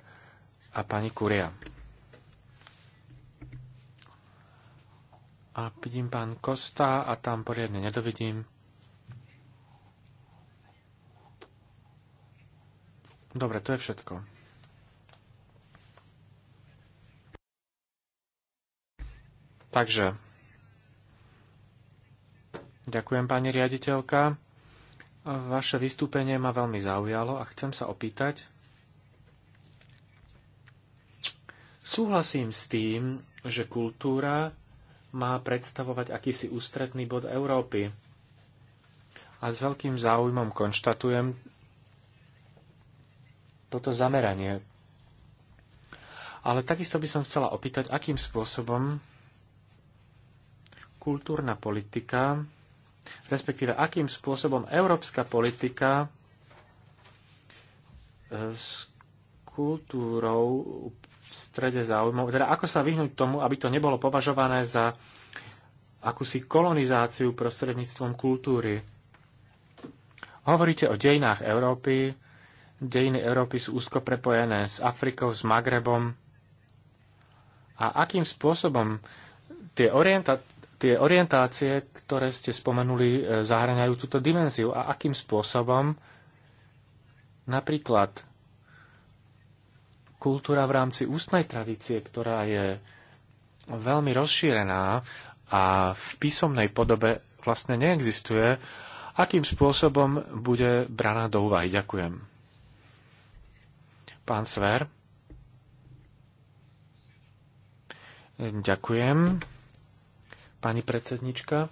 a pani Kuria. A vidím pán Kosta a tam poriadne nedovidím. Dobre, to je všetko. Takže, ďakujem pani riaditeľka. Vaše vystúpenie ma veľmi zaujalo a chcem sa opýtať. Súhlasím s tým, že kultúra má predstavovať akýsi ústredný bod Európy. A s veľkým záujmom konštatujem toto zameranie. Ale takisto by som chcela opýtať, akým spôsobom kultúrna politika, respektíve akým spôsobom európska politika e, s kultúrou strede záujmov, teda ako sa vyhnúť tomu, aby to nebolo považované za akúsi kolonizáciu prostredníctvom kultúry. Hovoríte o dejinách Európy. Dejiny Európy sú úzko prepojené s Afrikou, s Magrebom. A akým spôsobom tie, orienta- tie orientácie, ktoré ste spomenuli, e, zahraňajú túto dimenziu? A akým spôsobom napríklad kultúra v rámci ústnej tradície, ktorá je veľmi rozšírená a v písomnej podobe vlastne neexistuje, akým spôsobom bude braná do úvahy. Ďakujem. Pán Sver. Ďakujem. Pani predsednička.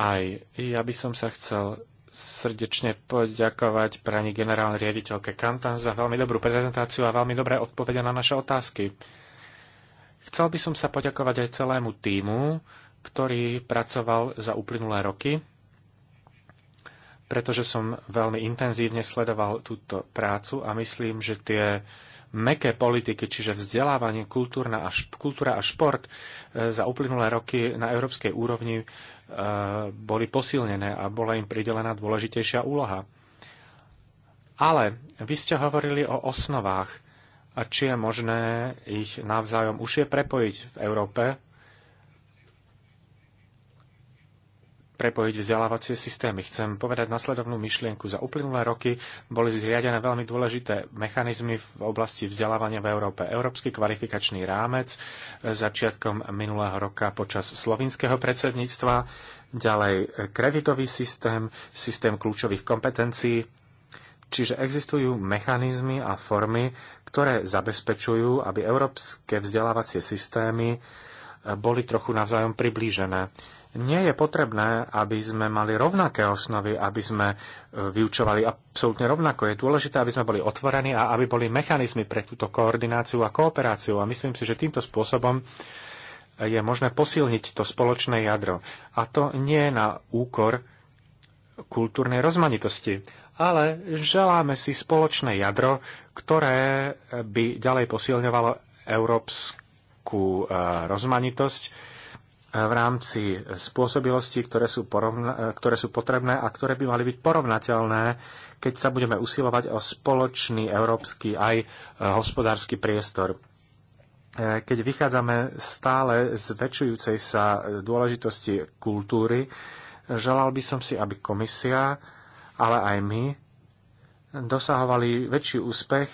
Aj ja by som sa chcel srdečne poďakovať pani generálnej riaditeľke Kantan za veľmi dobrú prezentáciu a veľmi dobré odpovede na naše otázky. Chcel by som sa poďakovať aj celému týmu, ktorý pracoval za uplynulé roky, pretože som veľmi intenzívne sledoval túto prácu a myslím, že tie meké politiky, čiže vzdelávanie, kultúrna a kultúra a šport e, za uplynulé roky na európskej úrovni e, boli posilnené a bola im pridelená dôležitejšia úloha. Ale vy ste hovorili o osnovách a či je možné ich navzájom už je prepojiť v Európe prepojiť vzdelávacie systémy. Chcem povedať nasledovnú myšlienku. Za uplynulé roky boli zriadené veľmi dôležité mechanizmy v oblasti vzdelávania v Európe. Európsky kvalifikačný rámec začiatkom minulého roka počas slovinského predsedníctva, ďalej kreditový systém, systém kľúčových kompetencií, Čiže existujú mechanizmy a formy, ktoré zabezpečujú, aby európske vzdelávacie systémy boli trochu navzájom priblížené nie je potrebné, aby sme mali rovnaké osnovy, aby sme e, vyučovali absolútne rovnako. Je dôležité, aby sme boli otvorení a aby boli mechanizmy pre túto koordináciu a kooperáciu. A myslím si, že týmto spôsobom je možné posilniť to spoločné jadro. A to nie na úkor kultúrnej rozmanitosti, ale želáme si spoločné jadro, ktoré by ďalej posilňovalo európsku e, rozmanitosť, E, v rámci spôsobilostí, ktoré sú, porovna- e, ktoré sú potrebné a ktoré by mali byť porovnateľné, keď sa budeme usilovať o spoločný európsky aj e, hospodársky priestor. Keď vychádzame stále z väčšujúcej sa dôležitosti kultúry, želal by som si, aby komisia, ale aj my dosahovali väčší úspech,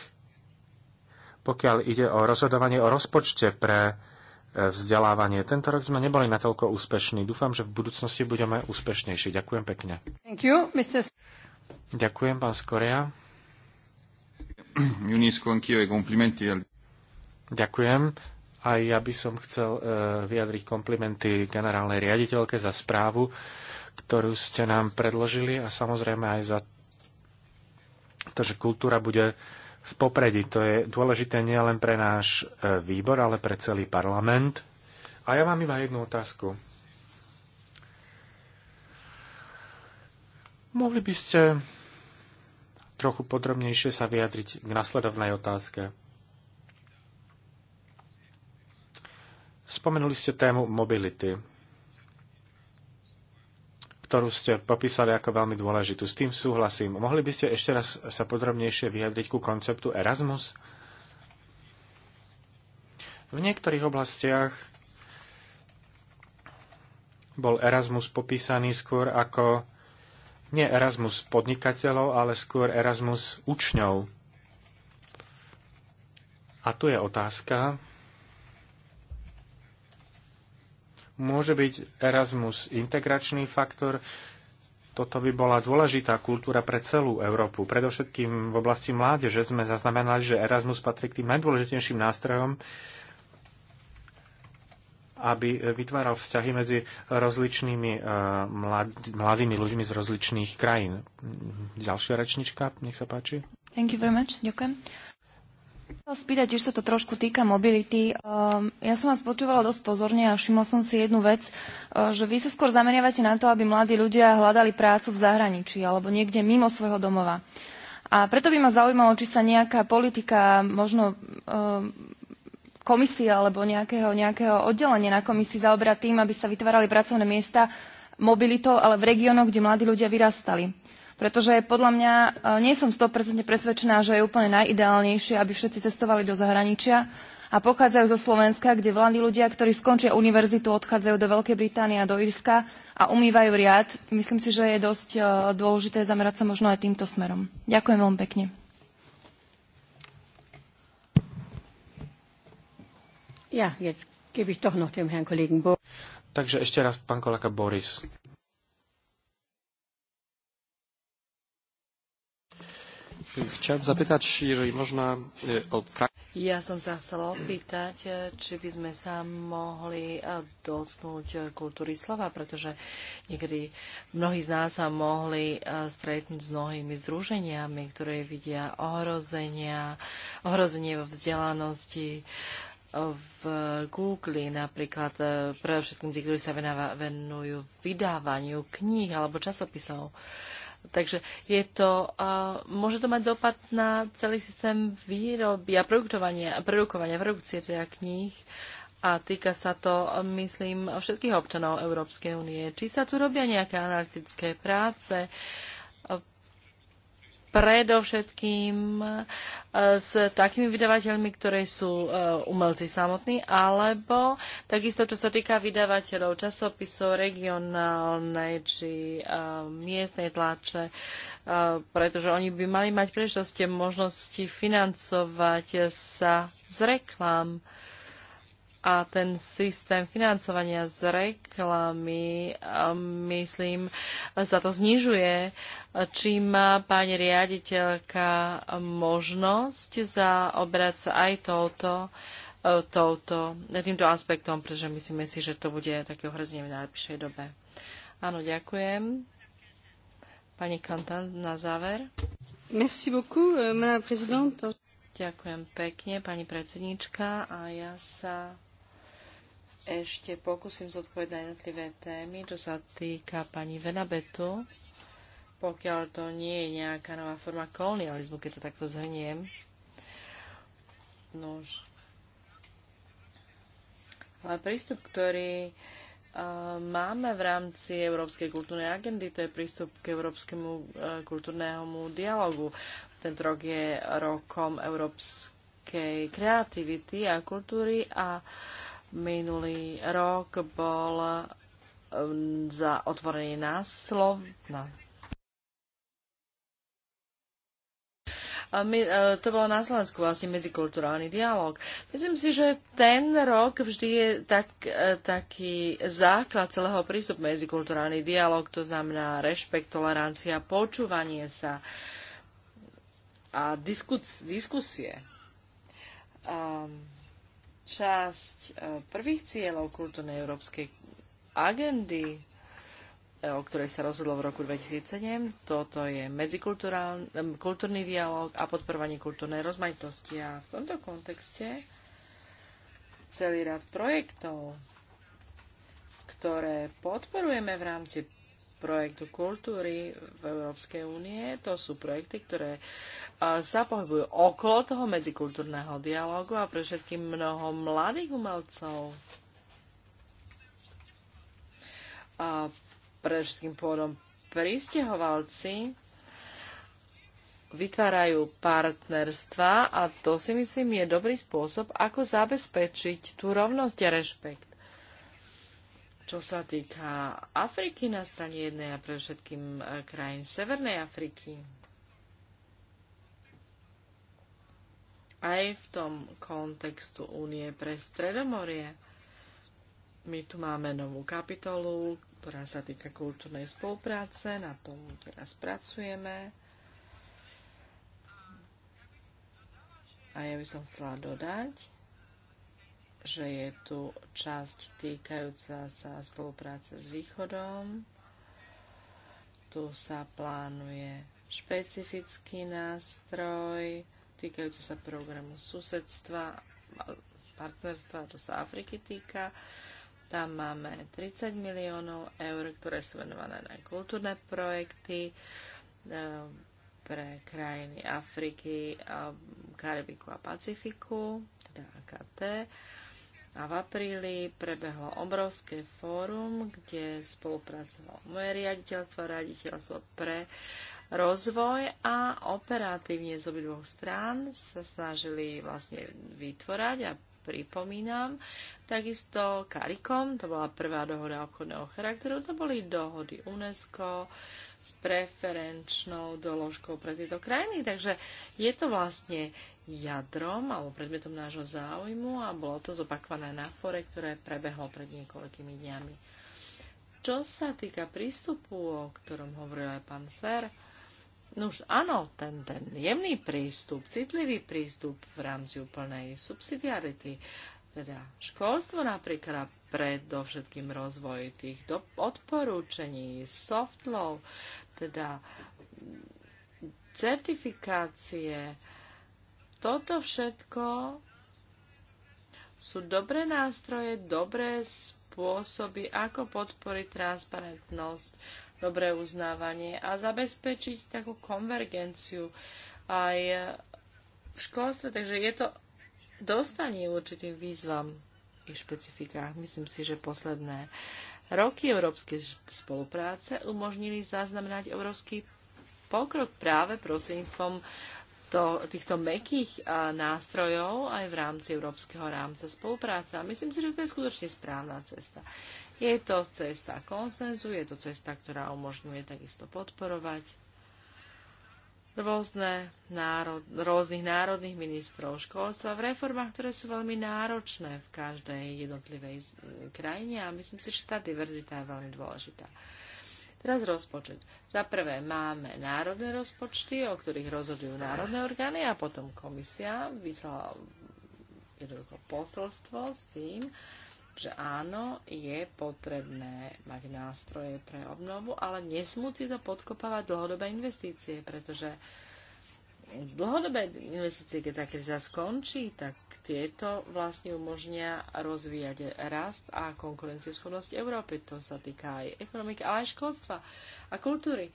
pokiaľ ide o rozhodovanie o rozpočte pre vzdelávanie. Tento rok sme neboli natoľko úspešní. Dúfam, že v budúcnosti budeme úspešnejší. Ďakujem pekne. Thank you, Mr. Ďakujem, pán Skoria. Ďakujem. A ja by som chcel e, vyjadriť komplimenty generálnej riaditeľke za správu, ktorú ste nám predložili a samozrejme aj za to, že kultúra bude v popredí. To je dôležité nielen pre náš e, výbor, ale pre celý parlament. A ja mám iba jednu otázku. Mohli by ste trochu podrobnejšie sa vyjadriť k nasledovnej otázke. Spomenuli ste tému mobility ktorú ste popísali ako veľmi dôležitú. S tým súhlasím. Mohli by ste ešte raz sa podrobnejšie vyjadriť ku konceptu Erasmus? V niektorých oblastiach bol Erasmus popísaný skôr ako nie Erasmus podnikateľov, ale skôr Erasmus učňov. A tu je otázka, Môže byť Erasmus integračný faktor. Toto by bola dôležitá kultúra pre celú Európu. Predovšetkým v oblasti mládeže sme zaznamenali, že Erasmus patrí k tým najdôležitejším nástrojom, aby vytváral vzťahy medzi rozličnými eh, mladými ľuďmi z rozličných krajín. Ďalšia rečnička, nech sa páči. Thank you very much. Ďakujem. Chcel spýtať, tiež sa to trošku týka mobility. Ehm, ja som vás počúvala dosť pozorne a všimla som si jednu vec, ehm, že vy sa skôr zameriavate na to, aby mladí ľudia hľadali prácu v zahraničí alebo niekde mimo svojho domova. A preto by ma zaujímalo, či sa nejaká politika, možno ehm, komisia alebo nejakého, nejakého oddelenia na komisii zaoberá tým, aby sa vytvárali pracovné miesta mobilitou, ale v regiónoch, kde mladí ľudia vyrastali pretože podľa mňa e, nie som 100% presvedčená, že je úplne najideálnejšie, aby všetci cestovali do zahraničia a pochádzajú zo Slovenska, kde vládni ľudia, ktorí skončia univerzitu, odchádzajú do Veľkej Británie a do Írska a umývajú riad. Myslím si, že je dosť e, dôležité zamerať sa možno aj týmto smerom. Ďakujem veľmi pekne. Ja, jetzt gebe ich doch noch dem Herrn Kollegen Boris. Takže ešte raz pán kolega Boris. Chciałem zapytać, jeżeli można, e, o Ja som sa chcela opýtať, e, či by sme sa mohli e, dotknúť kultúry slova, pretože niekedy mnohí z nás sa mohli stretnúť s mnohými združeniami, ktoré vidia ohrozenia, ohrozenie vo vzdelanosti, v Google napríklad pre všetkým tí, ktorí sa venujú vydávaniu kníh alebo časopisov. Uh, Takže je to, uh, môže to mať dopad na celý systém výroby a produkovania, produkovania produkcie teda kníh a týka sa to, myslím, všetkých občanov Európskej únie. Či sa tu robia nejaké analytické práce, uh, predovšetkým e, s takými vydavateľmi, ktoré sú e, umelci samotní, alebo takisto, čo sa týka vydavateľov časopisov regionálnej či e, miestnej tlače, pretože oni by mali mať príležitosti možnosti financovať sa z reklám a ten systém financovania z reklamy, um, myslím, sa to znižuje. Či má pani riaditeľka možnosť zaobrať sa aj touto, uh, touto, týmto aspektom, pretože myslíme si, že to bude také ohrozenie v najlepšej dobe. Áno, ďakujem. Pani Kantan, na záver. Merci beaucoup, euh, madame présidente. Ďakujem pekne, pani predsednička. A ja sa ešte pokúsim zodpovedať na jednotlivé témy, čo sa týka pani Venabetu, pokiaľ to nie je nejaká nová forma kolonializmu, keď to takto zhrniem. Nož. Ale prístup, ktorý uh, máme v rámci Európskej kultúrnej agendy, to je prístup k Európskemu uh, kultúrnemu dialogu. Tento rok je rokom európskej kreativity a kultúry a uh, Minulý rok bol um, za otvorený náslov na my, e, to bolo na Slovensku vlastne medzikulturálny dialog. Myslím si, že ten rok vždy je tak, e, taký základ celého prístupu medzikulturálny dialog, to znamená rešpekt, tolerancia, počúvanie sa a diskus, diskusie. Um, časť e, prvých cieľov kultúrnej európskej agendy, e, o ktorej sa rozhodlo v roku 2007. Toto je medzikultúrny e, dialog a podporovanie kultúrnej rozmanitosti. A v tomto kontexte celý rad projektov, ktoré podporujeme v rámci projektu kultúry v Európskej únie. To sú projekty, ktoré sa pohybujú okolo toho medzikultúrneho dialogu a pre všetkým mnoho mladých umelcov. A pre všetkým pôvodom pristehovalci vytvárajú partnerstva a to si myslím je dobrý spôsob, ako zabezpečiť tú rovnosť a rešpekt. Čo sa týka Afriky na strane jednej a všetkým e, krajín Severnej Afriky, aj v tom kontextu Únie pre Stredomorie. My tu máme novú kapitolu, ktorá sa týka kultúrnej spolupráce, na tom teraz pracujeme. A ja by som chcela dodať, že je tu časť týkajúca sa spolupráce s východom. Tu sa plánuje špecifický nástroj týkajúci sa programu susedstva, partnerstva, to sa Afriky týka. Tam máme 30 miliónov eur, ktoré sú venované na kultúrne projekty eh, pre krajiny Afriky, eh, Karibiku a Pacifiku, teda AKT a v apríli prebehlo obrovské fórum, kde spolupracovalo moje riaditeľstvo, riaditeľstvo pre rozvoj a operatívne z obidvoch strán sa snažili vlastne vytvorať a pripomínam. Takisto Karikom, to bola prvá dohoda obchodného charakteru, to boli dohody UNESCO s preferenčnou doložkou pre tieto krajiny. Takže je to vlastne jadrom alebo predmetom nášho záujmu a bolo to zopakované na fore, ktoré prebehlo pred niekoľkými dňami. Čo sa týka prístupu, o ktorom hovoril aj pán Sver, no už áno, ten, ten jemný prístup, citlivý prístup v rámci úplnej subsidiarity, teda školstvo napríklad predovšetkým rozvoj tých do, odporúčení, soft law, teda certifikácie, toto všetko sú dobré nástroje, dobré spôsoby, ako podporiť transparentnosť, dobré uznávanie a zabezpečiť takú konvergenciu aj v školstve. Takže je to dostanie určitým výzvam ich špecifikách. Myslím si, že posledné roky európskej spolupráce umožnili zaznamenať európsky pokrok práve prostredníctvom týchto, týchto mekých nástrojov aj v rámci Európskeho rámca spolupráca. Myslím si, že to je skutočne správna cesta. Je to cesta konsenzu, je to cesta, ktorá umožňuje takisto podporovať rôzne národ, rôznych národných ministrov školstva v reformách, ktoré sú veľmi náročné v každej jednotlivej e, krajine a myslím si, že tá diverzita je veľmi dôležitá. Teraz rozpočet. Za prvé máme národné rozpočty, o ktorých rozhodujú národné orgány a potom komisia vyslala jednoducho posolstvo s tým, že áno, je potrebné mať nástroje pre obnovu, ale nesmú tieto podkopávať dlhodobé investície, pretože uh, dlhodobé investície, keď tá kríza skončí, tak tieto vlastne umožnia rozvíjať rast a konkurencieschopnosť Európy. To sa týka aj ekonomiky, ale aj školstva a kultúry.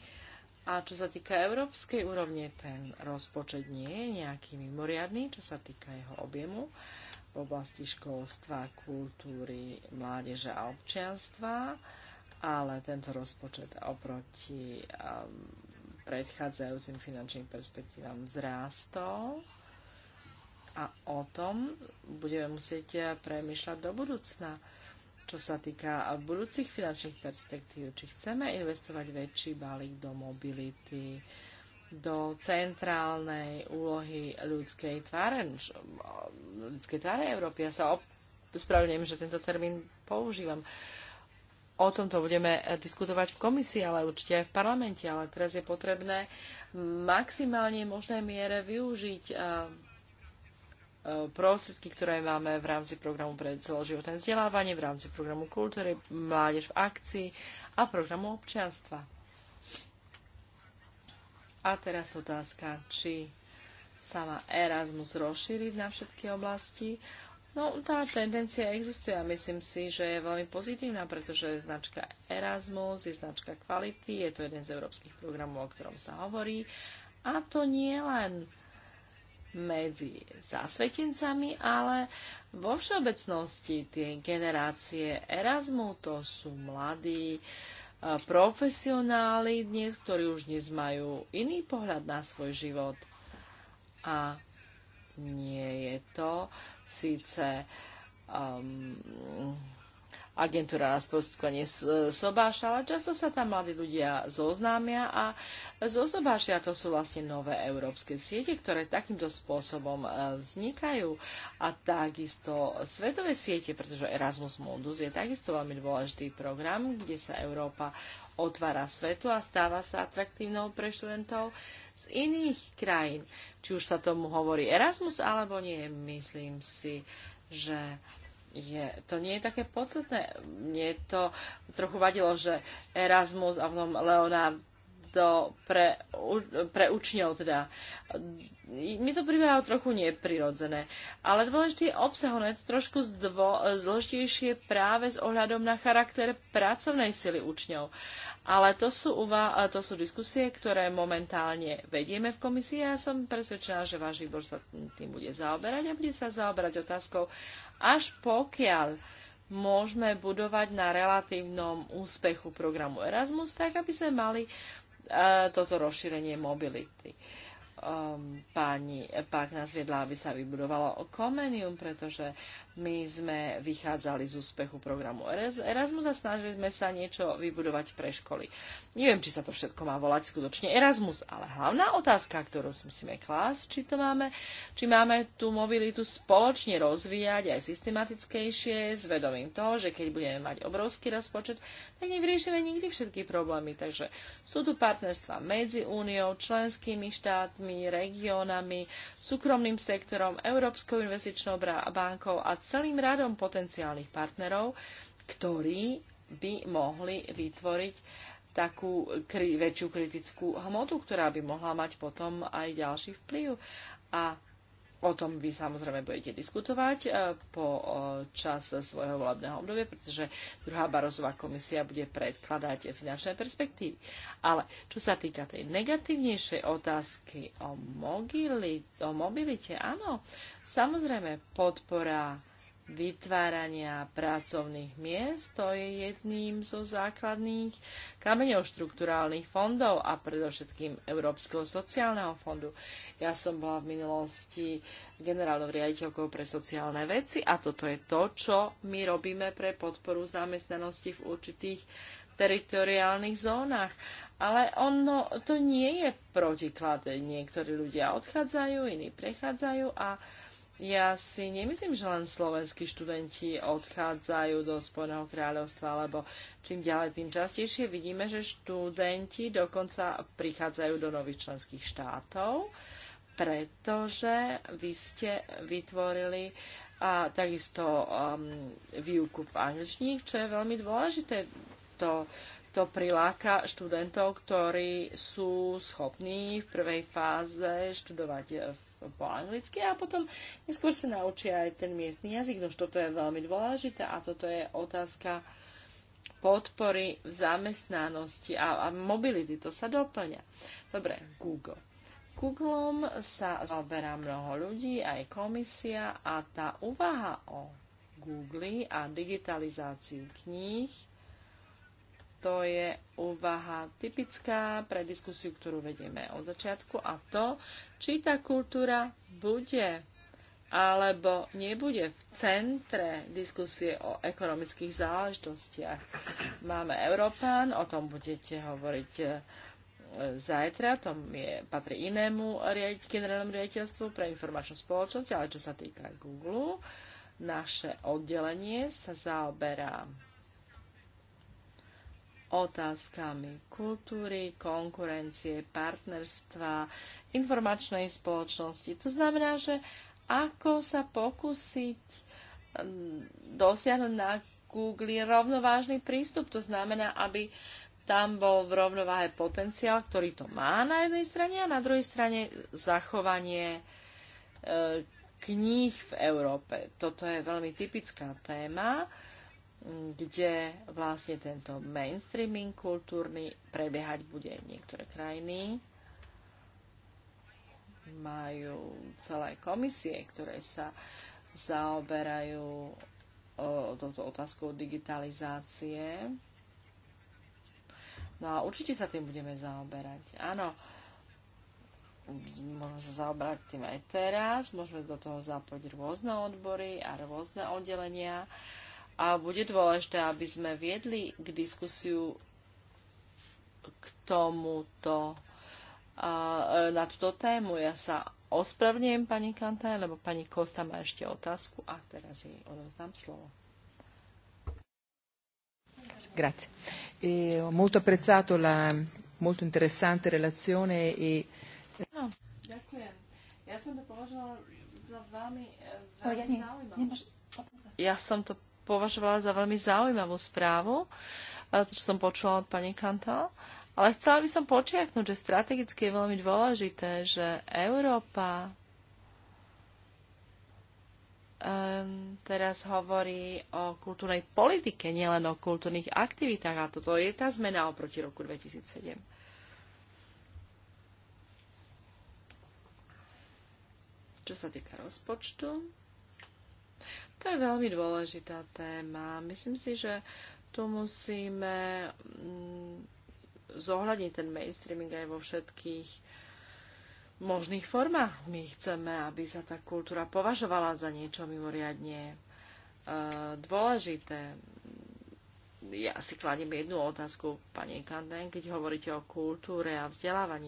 A čo sa týka európskej úrovne, ten rozpočet nie je nejaký mimoriadný, čo sa týka jeho objemu v oblasti školstva, kultúry, mládeže a občianstva ale tento rozpočet oproti um, predchádzajúcim finančným perspektívam zrástol a o tom budeme musieť premyšľať do budúcna, čo sa týka budúcich finančných perspektív, či chceme investovať väčší balík do mobility, do centrálnej úlohy ľudskej tváre, ľudskej tváre Európy. Ja sa op- spravedlňujem, že tento termín používam. Uh, o tomto budeme diskutovať v komisii, ale určite aj v parlamente. Ale teraz je potrebné maximálne možnej miere využiť prostriedky, ktoré máme v rámci programu pre celoživotné vzdelávanie, v rámci programu kultúry, mládež v akcii a programu občianstva. A teraz otázka, či sa má Erasmus rozšíriť na všetky oblasti No, tá tendencia existuje a myslím si, že je veľmi pozitívna, pretože značka Erasmus je značka kvality, je to jeden z európskych programov, o ktorom sa hovorí. A to nie len medzi zásvetencami, ale vo všeobecnosti tie generácie Erasmu to sú mladí e, profesionáli dnes, ktorí už dnes majú iný pohľad na svoj život. A nie je to síce um, agentúra na spostkovanie sobáša, ale často sa tam mladí ľudia zoznámia a zosobášia to sú vlastne nové európske siete, ktoré takýmto spôsobom e, vznikajú a takisto svetové siete, pretože Erasmus Mundus je takisto veľmi dôležitý program, kde sa Európa otvára svetu a stáva sa atraktívnou pre študentov z iných krajín. Či už sa tomu hovorí Erasmus alebo nie, myslím si, že je, to nie je také podstatné. Mne to trochu vadilo, že Erasmus a v tom Leonard do, pre, pre učňov. Teda. Mi to priberalo trochu neprirodzené, ale dôležitý obsah, ono je to trošku zdvo, zložitejšie práve s ohľadom na charakter pracovnej sily učňov. Ale to sú, uva- to sú diskusie, ktoré momentálne vedieme v komisii a ja som presvedčená, že váš výbor sa tým bude zaoberať a bude sa zaoberať otázkou, až pokiaľ môžeme budovať na relatívnom úspechu programu Erasmus, tak aby sme mali toto rozšírenie mobility. Um, pani Pák nás viedla, aby sa vybudovalo komenium, pretože my sme vychádzali z úspechu programu Erasmus a snažili sme sa niečo vybudovať pre školy. Neviem, či sa to všetko má volať skutočne Erasmus, ale hlavná otázka, ktorú si musíme klásť, či, to máme, či máme tú mobilitu spoločne rozvíjať aj systematickejšie s vedomím toho, že keď budeme mať obrovský rozpočet, tak nevyriešime nikdy všetky problémy. Takže sú tu partnerstva medzi úniou, členskými štátmi, regiónami, súkromným sektorom, Európskou investičnou bankou a celým radom potenciálnych partnerov, ktorí by mohli vytvoriť takú kri- väčšiu kritickú hmotu, ktorá by mohla mať potom aj ďalší vplyv. A o tom vy samozrejme budete diskutovať e, po e, čas svojho volebného obdobia, pretože druhá Barozová komisia bude predkladať finančné perspektívy. Ale čo sa týka tej negatívnejšej otázky o, mogili, o mobilite, áno, samozrejme podpora vytvárania pracovných miest. To je jedným zo základných kameňov štruktúrálnych fondov a predovšetkým Európskeho sociálneho fondu. Ja som bola v minulosti generálnou riaditeľkou pre sociálne veci a toto je to, čo my robíme pre podporu zamestnanosti v určitých teritoriálnych zónach. Ale ono, to nie je protiklad. Niektorí ľudia odchádzajú, iní prechádzajú a ja si nemyslím, že len slovenskí študenti odchádzajú do Spojeného kráľovstva, lebo čím ďalej, tým častejšie vidíme, že študenti dokonca prichádzajú do nových členských štátov, pretože vy ste vytvorili a takisto um, výuku v angličtine, čo je veľmi dôležité. To, to priláka študentov, ktorí sú schopní v prvej fáze študovať v po anglicky a potom neskôr sa naučia aj ten miestny jazyk. Nož toto je veľmi dôležité a toto je otázka podpory v zamestnanosti a, a mobility. To sa doplňa. Dobre, Google. Googlom sa zaoberá mnoho ľudí, aj komisia a tá uvaha o Google a digitalizácii kníh to je úvaha typická pre diskusiu, ktorú vedieme od začiatku a to, či tá kultúra bude alebo nebude v centre diskusie o ekonomických záležitostiach. Máme Európán, o tom budete hovoriť e, zajtra, tom je, patrí inému riad, generálnemu riaditeľstvu pre informačnú spoločnosť, ale čo sa týka Google, naše oddelenie sa zaoberá otázkami kultúry, konkurencie, partnerstva, informačnej spoločnosti. To znamená, že ako sa pokúsiť mm, dosiahnuť na Google rovnovážny prístup. To znamená, aby tam bol v rovnováhe potenciál, ktorý to má na jednej strane a na druhej strane zachovanie e, kníh v Európe. Toto je veľmi typická téma kde vlastne tento mainstreaming kultúrny prebiehať bude. Niektoré krajiny majú celé komisie, ktoré sa zaoberajú touto otázkou digitalizácie. No a určite sa tým budeme zaoberať. Áno, môžeme sa zaoberať tým aj teraz, môžeme do toho zapojiť rôzne odbory a rôzne oddelenia. A bude dôležité, aby sme viedli k diskusiu k tomuto, a, e, na túto tému. Ja sa ospravedlňujem pani Kantaj, lebo pani Kosta má ešte otázku a teraz jej odovzdám slovo. Grazie. E, ho molto apprezzato la molto interessante relazione e... No, ďakujem. Ja som to považovala za veľmi, e, veľmi ja zaujímavé. Ja som to považovala za veľmi zaujímavú správu, e, to, čo som počula od pani Kanta. Ale chcela by som počiaknúť, že strategicky je veľmi dôležité, že Európa um, teraz hovorí o kultúrnej politike, nielen o kultúrnych aktivitách. A toto je tá zmena oproti roku 2007. Čo sa týka rozpočtu, to je veľmi dôležitá téma. Myslím si, že tu musíme mm, zohľadniť ten mainstreaming aj vo všetkých možných formách. My chceme, aby sa tá kultúra považovala za niečo mimoriadne e, dôležité. Ja si kladiem jednu otázku, pani Kanden, keď hovoríte o kultúre a vzdelávaní.